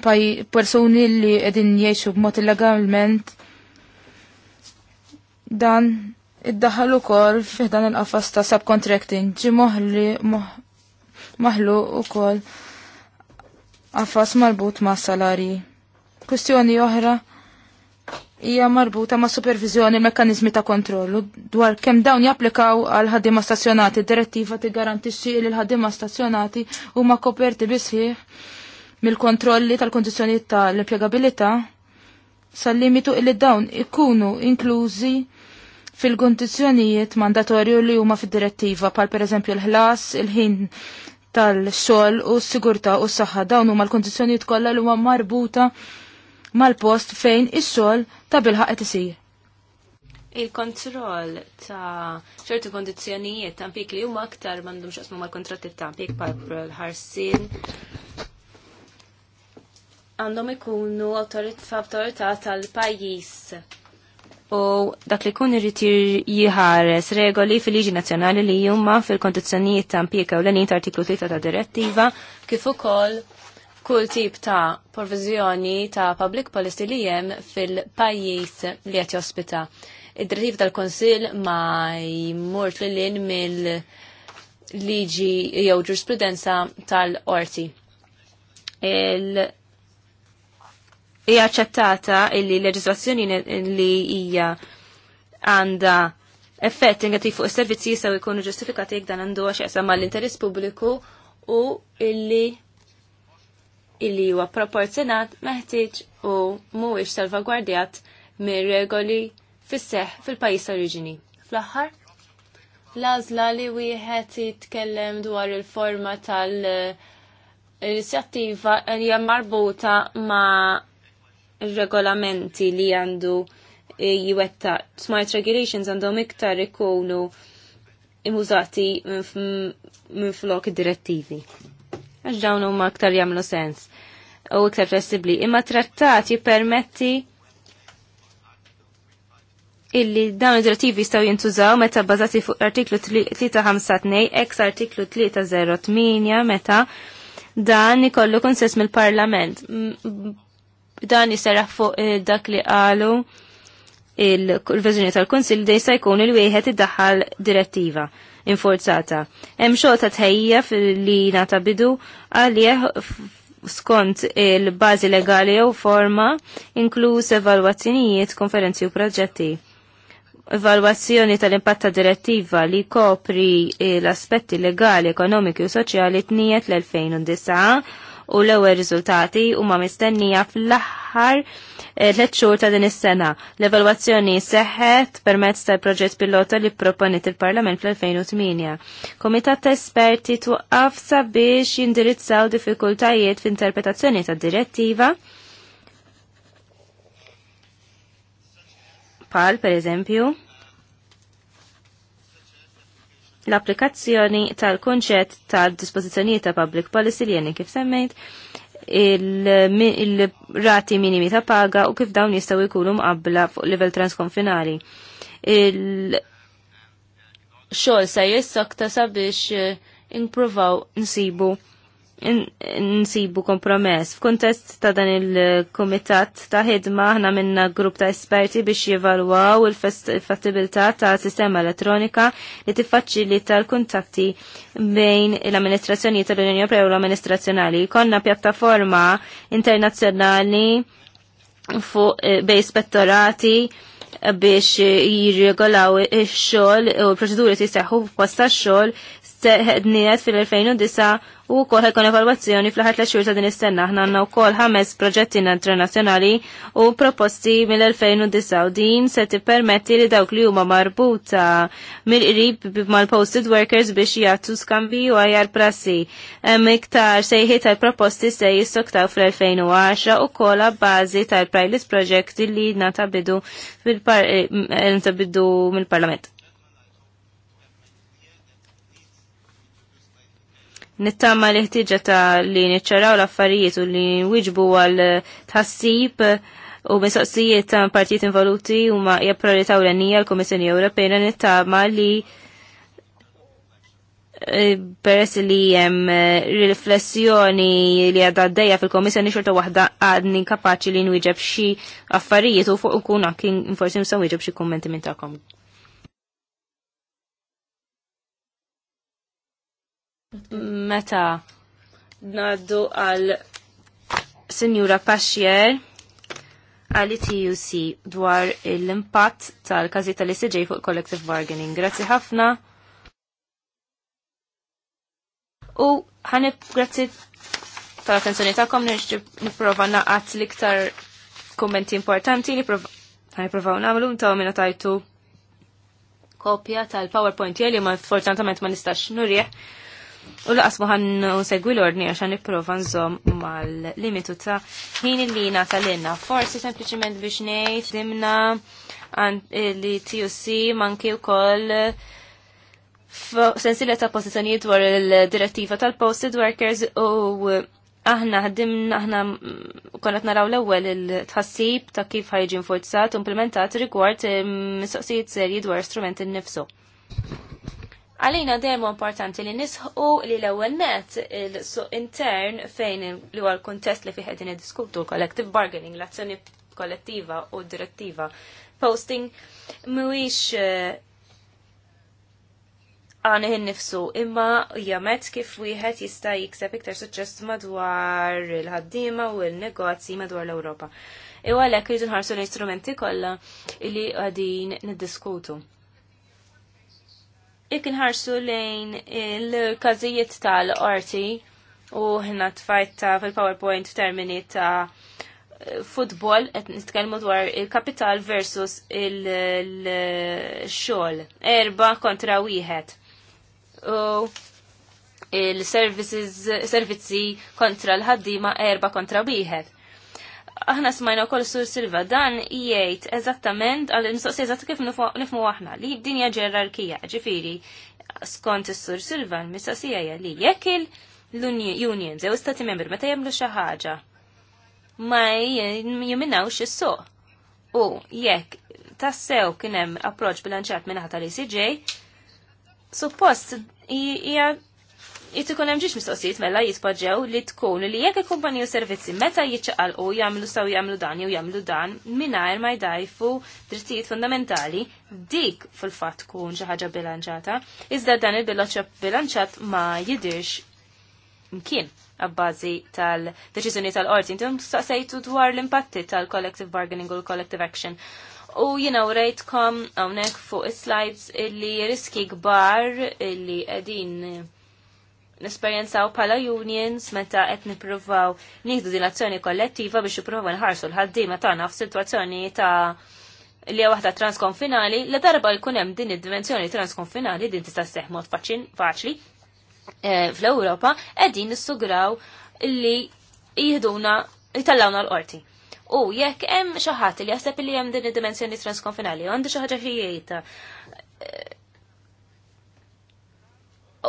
[SPEAKER 1] paj persuni li edin jiexu b'mod illegalment dan iddaħal ukoll kol fiħdan il-qafas ta' subcontracting ġi moħli maħlu kol qafas marbut ma' salari. Kwistjoni oħra hija marbuta ma' supervizjoni mekkanizmi ta' kontrollu dwar kemm dawn japplikaw għal ħaddiema stazzjonati. Direttiva tigarantixxi li l-ħaddiema stazzjonati huma koperti bisħieħ mill-kontrolli tal-kondizzjonijiet tal-impjegabilità sal-limitu il dawn ikunu inklużi fil kondizjonijiet mandatorju li huma fid-direttiva pal pereżempju l-ħlas, il-ħin tal-xogħol u s-sigurtà u s-saħħa dawn huma l-kondizzjonijiet kollha li huma marbuta mal-post fejn is xogħol ta' bilħaq qed isir
[SPEAKER 3] il-kontroll ta' ċertu kondizjonijiet ta' mpik li huma aktar m'għandhom x'qasmu mal-kontratti ta' mpik bħal ħarsin għandhom ikunu autorità f'awtorità tal-pajjiż u dak li kun irrit jħares regoli fil-liġi nazzjonali li jumma fil-kondizzjonijiet ta' impjeka u l-għanin ta' artiklu 3 ta' direttiva kif ukoll kull tip ta' provizjoni ta' public policy li jem fil-pajjiż li qed jospita. id direttiva tal-Konsil ma jmurt li lin mill-liġi jew ġurisprudenza tal-orti hija aċċettata illi leġiżlazzjoni li hija għandha effett negattiv fuq is-servizzi jistgħu jkunu ġustifikati jekk dan għandu x'jaqsam mal-interess pubbliku u illi illi huwa proporzjonat meħtieġ u mhuwiex salvagwardjat mir-regoli fis-seħ fil-pajjiż oriġini. Fl-aħħar, l-għażla li wieħed jitkellem dwar il-forma tal- eh, inizjattiva hija marbuta ma' regolamenti li għandu eh, jiwetta smart regulations għandhom iktar ikunu imużati minn flok direttivi. Għax dawn huma aktar jagħmlu sens u iktar flessibli. Imma trattat jippermetti illi dawn id-direttivi jistgħu jintużaw meta bbażati fuq artiklu 352 ex artiklu 308 meta dan ikollu konsess mill-Parlament dan jisera fuq eh, dak li qalu il-verżjoni tal-Konsil dej se jkun il-wieħed id-daħħal direttiva infurzata. Hemm xogħol ta' tħejja li nata bidu għalih skont il-bażi legali u forma inkluż evalwazzjonijiet, konferenzi u proġetti. Evalwazzjoni tal-impatt ta' direttiva li kopri l-aspetti legali, ekonomiki u soċjali tniet l-2009 u l-ewwel riżultati huma mistennija fl-aħħar eh, tliet xhur ta' din is-sena. L-evalwazzjoni seħħet permezz tal-proġett pilota li proponit il-Parlament fl-2008. Komitat ta' esperti twaqaf sabiex jindirizzaw diffikultajiet f'interpretazzjoni tad-direttiva pal per eżempju l-applikazzjoni tal-konċett tal-dispożizzjonijiet ta' public policy li jenni kif semmejt, il-rati minimi ta' paga u kif dawn jistaw jkunu mqabla fuq livell transkonfinali. Il-xol sa' jissok ta' sabiex eh, improvaw nsibu nsibu kompromess. F'kuntest ta' dan il-komitat ta' ħidma ħna minna grupp ta' esperti biex jevalwaw il-fattibilità ta' sistema elettronika li tiffaċilita l-kuntatti bejn l-amministrazzjoni tal-Unjoni Ewropea u l-amministrazzjonali. Konna pjattaforma internazzjonali bejn eh, bej spettorati biex jirregolaw il-xol u l-proċeduri f f'posta xol ħedniet fil-2009 u kol ħekon evalwazzjoni fl-ħar tlet xhur ta' din is-sena għanna u wkoll ħames proġetti internazzjonali u proposti mill-2009 u din se tippermetti li dawk li huma marbuta mill-qrib mal-posted workers biex jagħtu skambi u għajar prassi. Miktar sejħi sejħiet tal-proposti se jistoktaw fl-2010 u kol bażi tal prilis project li nata bidu eh, mill-Parlament. nittama li ħtiġa ta' li niċċaraw l-affarijiet u li nwiġbu għal tħassib u mistoqsijiet ta' partijiet involuti u ma' japprolitaw l-għannija l-Komissjoni Ewropejna nittama li e, peress li jem e, riflessjoni li għadda fil-komissjoni xorta wahda għadni kapaċi li nwiġeb xie affarijiet u fuq u kuna kien forsi msa nwiġeb xie kommenti minn ta'kom. Meta naddu għal Sinjura Paxier għal TUC dwar l-impatt tal-kazi tal-ICJ fuq collective bargaining. Grazzi ħafna. U ħanib grazzi tal-attenzjoni tal-kom niprofa naqat liktar kommenti importanti niprofa ħaniprofaw namlu ta' minna tajtu kopja tal-PowerPoint jeli ma' fortunatament ma' nistax nurjeħ U laqas maħan segwi l-ordni għaxan niprofa nżom mal-limitu ta' ħin il-lina tal-inna. Forsi sempliciment biex nejt dimna li TUC manki u koll sensila ta' pozizjoniet dwar il-direttiva tal-posted workers u aħna ħaddimna aħna konet naraw l-ewwel il-tħassib ta' kif ħajġi nfurzat implementat rigward eh, mistoqsijiet serji dwar strumenti nnifsu. Għalina dejjem importanti li nisħu li l-ewwel net il-suq intern fejn li huwa l-kuntest li fih qegħdin iddiskutu collective bargaining, l-azzjoni kollettiva u direttiva posting mhuwiex eh, għan nifsu imma jamet kif wieħed jista' jikseb iktar suċċess madwar il-ħaddiema u l-negozji madwar l-Ewropa. Iwa għalhekk rridu nħarsu l-istrumenti kollha li qegħdin niddiskutu ik nħarsu lejn il-kazijiet tal-orti u ħna tfajta fil-PowerPoint termini ta' futbol qed nitkellmu dwar il-kapital versus il-xogħol. Erba kontra wieħed. U il-services servizzi kontra l ħaddima erba kontra wieħed aħna smajna wkoll sur Silva dan jgħid eżattament għal nistoqsi eżatt kif nifmu aħna li d-dinja ġerarkija, ġifieri skont is-sur Silva l-mistoqsija li jekk l-unions jew stati membri meta jagħmlu xi ħaġa ma jiminawx is-suq. U jekk tassew kien hemm approċċ bilanċat minn ħata li CJ, suppost hija jittu ikun hemm ġiex mistoqsijiet mela jitpoġġew li tkun li jekk il-kumpaniji u servizzi meta jiċċaqalqu jagħmlu saw jagħmlu dan jew jagħmlu dan mingħajr ma jdajfu drittijiet fundamentali dik fil-fatt tkun xi ħaġa bilanċata, iżda dan il-bilanċ bilanċat ma jidirx mkien għabbażi tal-deċiżjoni tal-qorti. Intom staqsejtu dwar l-impatti tal-collective bargaining u l-collective action. U jina u rejtkom għonek fuq slides illi riski gbar illi għedin nesperjenzaw pala unions meta qed nippruvaw nieħdu din azzjoni kollettiva biex ippruvaw nħarsu l-ħaddiema tagħna f'sitwazzjoni ta' li hija waħda transkonfinali, la darba jkun hemm din id-dimensjoni transkonfinali din tista' seħħ mod faċli eh, fl-Ewropa qegħdin nissugraw li jihduna jitallawna l-qorti. U jekk hemm xi ħadd li jaħseb li hemm din id-dimensjoni transkonfinali, għandu xi ħaġa li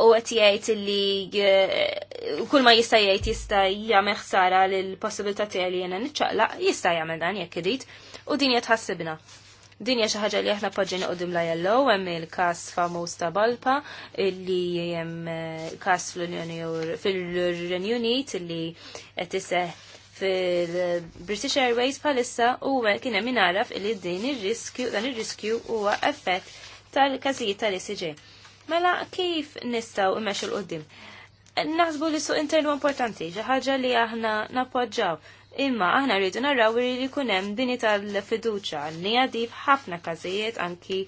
[SPEAKER 3] u qed jgħid li eh, kull ma jista' jgħid jista' jagħmel ħsara l possibilità tiegħi li jiena niċċaqlaq jista' jagħmel dan jekk irid u din jgħatħassibna. tħassibna. Din hija xi ħaġa li aħna poġġejna qudiem la jellow hemm il-każ famuż ta' Balpa li hemm eh, każ fl-Unjoni fil-Renju li illi qed iseħħ fil-British Airways bħalissa u kien hemm min li din ir-riskju dan ir-riskju huwa effett tal-każijiet tal-ICJ. Mela kif nistaw immexu l-qoddim? Naħsbu li suq internu importanti, ħaġa li aħna napoġġaw. Imma aħna rridu narraw li jkun hemm dini tal-fiduċa nija ħafna f'ħafna każijiet anki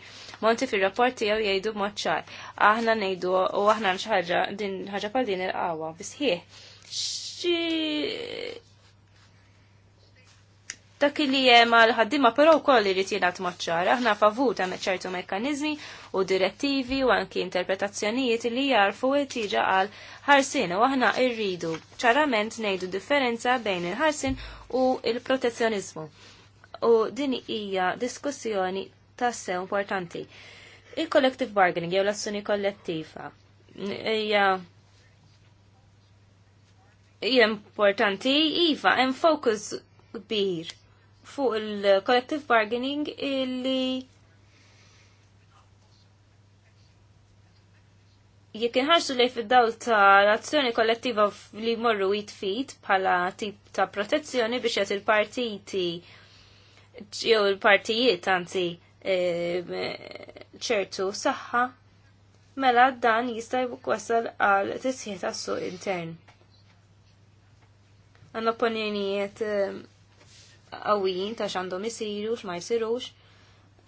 [SPEAKER 3] monti fir-rapport tiegħu jgħidu moċċar. Aħna ngħidu u aħna xi din ħaġa bħal din il-qawwa bisħieħ dak li hemm għal ħaddiema però wkoll irid jingħad maċċar. Aħna favut hemm ċertu mekkaniżmi u direttivi u anki interpretazzjonijiet li jarfu tiġa għal ħarsin u aħna rridu ċarament ngħidu differenza bejn il-ħarsin u il-protezzjonizmu. U din hija diskussjoni tassew importanti. Il-collective bargaining jew l assuni kollettiva hija hija importanti iva hemm focus kbir fuq il-collective bargaining illi jekk inħarsu lej fid-dawl ta' l-azzjoni kollettiva li morru jitfit bħala tip ta' protezzjoni biex jgħat il-partiti jew il-partijiet anzi eh, ċertu saħħa mela dan jista' wasal għal tisħiet tas-suq intern. Għandna opinjonijiet eh, għawijin ta' xandhom isiru, x'ma jsirux,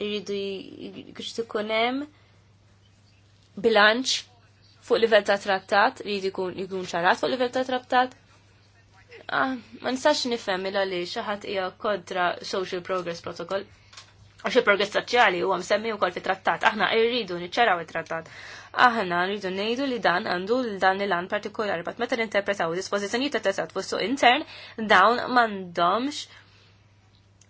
[SPEAKER 3] irridu jkux hemm bilanċ fuq livell ta' trattat, jridu jkun jkun ċarat fuq livell ta' trattat. Ah, ma nistax nifhem il għaliex xi ħadd hija kontra social progress protocol. Għax il-progress soċjali huwa msemmi wkoll fit-trattat, aħna rridu niċċaraw it-trattat. Aħna rridu ngħidu li dan għandu dan il għan partikolari, bat meta ninterpretaw dispożizzjonijiet ta' tesat fuq suq intern, dawn m'għandhomx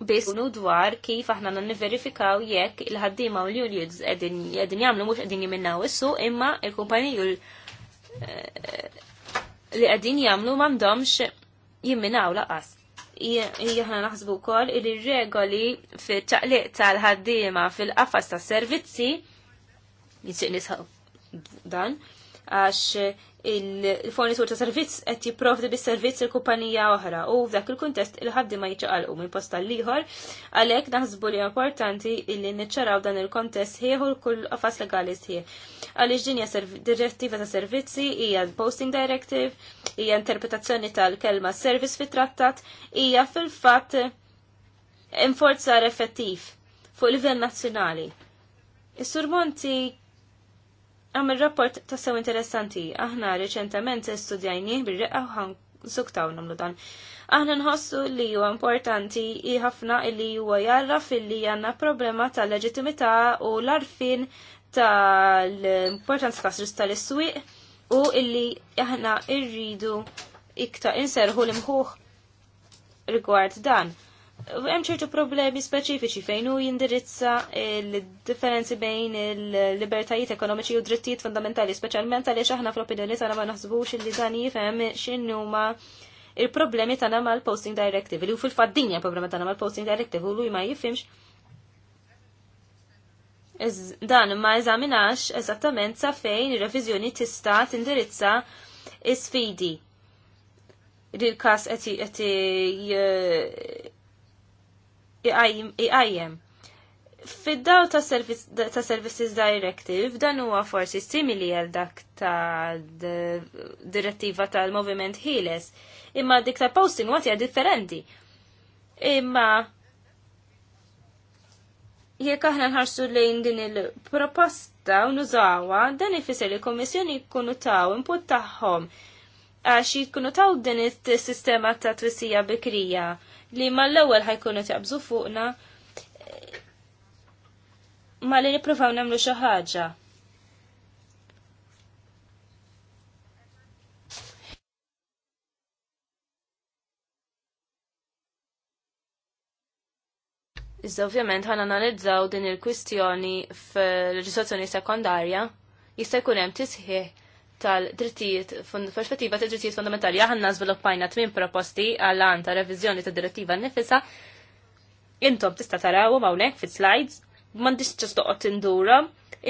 [SPEAKER 3] biss dwar kif aħna niverifikaw jekk il-ħaddima u l-unions qegħdin jagħmlu mhux qegħdin jiminnaw issu imma il-kumpaniju eh, li qegħdin jagħmlu m'għandhomx jimminaw laqas. Jħana naħsbu kol il-regoli fit-taqliq tal-ħaddima fil-qafas tas servizzi jitxiq nisħaw dan għax il-fornitur ta' servizz qed jipprovdi bis-servizz il-kumpanija oħra u f'dak il-kuntest il-ħaddi ma jiċċaqalqu minn posta l-ieħor għalhekk naħsbu li importanti illi niċċaraw dan il-kontest ħieħu kull qafas legali sħiħ. Għaliex dinja direttiva ta' servizzi hija posting directive, hija interpretazzjoni tal-kelma service fit-trattat, hija fil-fatt inforzar effettiv fuq livell nazzjonali. Is-surmonti Għam il-rapport tassaw interessanti, aħna reċentament studjajni bil-reqqa uħan suktaw namlu dan. Aħna nħossu li huwa importanti ħafna li huwa jarraf li għanna problema tal-leġitimità u l-arfin tal-importanza tas tal-iswiq u illi aħna irridu iktar inserħu l-imħuħ rigward dan hemm ċertu problemi speċifiċi fejn hu jindirizza l-differenzi bejn il-libertajiet ekonomiċi u drittijiet fundamentali, speċjalment għaliex aħna fl-opinjoni tagħna ma naħsbux li dan jifhem x'inhuma il-problemi tagħna mal-posting directive. Li fil-fatt din hija problema tagħna mal-posting directive u lui ma jifhimx dan ma eżaminax eżattament sa fejn ir-reviżjoni tista' tindirizza is-sfidi. Il-kas qed iqajjem. Fid-daw ta' Services Directive dan huwa forsi simili għal dak ta' direttiva tal-Moviment Healers, imma dik ta' posting għatja differenti. Imma jekk aħna nħarsu lejn din il-proposta u nużawa, dan ifisser li l-Kommissjoni jkunu taw input tagħhom għax jitkunu taw din il-sistema ta' twissija bikrija li mal-ewwel ħajkunu taqbżu fuqna ma li nippruvaw nagħmlu xi ħaġa. Iżda ovvjament ħana analizzaw din il-kwistjoni fil-leġislazzjoni sekondarja jista' jkun hemm tisħiħ tal-drittijiet, perspettiva ta' drittijiet fundamentali, aħna żviluppajna tmien proposti għal an ta' reviżjoni ta' direttiva nifisa. Intom tista' taraw hawnhekk fit slides m'għandix ġas toqgħod tindura,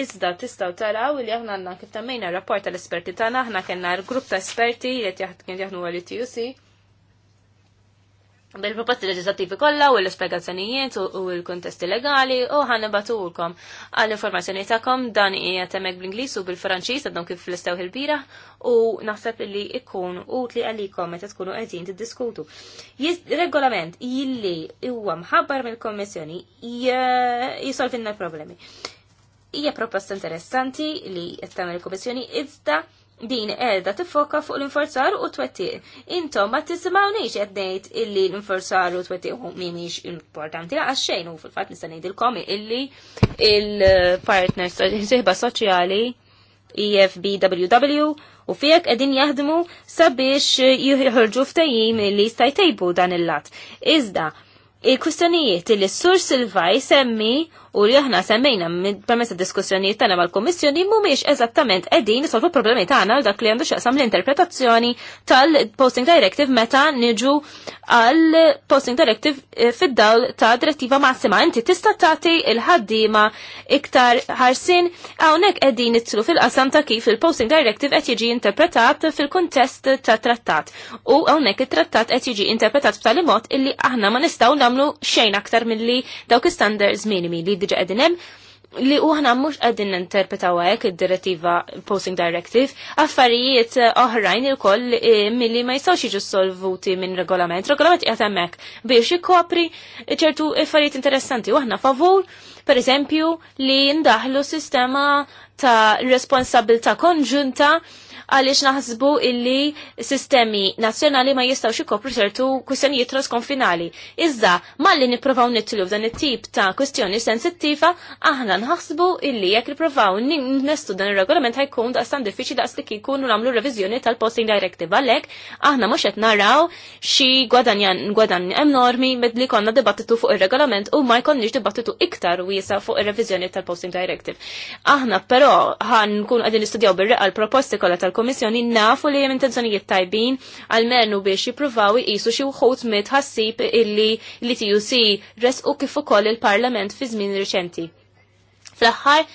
[SPEAKER 3] iżda tistgħu taraw li aħna għandna kif temmejna rapport tal-esperti tagħna, aħna kellna l-grupp ta' esperti li qed jaħdmu għal-ITUC bil-proposti leġislativi kollha u l-ispjegazzjonijiet u l-kuntesti legali u ħanna batulkom għall-informazzjoni tagħkom dan qiegħed hemmhekk bl-Ingliż u bil-Franċiż għadhom kif l-istew il-bira u naħseb li ikun utli għalikom meta tkunu qegħdin tiddiskutu. Regolament illi huwa mħabbar mill-Kommissjoni jisolvinna l-problemi. Hija proposta interessanti li qed tagħmel il-Kommissjoni iżda din edha tifoka fuq l-inforzar u twettiq. Intom ma tisimawnix għeddejt illi l-inforzar u twettiq mimiex importanti għax xejn u fil-fat il-komi illi il-partner seħba soċjali EFBWW u fijak edin jaħdmu sabiex jħorġu ftajim illi stajtejbu dan il-lat. Iżda, il-kustanijiet illi s-sur Silvaj semmi u li aħna semmejna permessa diskussjonijiet tagħna mal-Kummissjoni mhumiex eżattament qegħdin solfu problemi tagħna għal dak li għandu x'aqsam l-interpretazzjoni tal-Posting Directive meta niġu għal Posting Directive eh, fid-dawl ta' direttiva massima. Inti tista' tagħti il-ħaddiema iktar ħarsin hawnhekk qegħdin nitlu fil-qasam ta' kif il-Posting Directive qed jiġi interpretat fil-kuntest ta' trattat. U hawnhekk it-trattat qed jiġi interpretat b'tali mod illi aħna ma nistgħu nagħmlu xejn aktar milli dawk standards minimi li diġa qegħdin hemm li uħna mux għedin interpreta għek id-direttiva Posting Directive, affarijiet oħrajn il-koll eh, mill-li ma jistawx iġu solvuti minn regolament. Regolament jgħatemmek biex jikopri ċertu affarijiet interessanti. Uħna favur, per eżempju, li ndaħlu sistema ta' responsabilta konġunta għaliex naħsbu illi sistemi nazzjonali ma jistgħux ikopru ċertu kwistjonijiet trasconfinali. Iżda malli nippruvaw nitlu f'dan it-tip ta' kwistjoni sensittiva, aħna nħasbu illi jekk niprofaw nistu dan ir-regolament ħajkun diffiċi diffiċli daqs li jkunu nagħmlu revizjoni tal-posting directive għalhekk aħna mhux qed naraw xi gwadan enormi medli konna dibattitu fuq ir-regolament u ma jkollniex dibattitu iktar wiesa fuq ir revizjoni tal-posting directive. Aħna però ħan kun qegħdin nistudjaw bil reqqal proposti kollha tal tal-Komissjoni nafu li hemm intenzjonijiet tajbin għal-mernu biex jippruvaw jisu xi wħud mit ħassib illi li TUC resqu kif ukoll il-Parlament fi żmien riċenti. Fl-aħħar,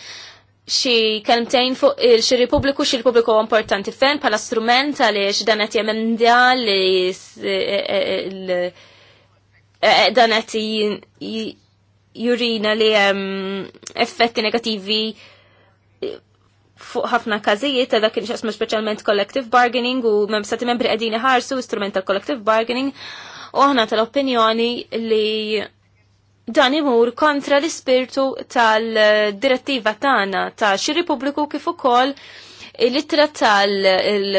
[SPEAKER 3] xi kelmtejn fuq xi Repubbliku xi Repubbliku importanti fejn bħala strument għaliex dan qed jemenda li e- e- e- dan qed jurina li hemm effetti negattivi fuq ħafna każijiet ta' dak inxasma speċjalment collective bargaining u memsati stati membri qegħdin iħarsu istrument ta' collective bargaining u aħna tal-opinjoni li dan imur kontra l-ispirtu tal-direttiva tagħna ta' xi pubbliku kif ukoll il-litra tal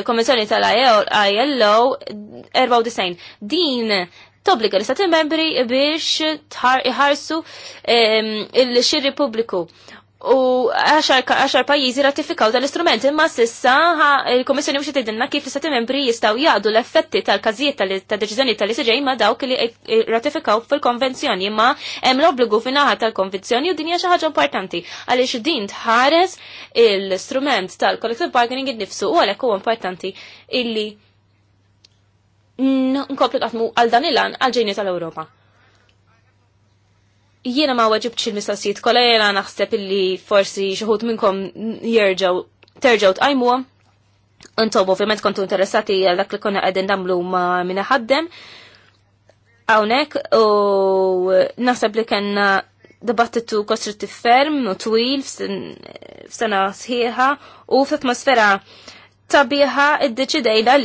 [SPEAKER 3] komissjoni tal-ILO 94. Din tobbliga l-istati membri biex iħarsu ehm, il-xirri pubbliku u għaxar pajjiżi ratifikaw dal-istrument imma sissa il-Komissjoni mux jtidinna kif l-Istati membri jistgħu jgħadu l-effetti tal-każijiet ta' deċiżjoni tal-ICJ imma dawk li eh, ratifikaw fil-konvenzjoni imma hemm l-obbligu finaħa tal-konvenzjoni u din hija xi ħaġa importanti għaliex din tħares l-istrument tal-collective bargaining innifsu u għalhekk huwa importanti illi nkomplu qatmu għal dan il-lan għal ġejni tal-Ewropa jiena ma weġibx il-mistoqsijiet kollha naħseb illi forsi xi ħut minnkom jerġgħu terġgħu tqajmu, Intom ovvjament kontu interessati għal dak li konna qegħdin nagħmlu ma' minna ħaddem. Hawnhekk u naħseb li kellna dibattitu kostruttiv ferm u twil f'sena sħiħa u f'atmosfera tabiħa id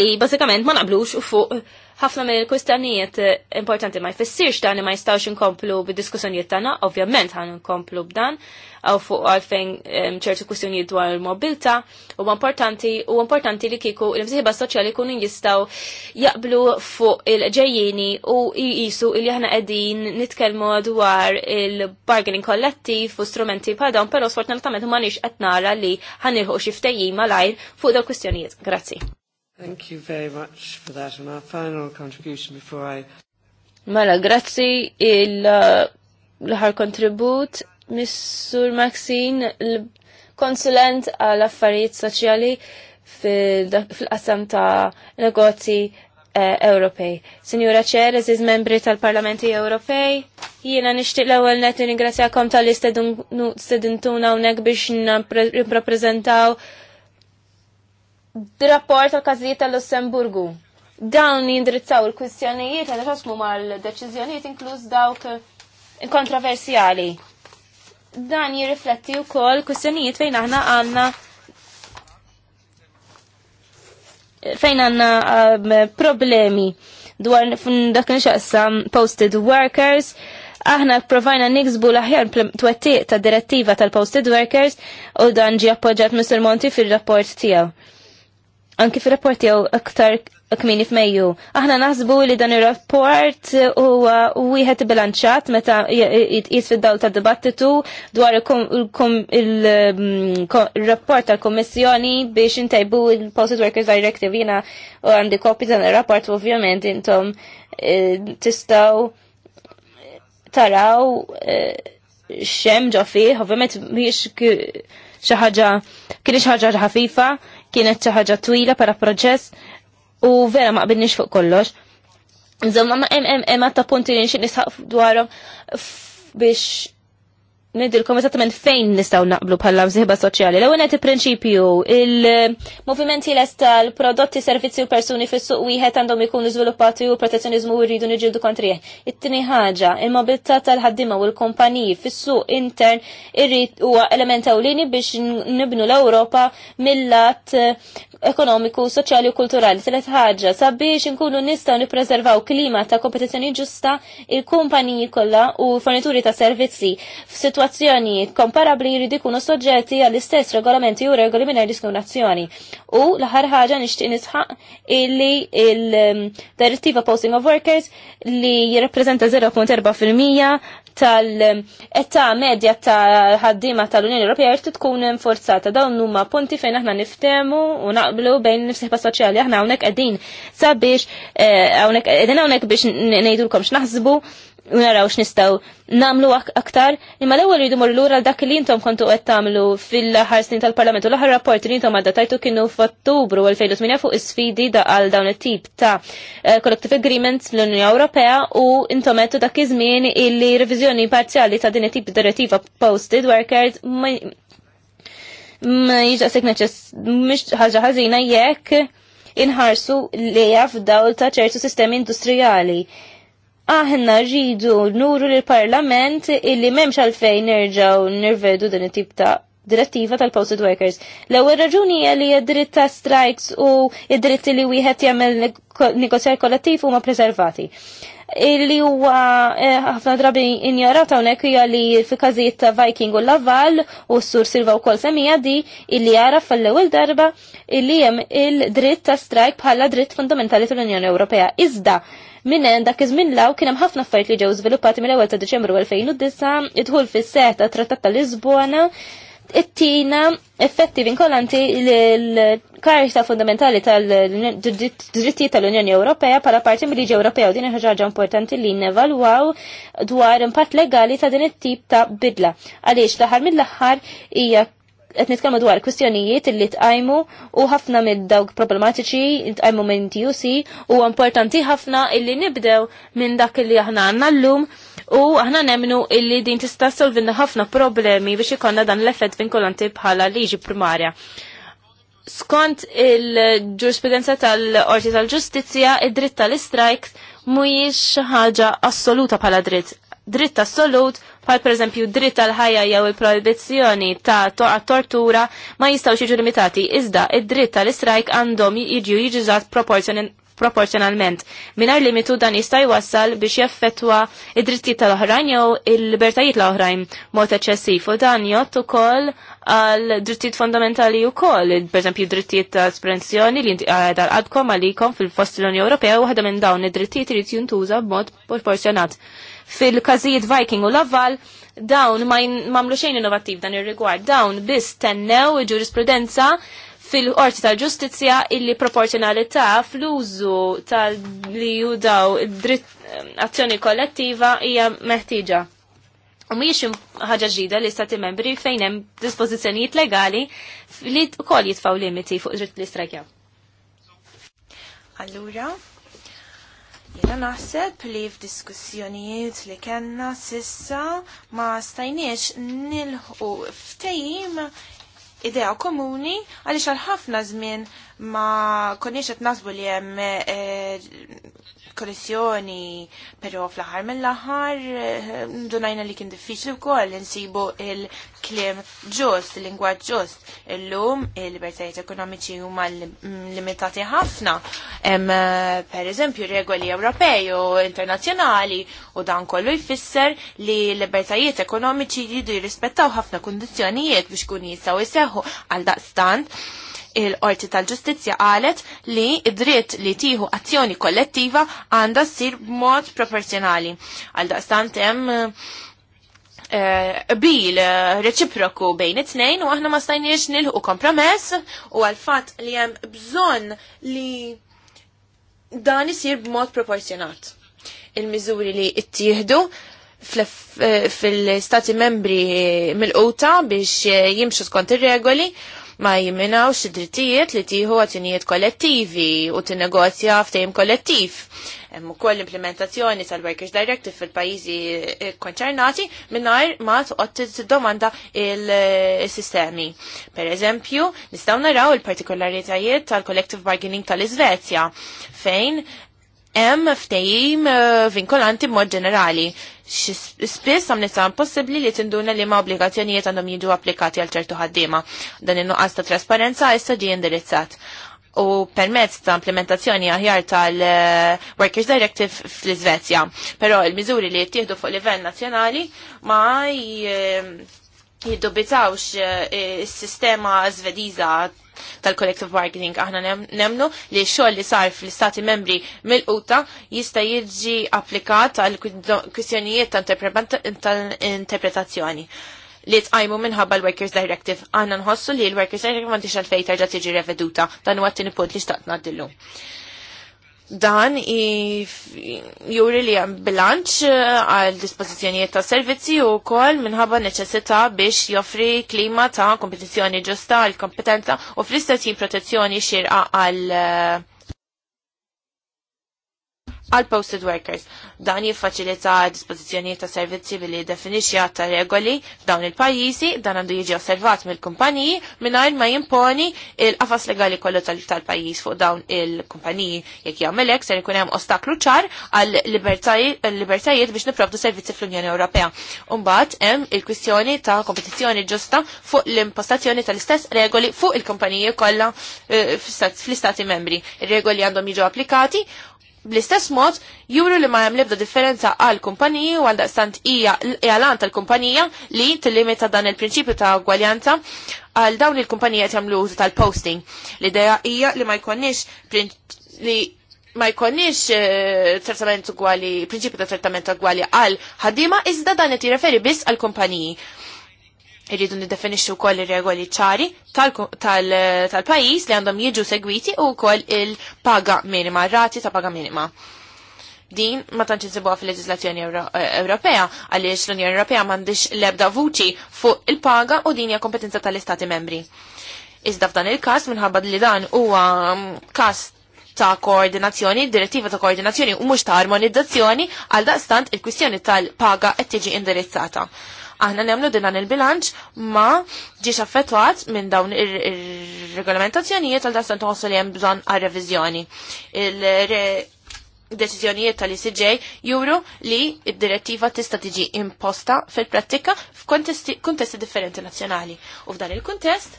[SPEAKER 3] li bażikament ma naqblux fuq ħafna mill kustanijiet eh, importanti ma jfissirx dan ma jistawx inkomplu bid-diskussjonijiet tagħna, ovvjament ħan inkomplu b'dan għaw fuq għalfejn ċertu kustjonijiet dwar il-mobilta u importanti u importanti li kiku l-imsieħba soċjali kunu jistaw jaqblu fuq il-ġejjini u jisu il aħna qegħdin nitkellmu dwar il-bargaining kollettiv u strumenti bħal dawn, però sfortunatament ma nix qed nara li ħanilħu xi ftejjim malajr fuq dawn kwistjonijiet. Grazzi.
[SPEAKER 2] Thank you very much for that and our final contribution before I...
[SPEAKER 3] Mela, grazzi il-ħar kontribut, Missur Maxine, konsulent għal affarijiet soċjali fil-qasam ta' negozi Ewropej. Signora Ċer, eżiz membri tal-Parlamenti Ewropej, jiena nixtieq l-ewwel net ingrazzjakom tal-istedintuna unek biex nippreżentaw d-rapport tal-każijiet tal-Lussemburgu. Dawn jindrizzaw il-kwistjonijiet għal ħosmu mal-deċiżjonijiet inkluż dawk kontroversjali. Dan jirrifletti wkoll kwistjonijiet fejn aħna għandna fejn għandna um, problemi dwar dak nixaqsam posted workers aħna provajna niksbu l-aħjar twettiq ta' direttiva tal-posted workers u dan ġi appoġġat Mr. Monti fil-rapport tiegħu anki fi rapport jew aktar kmini f'Mejju. Aħna naħsbu li dan ir-rapport huwa wieħed bilanċat meta jitqies fid-dawl ta' dibattitu dwar mm, il-rapport tal-Kummissjoni biex intajbu il-Posted Workers Directive jiena u għandi kopji dan ir-rapport ovvjament intom eh, tistgħu eh, taraw eh, xem ġo fih, ovvjament mhijiex xi ħaġa kien xi ħaġa ħafifa, kienet xi ħaġa twila para proċess u vera ma qbilniex fuq kollox. Insomma, ma hemm hemm ta' punti li nixtieq nisħaq dwarhom biex nidilkom esattament fejn nistaw naqblu bħalla mżihba soċjali. l għonet il-prinċipju, il-movimenti l tal-prodotti, servizzi u persuni fis suq wieħed għandhom ikunu żviluppati u protezzjonizmu jridu niġildu kontrih. It-tieni ħaġa, il-mobilità tal-ħaddiema u l-kumpaniji fis-suq intern irrid huwa element ewlieni biex nibnu l-Ewropa mill-lat ekonomiku, soċjali u kulturali. Telet ħaġa, sabiex inkunu nistgħu nippreservaw klima ta' kompetizzjoni ġusta il-kumpaniji kollha u fornituri ta' servizzi f'sitwazzjoni Situazzjonijiet komparabli jridu jkunu soġġetti għall-istess regolamenti u regoli minn diskriminazzjoni. U l-aħħar ħaġa nixtieq nisħaq illi il-direttiva Posting of Workers li jirrappreżenta 0.4% tal-età medja ta' ħaddiema tal-Unjoni Ewropea jrid tkun forzata. Dawn huma punti fejn aħna niftemu u naqblu bejn nifsieħba soċjali. Aħna hawnhekk qegħdin sabiex eh, hawnhekk qegħdin hawnhekk biex ngħidulkom x'naħsbu unaraw x'nistgħu namlu aktar, imma l-ewwel rridu morru lura dak li intom kontu qed tagħmlu fil-aħħar snin tal-Parlament u l-aħħar rapport li intom għaddatajtu kienu f'Ottubru 2008 fuq is-sfidi għal dawn it-tip ta' eh, collective agreements fl-Unjoni Ewropea u intom qedtu dak iż-żmien illi reviżjoni parzjali ta' din it-tip direttiva posted workers ma jiġaqsek neċess mhix ħaġa ħażina jekk inħarsu lejha f'dawl ta' ċertu sistemi industrijali aħna ġidu nuru l-parlament illi memx għalfejn nerġaw nirvedu din it-tip ta' direttiva tal-posted workers. L-ewwel raġuni li id-dritt ta' strikes u id-dritt li wieħed jagħmel negozjar kollettiv huma preservati. Illi huwa eh, ħafna drabi injorat hawnhekk hija li fi każijiet ta' Viking u Laval u s-sur Silva wkoll semija di illi jara fl-ewwel darba illi hemm il-dritt ta' strike bħala dritt fundamentali tal-Unjoni Ewropea. Iżda Minnen dak iż law kien hemm ħafna affarijiet li ġew żviluppati mill-ewwel ta' Diċembru 2009, idħul fis-seħ ta' Trattat ta' Lisbona, it-tina effetti vinkolanti l-karta fundamentali tal drittijiet tal-Unjoni Ewropea pala parti mill-liġi Ewropea u din ħaġa importanti li nevalwaw dwar impatt legali ta' din it-tip ta' bidla. Għaliex l-aħħar mill-aħħar hija qed nitkellmu dwar kwistjonijiet li tqajmu u ħafna minn dawk problematiċi tqajmu minn TUC u importanti ħafna illi nibdew minn dak illi aħna għandna llum u aħna nemnu illi din tista' solvinna ħafna problemi biex ikonna dan l-effett vinkolanti bħala liġi primarja. Skont il-ġurisprudenza tal-Qorti tal-Ġustizzja, id-dritt tal-istrajk mhijiex ħaġa assoluta bħala dritt. Dritt assolut bħal eżempju dritt tal ħajja jew il-proibizzjoni ta' tortura ma jistgħux jiġu limitati, iżda id-dritt tal-istrajk għandhom jiġu jiġużat proporzjonalment. Minar limitu dan jista' jwassal biex jaffettwa id-drittijiet tal-oħrajn jew il-libertajiet l-oħrajn mod eċċessiv u dan jgħod ukoll għal drittijiet fondamentali u koll, per drittijiet ta' esprensjoni li għadal għadkom għalikom fil-fost l-Unjoni Ewropea u għadha minn dawn id-drittijiet irid jintuża b'mod proporzjonat. Fil-każijiet Viking u Laval, dawn ma mamlu xejn innovattiv dan ir-rigward, dawn biss tennew ġurisprudenza fil-qorti tal-ġustizja illi proporzjonalità fl-użu tal-li judaw dritt eh, azzjoni kollettiva hija meħtieġa. U mhijiex ħaġa ġdida li stati membri fejn hemm dispożizzjonijiet legali li wkoll jitfgħu limiti fuq dritt li strajkja. Allura,
[SPEAKER 4] Jena naħseb li f'diskussjonijiet li kellna sissa ma stajniex nilħu ftejim idea komuni għaliex għal ħafna żmien ma konniex qed nasbu li hemm eh, kollezzjoni, pero fl-aħħar mill-aħħar eh, dunajna li kien diffiċli wkoll insibu il-klim ġust, il-lingwaġġ ġust. Illum il-libertajiet ekonomiċi huma limitati ħafna. Eh, per eżempju, regoli Ewropej u internazzjonali u dan kollu jfisser li libertajiet ekonomiċi jridu jirrispettaw ħafna kundizzjonijiet biex kun jistgħu jseħħu għal daqstant il-Qorti tal-Ġustizzja qalet li id-dritt li tieħu azzjoni kollettiva għandha ssir b'mod proporzjonali. Għal daqstant hemm eh, bil reċiproku bejn it-tnejn u aħna ma stajniex nilħu kompromess u għal-fat li hemm bżonn li dan isir b'mod proporzjonat. Il-miżuri li ittieħdu eh, fil-stati membri mill-quta biex jimxu skont ir-regoli ma jiminawx id-drittijiet li tieħu għatinijiet kollettivi u tinnegozja f'tejm kollettiv. Hemm ukoll implementazzjoni tal-Workers Directive fil-pajjiżi konċernati mingħajr ma toqgħod tiddomanda il-sistemi. Per eżempju, nistgħu naraw il-partikolaritajiet tal-collective bargaining tal-Iżvezja fejn hemm ftehim eh, vinkolanti mod ġenerali. Spiss għam nisa possibli li tinduna li ma obbligazzjonijiet għandhom jiġu applikati għal ċertu ħaddiema. Dan in-nuqqas ta' trasparenza issa ġie indirizzat. U permezz ta' implementazzjoni aħjar tal-Workers eh, Directive fl-Iżvezja. Però il-miżuri li jittieħdu fuq livell nazzjonali ma eh, jiddubitawx eh, il-sistema zvediza tal-collective bargaining aħna nemnu li xoll li sar fl-istati membri mill-quta jista' jiġi applikat għal kwistjonijiet ta' interpretazzjoni li tqajmu minħabba l-Workers Directive. Għanna nħossu li l-Workers Directive għandix fejta tarġa tiġi reveduta. Dan huwa għattin tini punt li xtaqt naddillu dan juri li hemm bilanċ eh, għal dispożizzjonijiet ta' servizzi u wkoll minħabba neċessità biex joffri klima ta' kompetizzjoni ġusta għal kompetenza u fl-istess protezzjoni xirqa għal eh, għal posted workers. Dan jiffaċilita dispożizzjonijiet ta' servizzi billi definixja ta' regoli f'dawn il-pajjiżi, dan għandu jiġi osservat mill-kumpaniji mingħajr ma jimponi il-qafas legali kollu tal-pajjiż fuq dawn il-kumpaniji. Jekk jagħmelek ser se jkun hemm ostaklu ċar għal libertajiet biex niprovdu servizzi fl-Unjoni Ewropea. Umbagħad hemm il-kwistjoni ta' kompetizzjoni ġusta fuq l-impostazzjoni tal-istess regoli fuq il-kumpaniji kollha eh, fl-istati membri. Ir-regoli għandhom jiġu applikati bl-istess mod juru li ma hemm lebda differenza għal kumpaniji u għal daqstant hija l-għalan tal-kumpanija li t-limita dan il-prinċipju ta' gwaljanza għal dawn il-kumpanija jagħmlu użu tal-posting. L-idea hija li ma jkunniex li ma jkonniex eh, trattament għali, prinċipju ta' trattament għali għal ħadima, iżda dan qed referi biss għal kumpaniji. Irridu nidefinixxu wkoll ir-regoli ċari tal-pajjiż li għandhom jiġu segwiti u wkoll il-paga minima, rati ta' paga minima. Din ma tantx insibuha fil leġislazzjoni Ewropea għaliex l-Unjoni Ewropea m'għandix l-ebda vuċi fuq il-paga u din hija kompetenza tal-Istati membri. Iżda f'dan il-każ minħabba li dan huwa mm, każ ta' koordinazzjoni, direttiva ta' koordinazzjoni u mhux ta' armonizzazzjoni għal daqstant il-kwistjoni tal-paga qed tiġi indirizzata. Aħna nemlu dan il-bilanċ ma ġiex affettwat minn dawn ir-regolamentazzjonijiet għal dastan toħossu li hemm bżonn għal-reviżjoni. Il-deċiżjonijiet tal-ICJ juru li id-direttiva tista' tiġi imposta fil-prattika f'kontesti differenti nazzjonali. U f'dan il-kuntest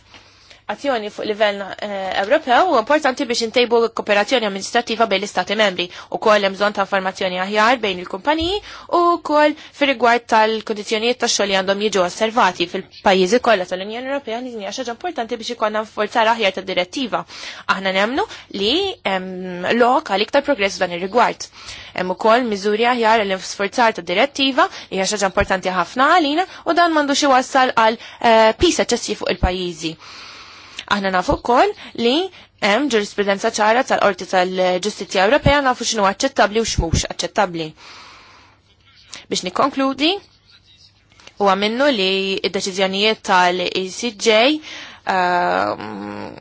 [SPEAKER 4] azzjoni fuq livell eh, Ewropew u importanti biex intejbu kooperazzjoni amministrativa bejn l-Istati membri u koll hemm bżonn ta' informazzjoni aħjar bejn il-kumpaniji u koll fir rigward tal-kondizzjonijiet ta' xogħol li għandhom jiġu osservati fil-pajjiżi kollha tal-Unjoni Ewropea li hija xaġa importanti biex ikollna forzar aħjar ta' direttiva. Aħna nemnu li lok għal iktar progress dan ir-rigward. Hemm ukoll miżuri aħjar li sforzar ta' direttiva hija xaġa importanti ħafna għalina u dan m'għandux iwassal għal eh, pisa ċessi fuq il-pajjiżi. Aħna nafu wkoll li hemm ġurisprudenza ċara tal-Qorti tal-Ġustizzja Ewropea nafu x'inhu aċċettabbli u x'mhux aċċettabbli. Biex nikkonkludi, huwa minnu li d-deċiżjonijiet tal-ECJ uh,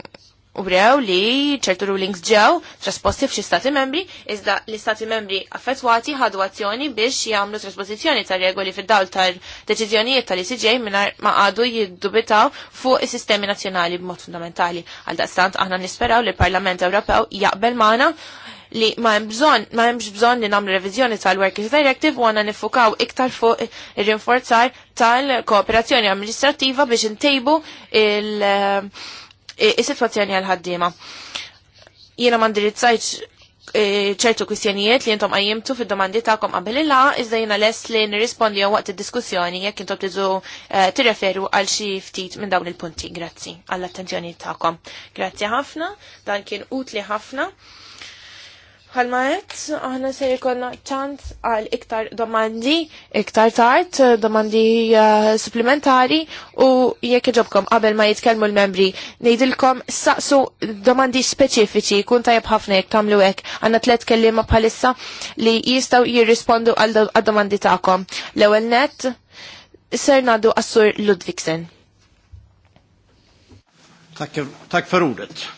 [SPEAKER 4] u brew li ċertu rulings ġew trasposti f'xi stati membri, iżda li stati membri affettwati ħadu azzjoni biex jagħmlu trasposizzjoni ta' regoli fid-dawl tal-deċiżjonijiet tal-ICJ mingħajr ma għadu jiddubitaw fuq is-sistemi nazzjonali b'mod fundamentali. Għal daqstant aħna nisperaw li l-Parlament Ewropew jaqbel magħna li ma hemmx bżonn li nagħmlu reviżjoni tal-Workers Directive u għandna nifukaw iktar fuq ir-rinforzar tal-kooperazzjoni amministrattiva biex intejbu il- uh, is-sitwazzjoni għal-ħaddiema. Jiena mandirizzajt e, ċertu kwistjonijiet li jintom għajimtu fil-domandi ta'kom qabel illa, iżda jina les li nirrispondi għu waqt il-diskussjoni jekk jintom tizu e, tirreferu għal xi ftit minn dawn il-punti. Grazzi għall-attenzjoni ta'kom. Grazzi ħafna, dan kien utli ħafna. Għal maħet, aħna se jkollna ċans għal iktar domandi, iktar tard, domandi eh, supplementari u jekk iġobkom qabel ma jitkellmu l-membri ngħidilkom saqsu domandi speċifiċi kun tajjeb ħafna jekk tagħmlu hekk. għanna tliet kelliema bħalissa li jistgħu jirrispondu għal domandi tagħkom. L-ewwel net ser naddu għassur Ludviksen.
[SPEAKER 2] Ludvigsen. Tack, ordet.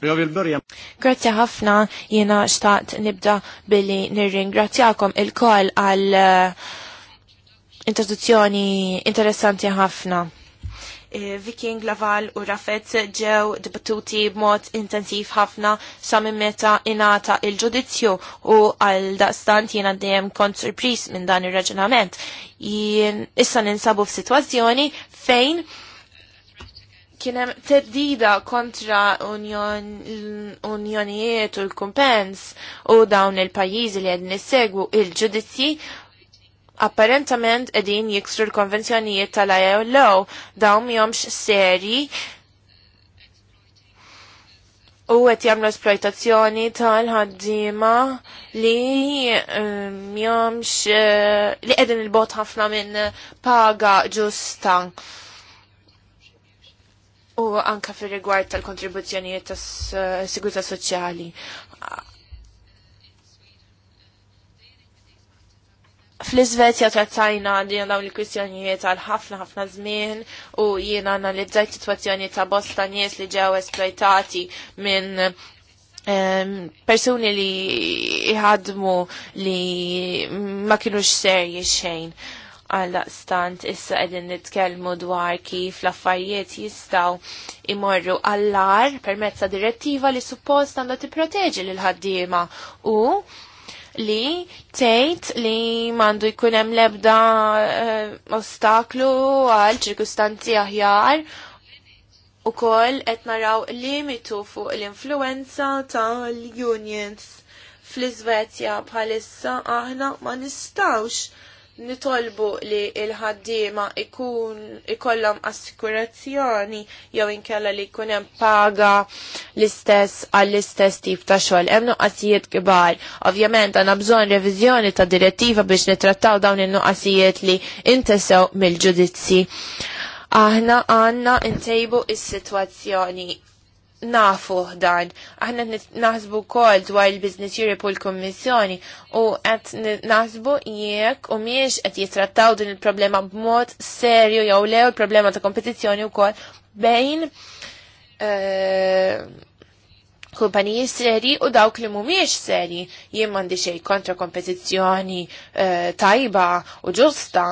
[SPEAKER 2] Grazzi
[SPEAKER 4] ħafna jiena xtaqt nibda billi nirringrazzjakom il-koll għal eh, introduzzjoni interessanti ħafna. Eh, Viking Laval u Rafet ġew dibattuti b'mod intensiv ħafna sa minn meta inata il-ġudizzju u għal daqstant jiena dejjem kont surpris minn dan ir-raġunament. Issa ninsabu f'sitwazzjoni fejn kienem teddida kontra unjonijiet u l-kumpens u dawn il-pajizi li għedni segwu il-ġudizji apparentament edin jiksru l-konvenzjonijiet tal-ILO dawn jomx seri u għet jamlu esploitazzjoni tal-ħaddima li jomx eh, eh, li edin il-bot ħafna minn paga ġusta u anka fir rigward tal-kontribuzzjonijiet tas-sigurtà eh, soċjali. Fl-Iżvezja trattajna din dawn il-kwistjonijiet għal ħafna ħafna żmien u jiena analizzajt sitwazzjoni ta' bosta nies li ġew esploitati minn ehm, persuni li jħadmu li ma kienux serji xejn. Uh, għalla stant issa edin nitkelmu dwar kif laffarijiet jistaw imorru għallar permezza direttiva li suppost għandha tipproteġi l ħaddiema u li tgħid li mandu jkun hemm lebda uh, ostaklu għal ċirkustanzi aħjar u koll qed naraw limitu fuq l-influenza tal-unions fl-Iżvezja bħalissa aħna ma nistawx nitolbu li il-ħaddiema ikun ikollhom assikurazzjoni jew inkella li jkun hemm paga l-istess għall-istess tip ta' xogħol. Hemm nuqqasijiet kbar. Ovvjament għandna bżonn reviżjoni ta' direttiva biex nitrattaw dawn in-nuqqasijiet li intesew mill-ġudizzi aħna għanna intejbu is-sitwazzjoni nafu dan. Aħna naħsbu kol dwar il-Business Europe u l-Kommissjoni u għet naħsbu jekk u miex għet jitrattaw din il-problema b'mod serju jew lew il-problema ta' kompetizjoni u kol bejn eh, kumpaniji seri u dawk li mumiex seri jimman di xej kontra kompetizjoni eh, tajba u ġusta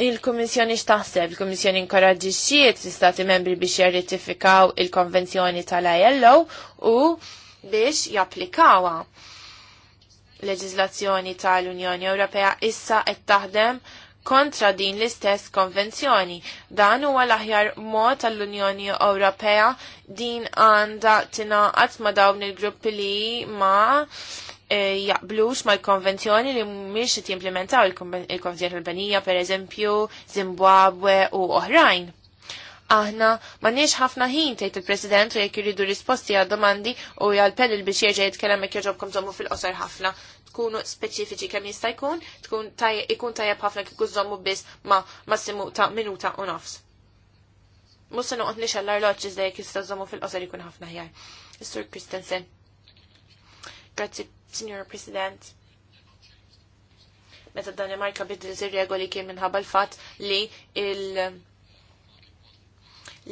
[SPEAKER 4] Il-Komissjoni x'taħseb? Il-Komissjoni inkoraġġi l-Istati membri biex jirritifikaw il-Konvenzjoni tal-ILO u biex japplikawa. Leġiżlazzjoni tal-Unjoni Ewropea issa qed taħdem kontra din l-istess konvenzjoni. Dan huwa l-aħjar mod tal-Unjoni Ewropea din għandha tingħaqad ma' dawn il-gruppi li ma' E, jaqblux ma' l-konvenzjoni li mhumiex qed jimplementaw il-konvenzjoni tal banija per eżempju, Zimbabwe u oħrajn. Aħna nix ħafna ħin tgħid il-President u jekk iridu risposti għal domandi u jgħalpell il-biex jerġa' jitkellem jekk jogħġobkom żommu fil-qosor ħafna. Tkunu speċifiċi kemm jista' jkun, tkun ikun tajjeb ħafna kieku żommu biss ma' massimu ta' minuta u nofs. Musa noqgħod nixal l-arloġġ iżda jista' żommu fil-qosor ikun ħafna ħjar. Is-Sur Christensen. Grazzi Signor President, meta Danimarka bidlet ir-regoli kien minħabba l-fatt li il-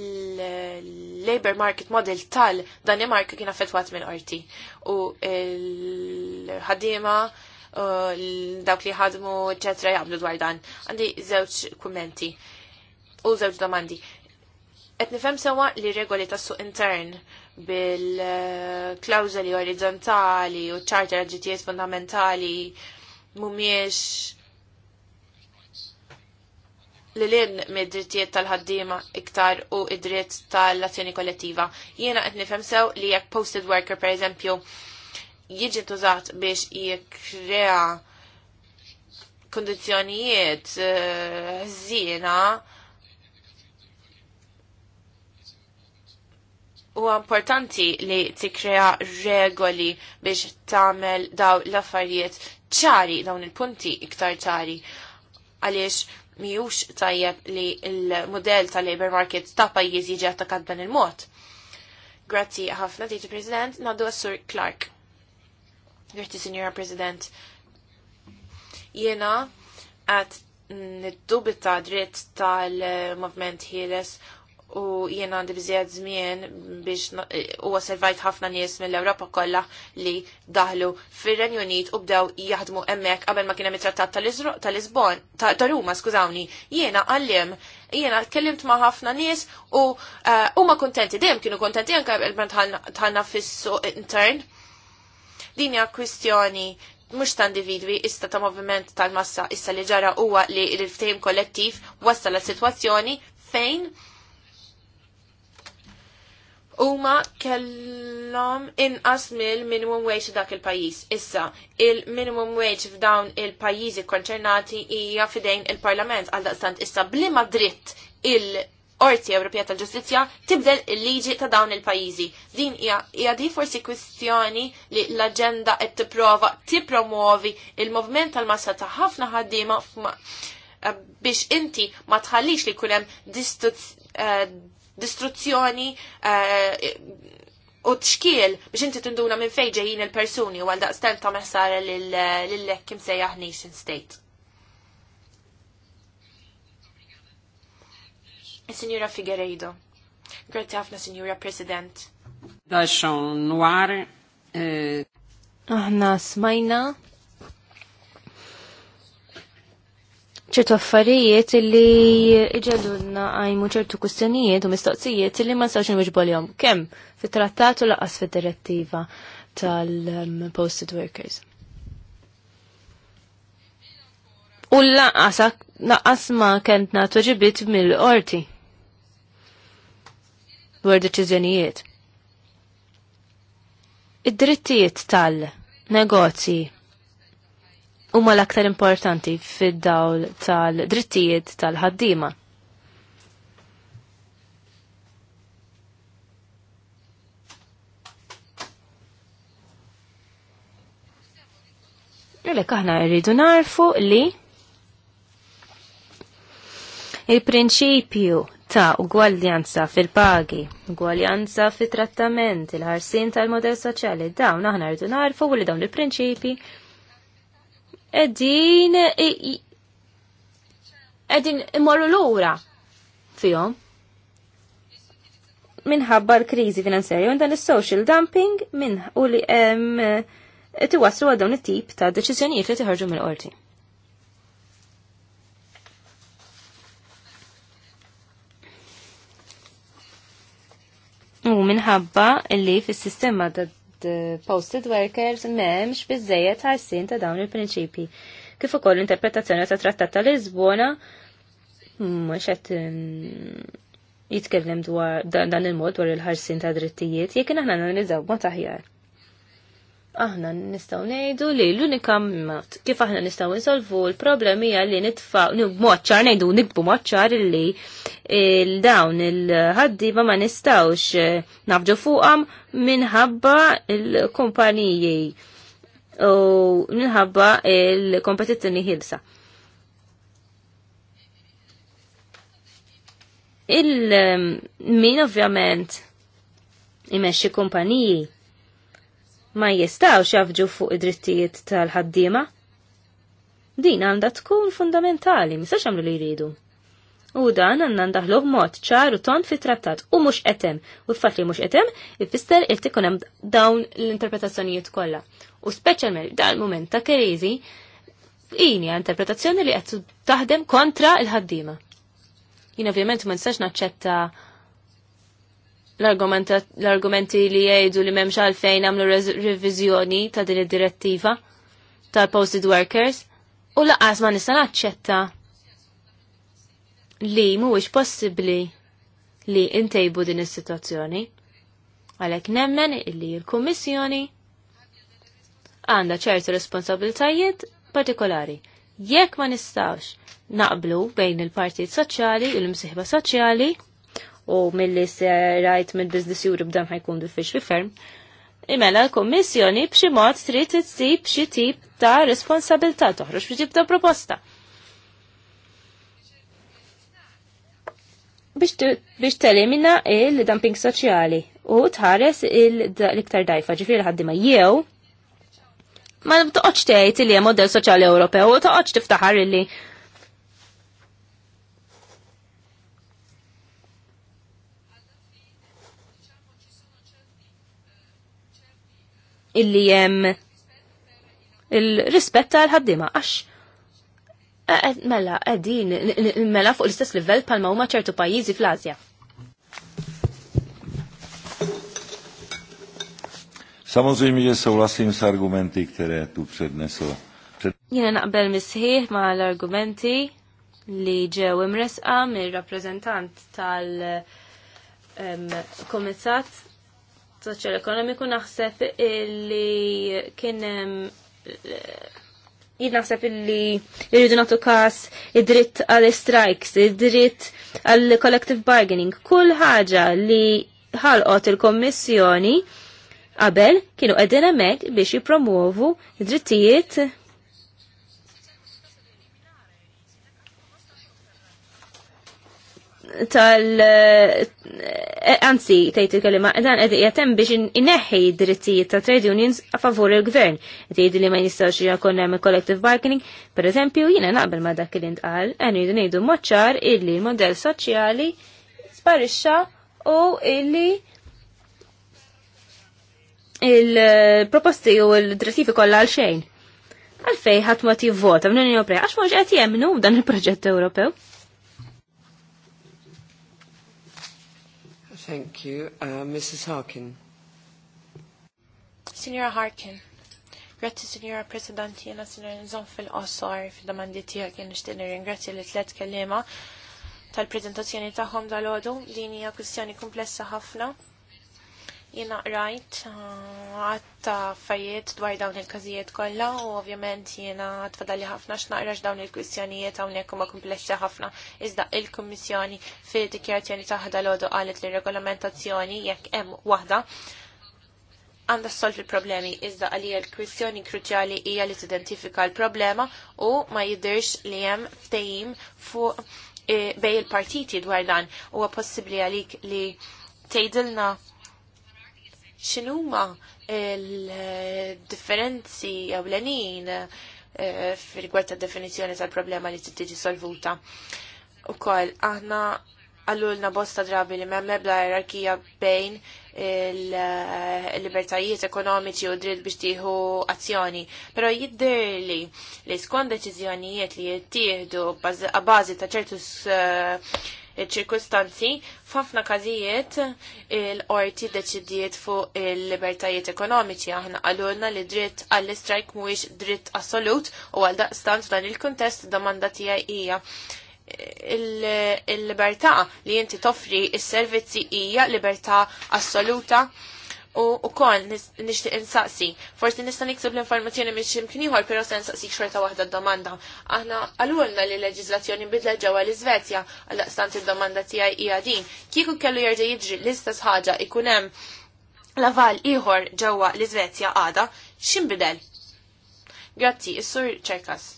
[SPEAKER 4] l-labor market model tal-Danimarka kien affettwat minn RT u l-ħadima dawk li ħadmu eccetera jgħamlu dwar dan. Għandi zewċ kummenti u zewċ domandi. Et nifem sewa li regoli tas suq intern bil-klawżoli orizzontali u ċarter ġitijiet fundamentali mumiex li l-in mid-drittijiet tal-ħaddima iktar u id-dritt tal-azzjoni kollettiva. Jiena qed nifhem sew li jekk posted worker per eżempju jiġi tużat biex jikrea kondizjonijiet uh, eh, huwa importanti li tikkrea regoli biex tagħmel daw l-affarijiet ċari dawn il-punti iktar ċari għaliex miħux tajjeb li il model tal-labor market ta' pajjiżi jiġi attakat dan il-mod. Grazzi ħafna, Titi President, naddu għassur Clark. Grazzi, Signora President. Jena għat niddubita dritt tal-movement ħieles u jiena għandi bżiet żmien biex eh, u għaservajt ħafna nies mill-Ewropa kollha li daħlu fir-Renju Unit u bdew jaħdmu hemmhekk qabel ma kien hemm it-Trattat tal-Lisbon ta' Ruma, skużawni. Jiena għallim, jiena tkellimt ma' ħafna nies u eh, huma kuntenti, dejjem kienu kuntenti anke qabel ma tħanna fis-suq intern. Din hija kwistjoni mux ta' individwi, issa ta' moviment tal-massa, issa li ġara huwa li l-ftehim kollettiv wassal la situazzjoni fejn huma kellhom inqas mill-minimum wage dak il-pajjiż. Issa, il-minimum wage f'dawn il-pajjiżi konċernati hija fidejn il-Parlament għal daqstant issa blima dritt il- Orti Ewropea tal-Ġustizzja tibdel il-liġi ta' dawn il-pajjiżi. Din hija di forsi kwistjoni li l-aġenda qed tipprova tippromuovi il-movement tal-massa ta' ħafna ħaddiema biex inti ma tħallix li kulem distruzzjoni eh, u txkiel biex inti tinduna minn fejn ġejjin il-persuni u għal daqstan ta' meħsara lill kim sejjaħ nation state. Signora Figueiredo. Grazie ħafna, Signora President.
[SPEAKER 2] xon nwar. Eh,
[SPEAKER 3] Aħna smajna ċertu affarijiet illi iġelunna għajmu ċertu kustjonijiet u mistoqsijiet li ma nistawx nwiġbu għalihom kemm fit-trattat u laqas fid-direttiva tal-posted workers. U laqas laqas ma kent nagħtu ġibit mill-qorti dwar deċiżjonijiet. Id-drittijiet tal-negozji huma l-aktar importanti fid-dawl tal-drittijiet tal-ħaddiema. Għalek aħna rridu narfu li il-prinċipju ta' ugwaljanza fil-pagi, ugwaljanza fit-trattament, il-ħarsin tal-model soċjali, dawn aħna rridu narfu u li dawn il-prinċipji Eddin, eddin imorru l-ura fihom minħabba l-krizi finanzjarja u dan is-social dumping minn u li tiwaslu għal dawn it-tip ta' deċiżjonijiet li tiħarġu mill-qorti. U minħabba li fis-sistema ta' Eh, posted workers m'hemmx biżejjed ħarsin ta' dawn il-prinċipji. Kif ukoll l-interpretazzjoni ta' Trattat ta' Lisbona mhux qed mm, jitkellem dwar dan il-mod dwar il-ħarsin ta' drittijiet jekk aħna analizzaw mod aħjar aħna nistaw nejdu li l-unika mod kif aħna nistaw nsolvu l-problemi għalli nitfa' nitfaw moċċar nejdu nibbu moċċar li il-dawn il ħaddi ma nistawx eh, nafġu fuqhom minħabba il-kumpaniji u minħabba il-kompetizzjoni ħilsa. Il-min ovvjament imexxi kumpaniji ma jistaw jafġu fuq id-drittijiet tal-ħaddiema. Din għandha tkun fundamentali, mistax għamlu li jridu. U dan għanna ndaħluħ mod ċar u ton fit trattat u mux etem. U fatt fat li mux etem, jifisser il-tikun hemm dawn l-interpretazzjonijiet kollha. U speċjalment dal-moment ta' kriżi, ini interpretazzjoni li qed taħdem kontra il-ħaddiema. Jien ovvjament ma nistax naċċetta l-argumenti li jgħidu li memx għalfejn għamlu revizjoni ta' din id-direttiva tal-posted workers u laqas ma nista' naċċetta li mhuwiex possibbli li intejbu din is-sitwazzjoni. Għalhekk nemmen illi l-Kummissjoni għandha ċertu responsabiltajiet partikolari. Jekk ma nistawx naqblu bejn il-partijiet soċjali u l-imsieħba soċjali, u mill-li se rajt mill-Business Europe dan ħajkun diffiċli ferm. Imela l-Kommissjoni b'xi mod trid tsib xi tip ta' responsabilità toħroġ biex tip ta' proposta. biex telemina il-dumping soċjali u tħares l-iktar dajfa ġifiri ħaddima jew ma toqgħodx tgħid li hemm modell soċjali Ewropew u toqgħodx tiftaħar illi illi jem il-rispetta għal-ħaddima, għax e, e, mela, għedin, mela fuq l-istess livell palma huma ċertu pajjiżi fl-Azja.
[SPEAKER 2] Samozrejmie jest souhlasím s argumenti ktere tu přednesl.
[SPEAKER 3] Jena naqbel misħiħ ma l-argumenti li ġew imresqa mir rappreżentant tal-komissat soċjal-ekonomiku naħseb illi kien eh, jid naħseb illi jridu nagħtu każ id-dritt għal strikes, id-dritt għal collective bargaining, kull ħaġa li ħalqot il-Kommissjoni qabel kienu qegħdin hemmhekk biex id drittijiet tal eh, eh, anzi tgħid il-kelima dan qed jatem biex ineħħi d-drittijiet ta' trade unions a favur il-gvern. Tgħid li ma jistgħux jakonna me collective bargaining, pereżempju jiena naqbel ma dak li ntqal, għan jridu ngħidu moċċar illi l-modell soċjali sparixxa u illi il-proposti u l drittifi kollha għal xejn. Għalfej ħadd ma tivvota mill-Unjoni Ewropea għax ma ġqed jemnu dan il-proġett Ewropew.
[SPEAKER 2] Thank you. Uh, Mrs. Harkin.
[SPEAKER 4] Signora Harkin. grazie Signora President, jena Signora Nizom fil-qosor fil-domandi tijak jena xtini ringrazzi li tlet kellima tal-prezentazzjoni taħħom dal-ħodu. Din hija kwistjoni komplessa ħafna jina rajt uh, għatta fajiet dwar dawn il-kazijiet kollha u ovvjament jina tfadali ħafna x'naqrax dawn il-kwistjonijiet hawnhekk huma komplessi ħafna. Iżda il-Kummissjoni fid dikjarazzjoni taħda lodu qalet li regolamentazzjoni jekk hemm waħda għandha solvi problemi iżda għalija l-kwistjoni kruċjali hija li tidentifika l-problema u ma jidirx li hemm ftehim fuq eh, bej il-partiti dwar dan huwa possibbli għalik li tgħidilna x'inhuma il-differenzi ewlenin eh, fil-rigward definizjoni tal-problema li tiġi solvuta. U kol, aħna għallulna bosta drabi li memme bla jerarkija bejn il-libertajiet ekonomiċi u dritt biex tieħu azzjoni. Pero jiddirli li skont deċiżjonijiet li jittieħdu għabazi ta' ċertu ċirkustanzi f'ħafna każijiet il-qorti deċidiet fuq il-libertajiet ekonomiċi aħna għalurna li dritt għall-strajk mhuwiex dritt assolut u għal daqstant dan il-kuntest domanda tiegħi hija il-libertà li inti toffri is-servizzi hija libertà assoluta u ukoll nixtieq insaqsi. Forsi nista' niksub l-informazzjoni minn x'imkien ieħor però se nsaqsik xorta waħda d-domanda. Aħna għalulna li l bidla ġewwa l-Iżvezja għal daqstant id-domanda tiegħi hija din. Kieku kellu jerġa' jiġri l-istess ħaġa ikunem hemm laval ieħor ġewwa l-Iżvezja għada, ximbidel? Grazzi, is-sur Ċerkas.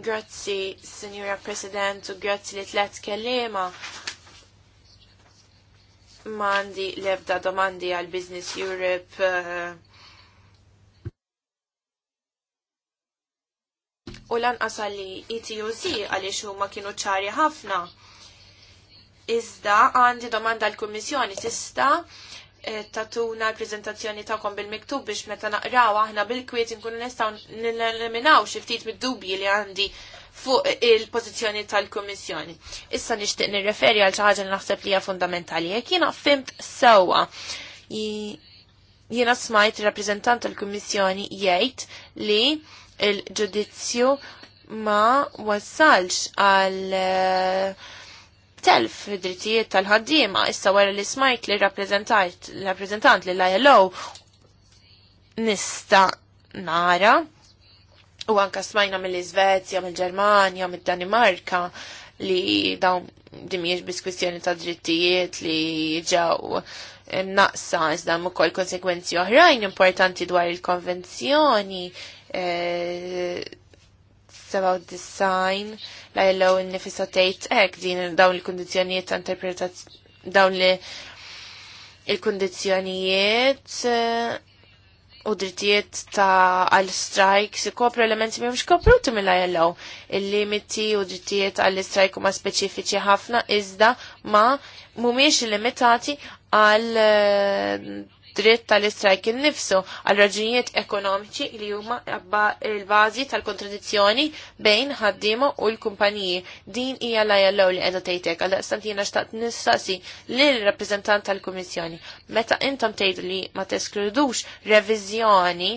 [SPEAKER 4] Grazzi, Signora President, u grazzi li tlet kellima. Mandi lebda domandi għal Business Europe. Uh, u lanqas għalli ETUC għaliex huma kienu ċari ħafna. Iżda għandi domanda għal kummissjoni tista' Eh, tatuna l-prezentazzjoni ta'kom bil-miktub biex meta naqraw aħna bil-kwiet nkunu nistgħu nil xi ftit mid-dubji li għandi fuq il pożizzjoni tal kummissjoni Issa nixtieq nirreferi għal xi ħaġa li naħseb li hija fundamentali. Jekk jiena fimt sewwa jiena smajt ir-rappreżentant tal-Kummissjoni jgħid li l ġudizzju ma wassalx għal uh, telf id-drittijiet tal-ħaddiema issa wara li smajt li rappresentant li l-ILO nista nara u anka smajna mill-Izvezja, mill-Ġermanja, mill-Danimarka li dawn dimiex biskwistjoni ta' drittijiet li ġew naqsa iżda mu ukoll konsekwenzi oħrajn importanti dwar il-konvenzjoni eh, 97 la jellew nifisa tejt hekk din dawn il-kundizzjonijiet ta' interpretazzjoni dawn li il-kundizzjonijiet eh, u drittijiet ta' għal strike si kopru elementi kopru tu mill jellew. Il-limiti u drittijiet għal strike huma speċifiċi ħafna iżda ma mhumiex limitati għal eh, dritt tal-istrajk innifsu għal raġunijiet ekonomiċi li huma l-bażi tal-kontradizzjoni bejn ħaddiema u l-kumpaniji. Din hija l-ewwel li qiegħda tgħidlek għal daqstant jiena xtaqt nistaqsi lil rappreżentant tal-Kummissjoni. Meta intom tgħidu li ma teskludux reviżjoni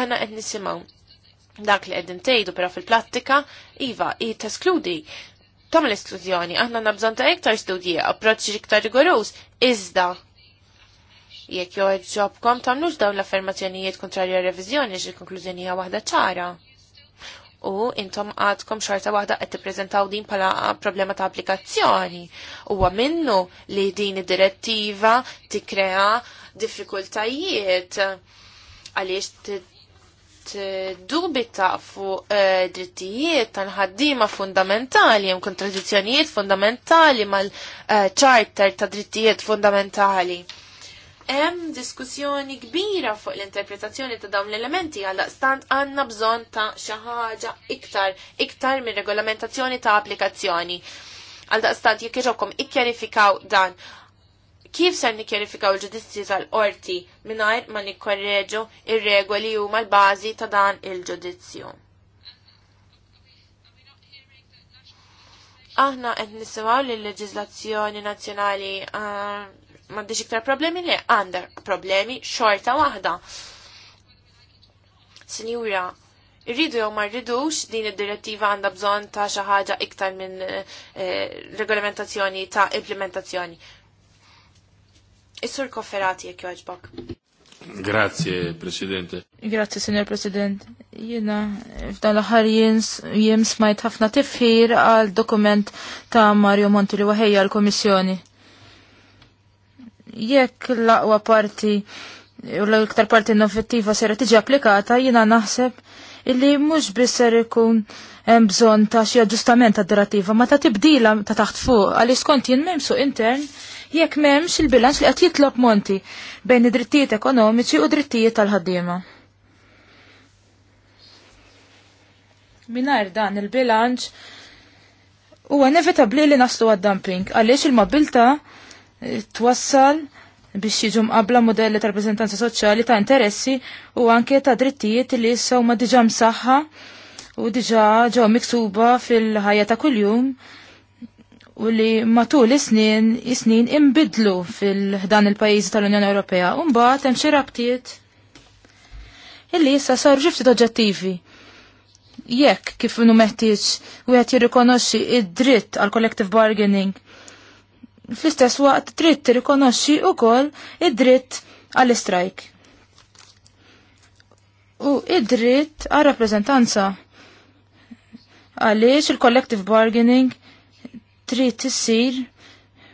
[SPEAKER 4] aħna qed nisimgħu dak li qegħdin tgħidu però fil-prattika iva i teskludi tam l-istudjoni, aħna nabżon ta' iktar studji, approċċi iktar rigorus, iżda jekk joħġobkom tamlux dawn l-affermazzjonijiet kontrarju għal-revizjoni xi konklużjoni hija waħda ċara. U intom għadkom xorta waħda qed tippreżentaw din bħala problema ta' applikazzjoni. Huwa minnu li din id-direttiva tikkrea diffikultajiet għaliex dubita fuq eh, drittijiet tan ħaddima fundamentali, jem kontradizzjonijiet fundamentali mal-ċarter eh, ta' drittijiet fundamentali hemm diskussjoni kbira fuq l-interpretazzjoni ta' dawn l-elementi għal stant għandna bżonn ta' xi ħaġa iktar iktar minn regolamentazzjoni ta' applikazzjoni. Għal daqstant jekk iġobkom ikkjarifikaw dan kif ser nikkjarifikaw il-ġudizzji tal-qorti mingħajr ma nikkorreġu ir-regoli huma l-bażi ta' dan il-ġudizzju. Aħna qed nisimgħu li l-leġiżlazzjoni nazzjonali uh, għandix iktar problemi li għandha problemi xorta waħda. Sinjura, irridu jew ma rridux din id-direttiva għandha bżonn ta' xi ħaġa iktar minn eh, regolamentazzjoni ta' implementazzjoni. Is-sur kofferati jekk joġbok.
[SPEAKER 2] Grazie, Presidente.
[SPEAKER 1] Grazie, Signor President. Jena, f'dan l-ħar jien smajt ħafna tifħir għal dokument ta' Mario Monti li waħeja l-Komissjoni jekk l-aqwa parti u l-iktar parti innovattiva sera tiġi applikata, jina naħseb illi mhux biss ser ikun hemm bżonn ta' xi aġġustament tad-direttiva, ma ta' tibdila ta' taħt fuq għaliex skont jien memsu intern jekk m'hemmx il-bilanċ li qed jitlob monti bejn id-drittijiet ekonomiċi u drittijiet tal-ħaddiema. Minar dan il-bilanċ huwa inevitabli li naslu għad-dumping għaliex il-mobilta' twassal biex jiġu mqabla modelli ta' rappresentanza soċjali ta' interessi u anke ta' drittijiet li issa huma diġà msaħħa u diġà ġew miksuba fil-ħajja ta' kuljum u li matul is-snin is-snin imbidlu fil-dan il-pajjiżi tal-Unjoni Ewropea u mbagħad hemm xi rabtiet illi issa saru xi ftit oġġettivi. Jekk kif inhu meħtieġ wieħed jirrikonoxxi id-dritt għal collective bargaining fl-istess waqt trid tirrikonoxxi wkoll id-dritt għall-istrajk. U id-dritt għal rappreżentanza għaliex il-collective bargaining trid tissir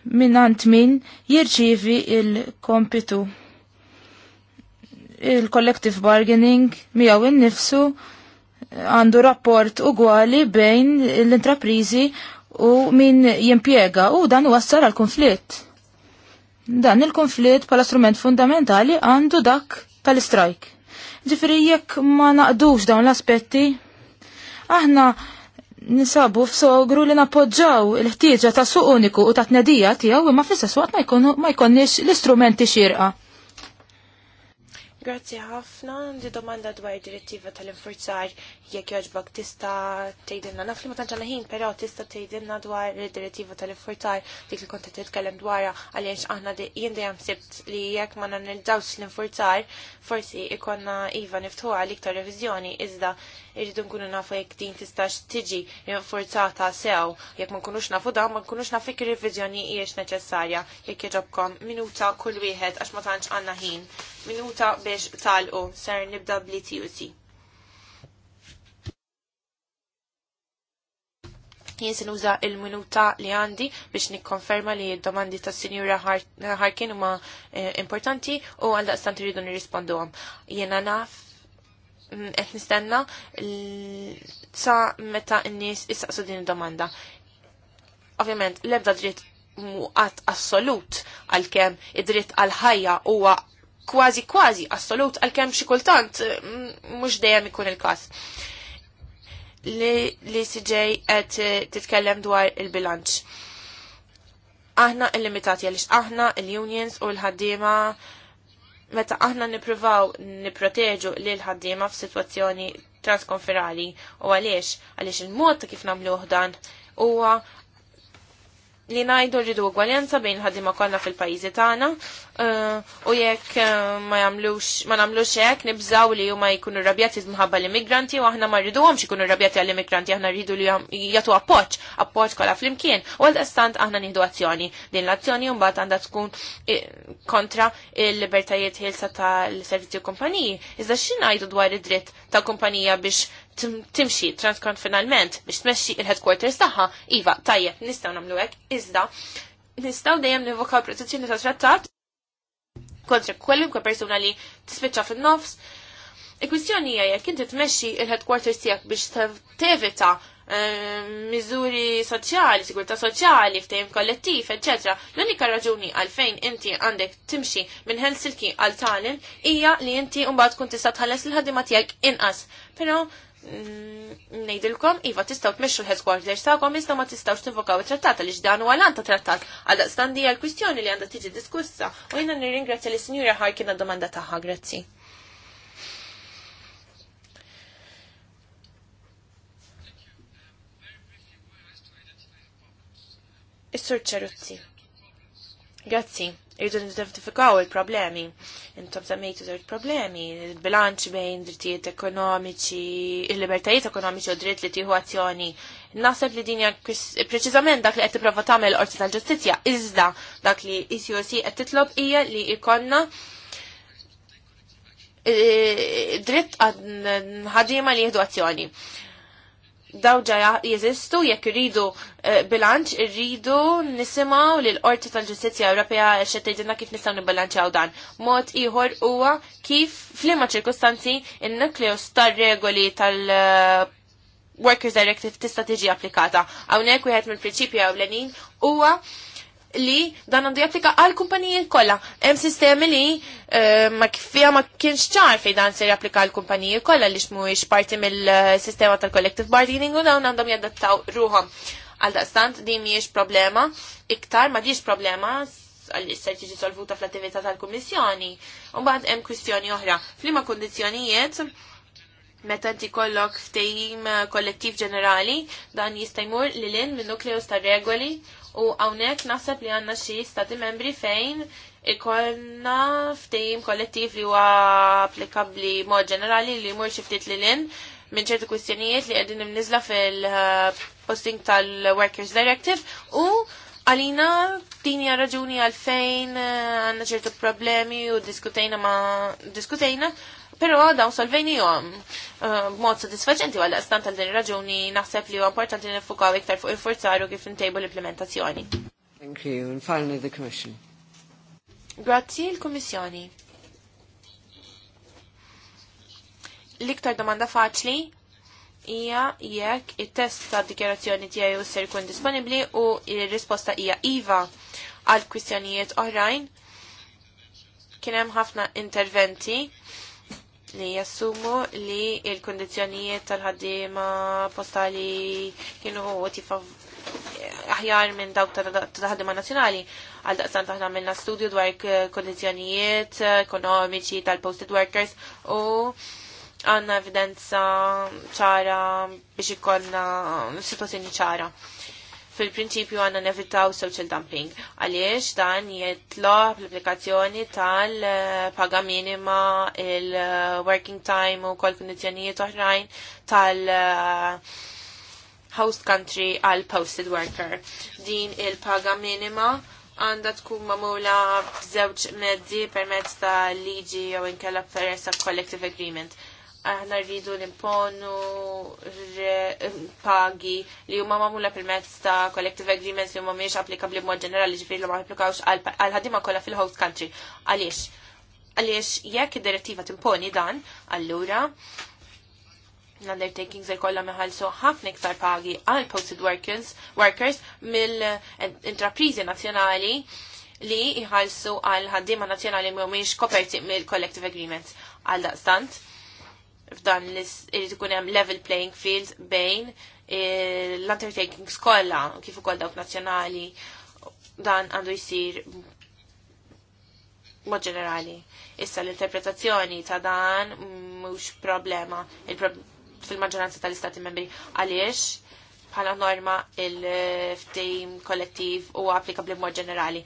[SPEAKER 1] minant min jirċivi il-kompitu. Il-collective bargaining miegħu innifsu għandu rapport ugwali bejn l-intraprizi u min jimpiega u dan għassar għal konflitt. Dan il-konflitt pala strument fundamentali għandu dak tal strike Ġifri jekk ma naqdux dawn l-aspetti, aħna nisabu f'sogru li napoġġaw il-ħtieġa ta' suq uniku u ta' tnedija tiegħu imma fl-istess waqt ma jkonniex l-istrumenti xirqa.
[SPEAKER 4] Grazzi ħafna, di domanda dwar direttiva tal-infurzar jekk joġbok tista' tgħidilna. Naf li ma tantx ħin, però tista' tgħidilna dwar direttiva tal-infurzar dik li kont qed titkellem dwarha għaliex aħna jien dejjem sibt li jekk ma nanildawx l-infurzar forsi ikonna iva niftħuha l-iktar reviżjoni iżda irridu nkunu nafu jekk din tistax tiġi forzata sew, jekk ma nkunux nafu dan ma nkunux nafu jekk ir-reviżjoni hijiex neċessarja jekk jġobkom minuta kull wieħed għax ma tantx għandna ħin. Minuta biex talqu ser nibda bli TUC. jien se nuża il-minuta li għandi biex nikkonferma li d-domandi ta' sinjura Harkin huma eh, importanti u għal daqstant irridu għom. Jiena naf qed nistenna sa meta n-nies issaqsu din id-domanda. Ovvjament, l-ebda dritt muqat assolut għal-kem id-dritt għal-ħajja huwa kważi kważi assolut għal-kem xi kultant mm, mhux dejjem ikun il-każ. Li li CJ qed eh, titkellem dwar il-bilanċ. Aħna illimitati għaliex aħna il-unions u l-ħaddiema meta aħna nippruvaw nipproteġu lil ħaddiema f'sitwazzjoni transkonferali u għaliex għaliex il-mod ta' kif nagħmluh dan huwa li najdu rridu gwaljanza bejn ħadima kollha fil-pajjiżi tagħna eh, u jekk eh, ma jagħmlux ma nagħmlux hekk nibżaw li huma jkunu rabjati minħabba l-immigranti u aħna ma rriduhomx ikunu rabjati għall-immigranti aħna rridu li jagħtu appoġġ, appoġġ kollha flimkien. U għal aħna nieħdu azzjoni. Din l-azzjoni mbagħad għandha tkun eh, kontra l-libertajiet ħilsa tal-servizzi u kumpaniji. Iżda ngħidu dwar id-dritt tal kumpanija biex timxi transkont finalment biex tmexxi il-headquarters tagħha, iva tajjeb nistgħu nagħmlu hekk, iżda nistgħu dejjem nivokaw protezzjoni ta' trattat kontra kwellimkwe persuna li tispiċċa fin-nofs. Il-kwistjoni hija jekk inti tmexxi il-headquarters tiegħek biex tevita ehm, miżuri soċjali, sigurta soċjali, ftehim kollettiv, ecc. L-unika raġuni għalfejn inti għandek timxi minn Helsinki għal Tallinn hija li inti mbagħad tkun tista' tħalles il-ħadima tiegħek inqas. Però Mm, nejdilkom, iva tistaw tmexxu l-headquarters tagħkom iżda ma tistawx tinvokaw it-trattat li x'dan huwa l ta' trattat għal st'andi hija l-kwistjoni li għandha tiġi diskussa u nir nirringrazzja li sinjura Harkin għad-domanda tagħha, grazzi. Is-Sur Ċeruzzi. Grazzi irridu nidentifikaw il-problemi. Intom semmejtu il problemi, il-bilanċ bejn drittijiet ekonomiċi, il-libertajiet ekonomiċi u dritt li tieħu azzjoni. Naħseb li dinja preċiżament dak li qed tipprova tagħmel qorti tal-ġustizzja, iżda dak li ICOC e qed titlob hija li ikonna eh, dritt ħaddiema li jieħdu azzjoni dawġa jeżistu jekk irridu eh, bilanċ, irridu nisimaw li l-Qorti tal-Ġustizzja Ewropea xed tgħidilna kif nistgħu nibbilanċjaw dan. Mod ieħor huwa kif f'liema ċirkustanzi in-nukleus tar-regoli tal- eh, Workers Directive tista' tiġi applikata. Hawnhekk wieħed mill-prinċipji ewlenin huwa li dan għandu japplika għal kumpaniji kollha. Hemm sistemi li eh, ma kifija ma kienx ċar fejn dan se japplika għal kumpaniji kollha li mhuwiex parti mill-sistema tal-collective bargaining u dawn għandhom jadattaw ruhom. Għal daqstant din mhijiex problema, iktar ma diġ problema għalli se tiġi solvuta fl-attività tal-Kummissjoni. Umbagħad hemm kwistjoni oħra. F'liema kundizzjonijiet meta inti kollok ftehim kollettiv ġenerali dan jista' jmur lil minn nukleus tar-regoli u hawnhekk naħseb li għandna xi stati membri fejn ikolna ftehim kollettiv li huwa applikabbli mod ġenerali li mhux xi ftit lilin minn ċertu kwistjonijiet li qegħdin imniżla fil-posting tal-Workers Directive u għalina tini raġuni għalfejn għanna ċertu problemi u diskutejna ma diskutejna Pero dawn solvenijom eh, mod soddisfaċenti għal stant għal din raġuni naħseb li huwa importanti nifukaw iktar fuq il-forzaru kif intejbu l-implementazzjoni.
[SPEAKER 2] Thank you, and finally the Commission.
[SPEAKER 4] Grazzi l-Kommissjoni. L-iktar domanda faċli hija jekk it-test ta' dikjarazzjoni tiegħi ser jkun disponibbli u r-risposta hija iva għal kwistjonijiet oħrajn. Kien hemm ħafna interventi li jassumu li il-kondizjonijiet tal-ħaddiema postali kienu tifav aħjar minn dawk tal-ħaddiema nazjonali. Għal daqsan taħna minna studju dwar kondizjonijiet ekonomiċi tal-posted workers u għanna evidenza ċara biex ikonna situazzjoni ċara fil-prinċipju għanna nevitaw social dumping. Għaliex dan jitlo l-applikazzjoni tal-paga minima, il-working time u kol kondizjonijiet oħrajn tal- uh, host country għal posted worker. Din il-paga minima għanda tkun mamula b'żewġ mezzi permezz ta' liġi jew inkella peress ta' collective agreement aħna rridu l-imponu pagi li huma magħmula permezz ta' collective agreements li huma mhijiex applikabbli b'mod ġenerali ġifieri li ma applikawx għal ħadima kollha fil-host country. Għaliex? Għaliex jekk id-direttiva timponi dan, allura l-undertakings li kollha meħalsu ħafna iktar pagi għal posted workers, workers mill-intraprizi nazzjonali li jħalsu għal ħaddiema nazzjonali mhumiex koperti mill-collective agreements għal daqstant f'dan li ikun hemm level playing field bejn eh, l undertaking skolla kif ukoll dawk nazzjonali dan għandu jsir mod ġenerali. Issa l-interpretazzjoni ta' dan mhux problema fil-maġġoranza tal-istati membri għaliex bħala norma il-ftejm kollettiv u applikabli mod ġenerali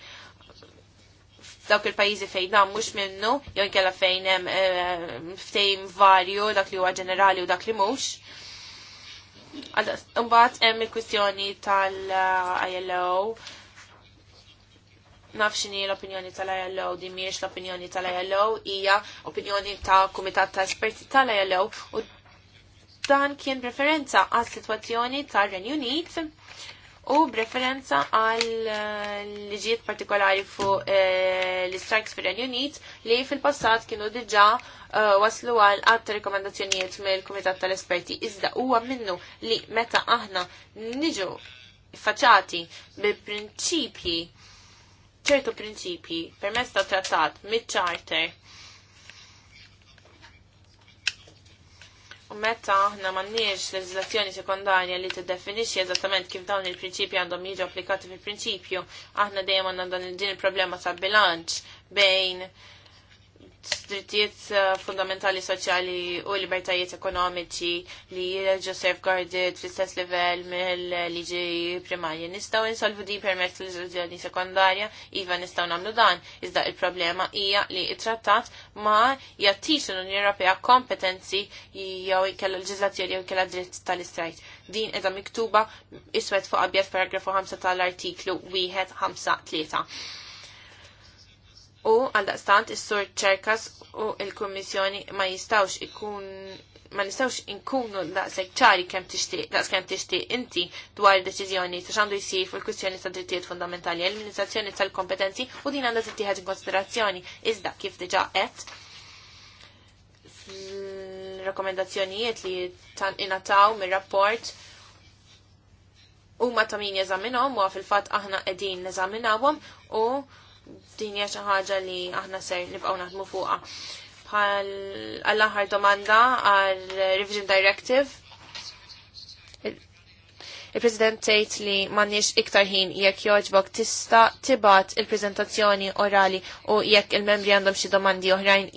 [SPEAKER 4] dawk il-pajjiżi fejn dan mhux minnu jew inkella fejn hemm eh, ftehim varju dak li huwa ġenerali u dak li mhux. Imbagħad hemm il-kwistjoni tal-ILO. Naf x'inhi l-opinjoni tal-ILO di mhijiex l-opinjoni tal-ILO hija opinjoni ta' kumitat ta' esperti tal-ILO u dan kien referenza għas situazzjoni tar renju Unit u b'referenza għal eh, liġijiet partikolari fuq eh, l-strikes fir Unit li fil-passat kienu diġa eh, waslu għal għad rekomendazzjonijiet mill-Kumitat tal-Esperti. Iżda huwa minnu li meta aħna niġu faċati bi prinċipji ċertu prinċipji permezz ta' trattat mid-charter U meta aħna m'għandniex leġislazzjoni sekondarja li tiddefinixxi eżattament kif dawn il-prinċipji għandhom jiġu applikati fil-prinċipju, aħna dejjem għandna dan din il-problema ta' bilanċ bejn drittijiet eh, fundamentali soċjali u libertajiet ekonomiċi li jirġu safeguarded fl-istess livell mill-liġi primarja. Nistaw insolvu di permezz l-istruzzjoni sekundarja, iva nistaw namlu dan, iżda il-problema hija li it-trattat ma jattix l-Unjoni Ewropea kompetenzi jew ikella l-ġizlazzjoni jew ikella dritt tal-istrajt. Din edha miktuba iswet fuq abjad paragrafu 5 tal-artiklu 1 5 3 u għaldaqstant is-sur ċerkas u l-Kummissjoni ma jistawx ikun ma nistawx inkunu daqshekk ċari kemm tixtieq kem tixtieq inti dwar deċiżjoni ta' x'għandu jsir fuq il-kwistjoni ta' drittijiet fundamentali l-immunizzazzjoni tal-kompetenzi u din għandha tittieħed konsiderazzjoni iżda kif diġà qed fil-rekomendazzjonijiet li ingħataw mir-rapport huma ta' min jeżaminhom u fil-fatt aħna qegħdin neżaminawhom u din hija xi ħaġa li aħna ser nibqgħu naħdmu fuqha. Bħal għall-aħħar domanda għal Revision Directive. Il-President tgħid li m'għandniex iktar ħin jekk jogħġbok tista' tibat il-preżentazzjoni orali u jekk il-membri għandhom xi domandi oħrajn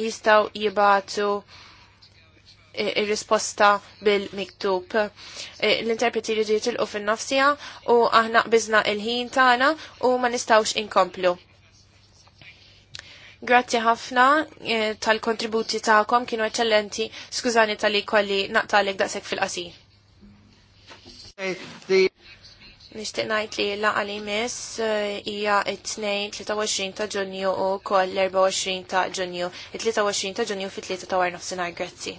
[SPEAKER 4] jistgħu jibgħatu ir-risposta bil-miktub. E, l-interpreti li jitilqu fin-nofsija u aħna bizna il-ħin tagħna u ma nistgħux inkomplu. Grazzi ħafna e, tal-kontributi tagħkom kienu eċċellenti. Skużani tal-li kolli naqtalek daqshekk fil qasi Nishtiq ngħid li laqa li miss e, hija t-tnejn 23 ta' Ġunju u koll l-24 ta' Ġunju. 23 ta' Ġunju fit-3 ta' war nofsinhar, grazzi.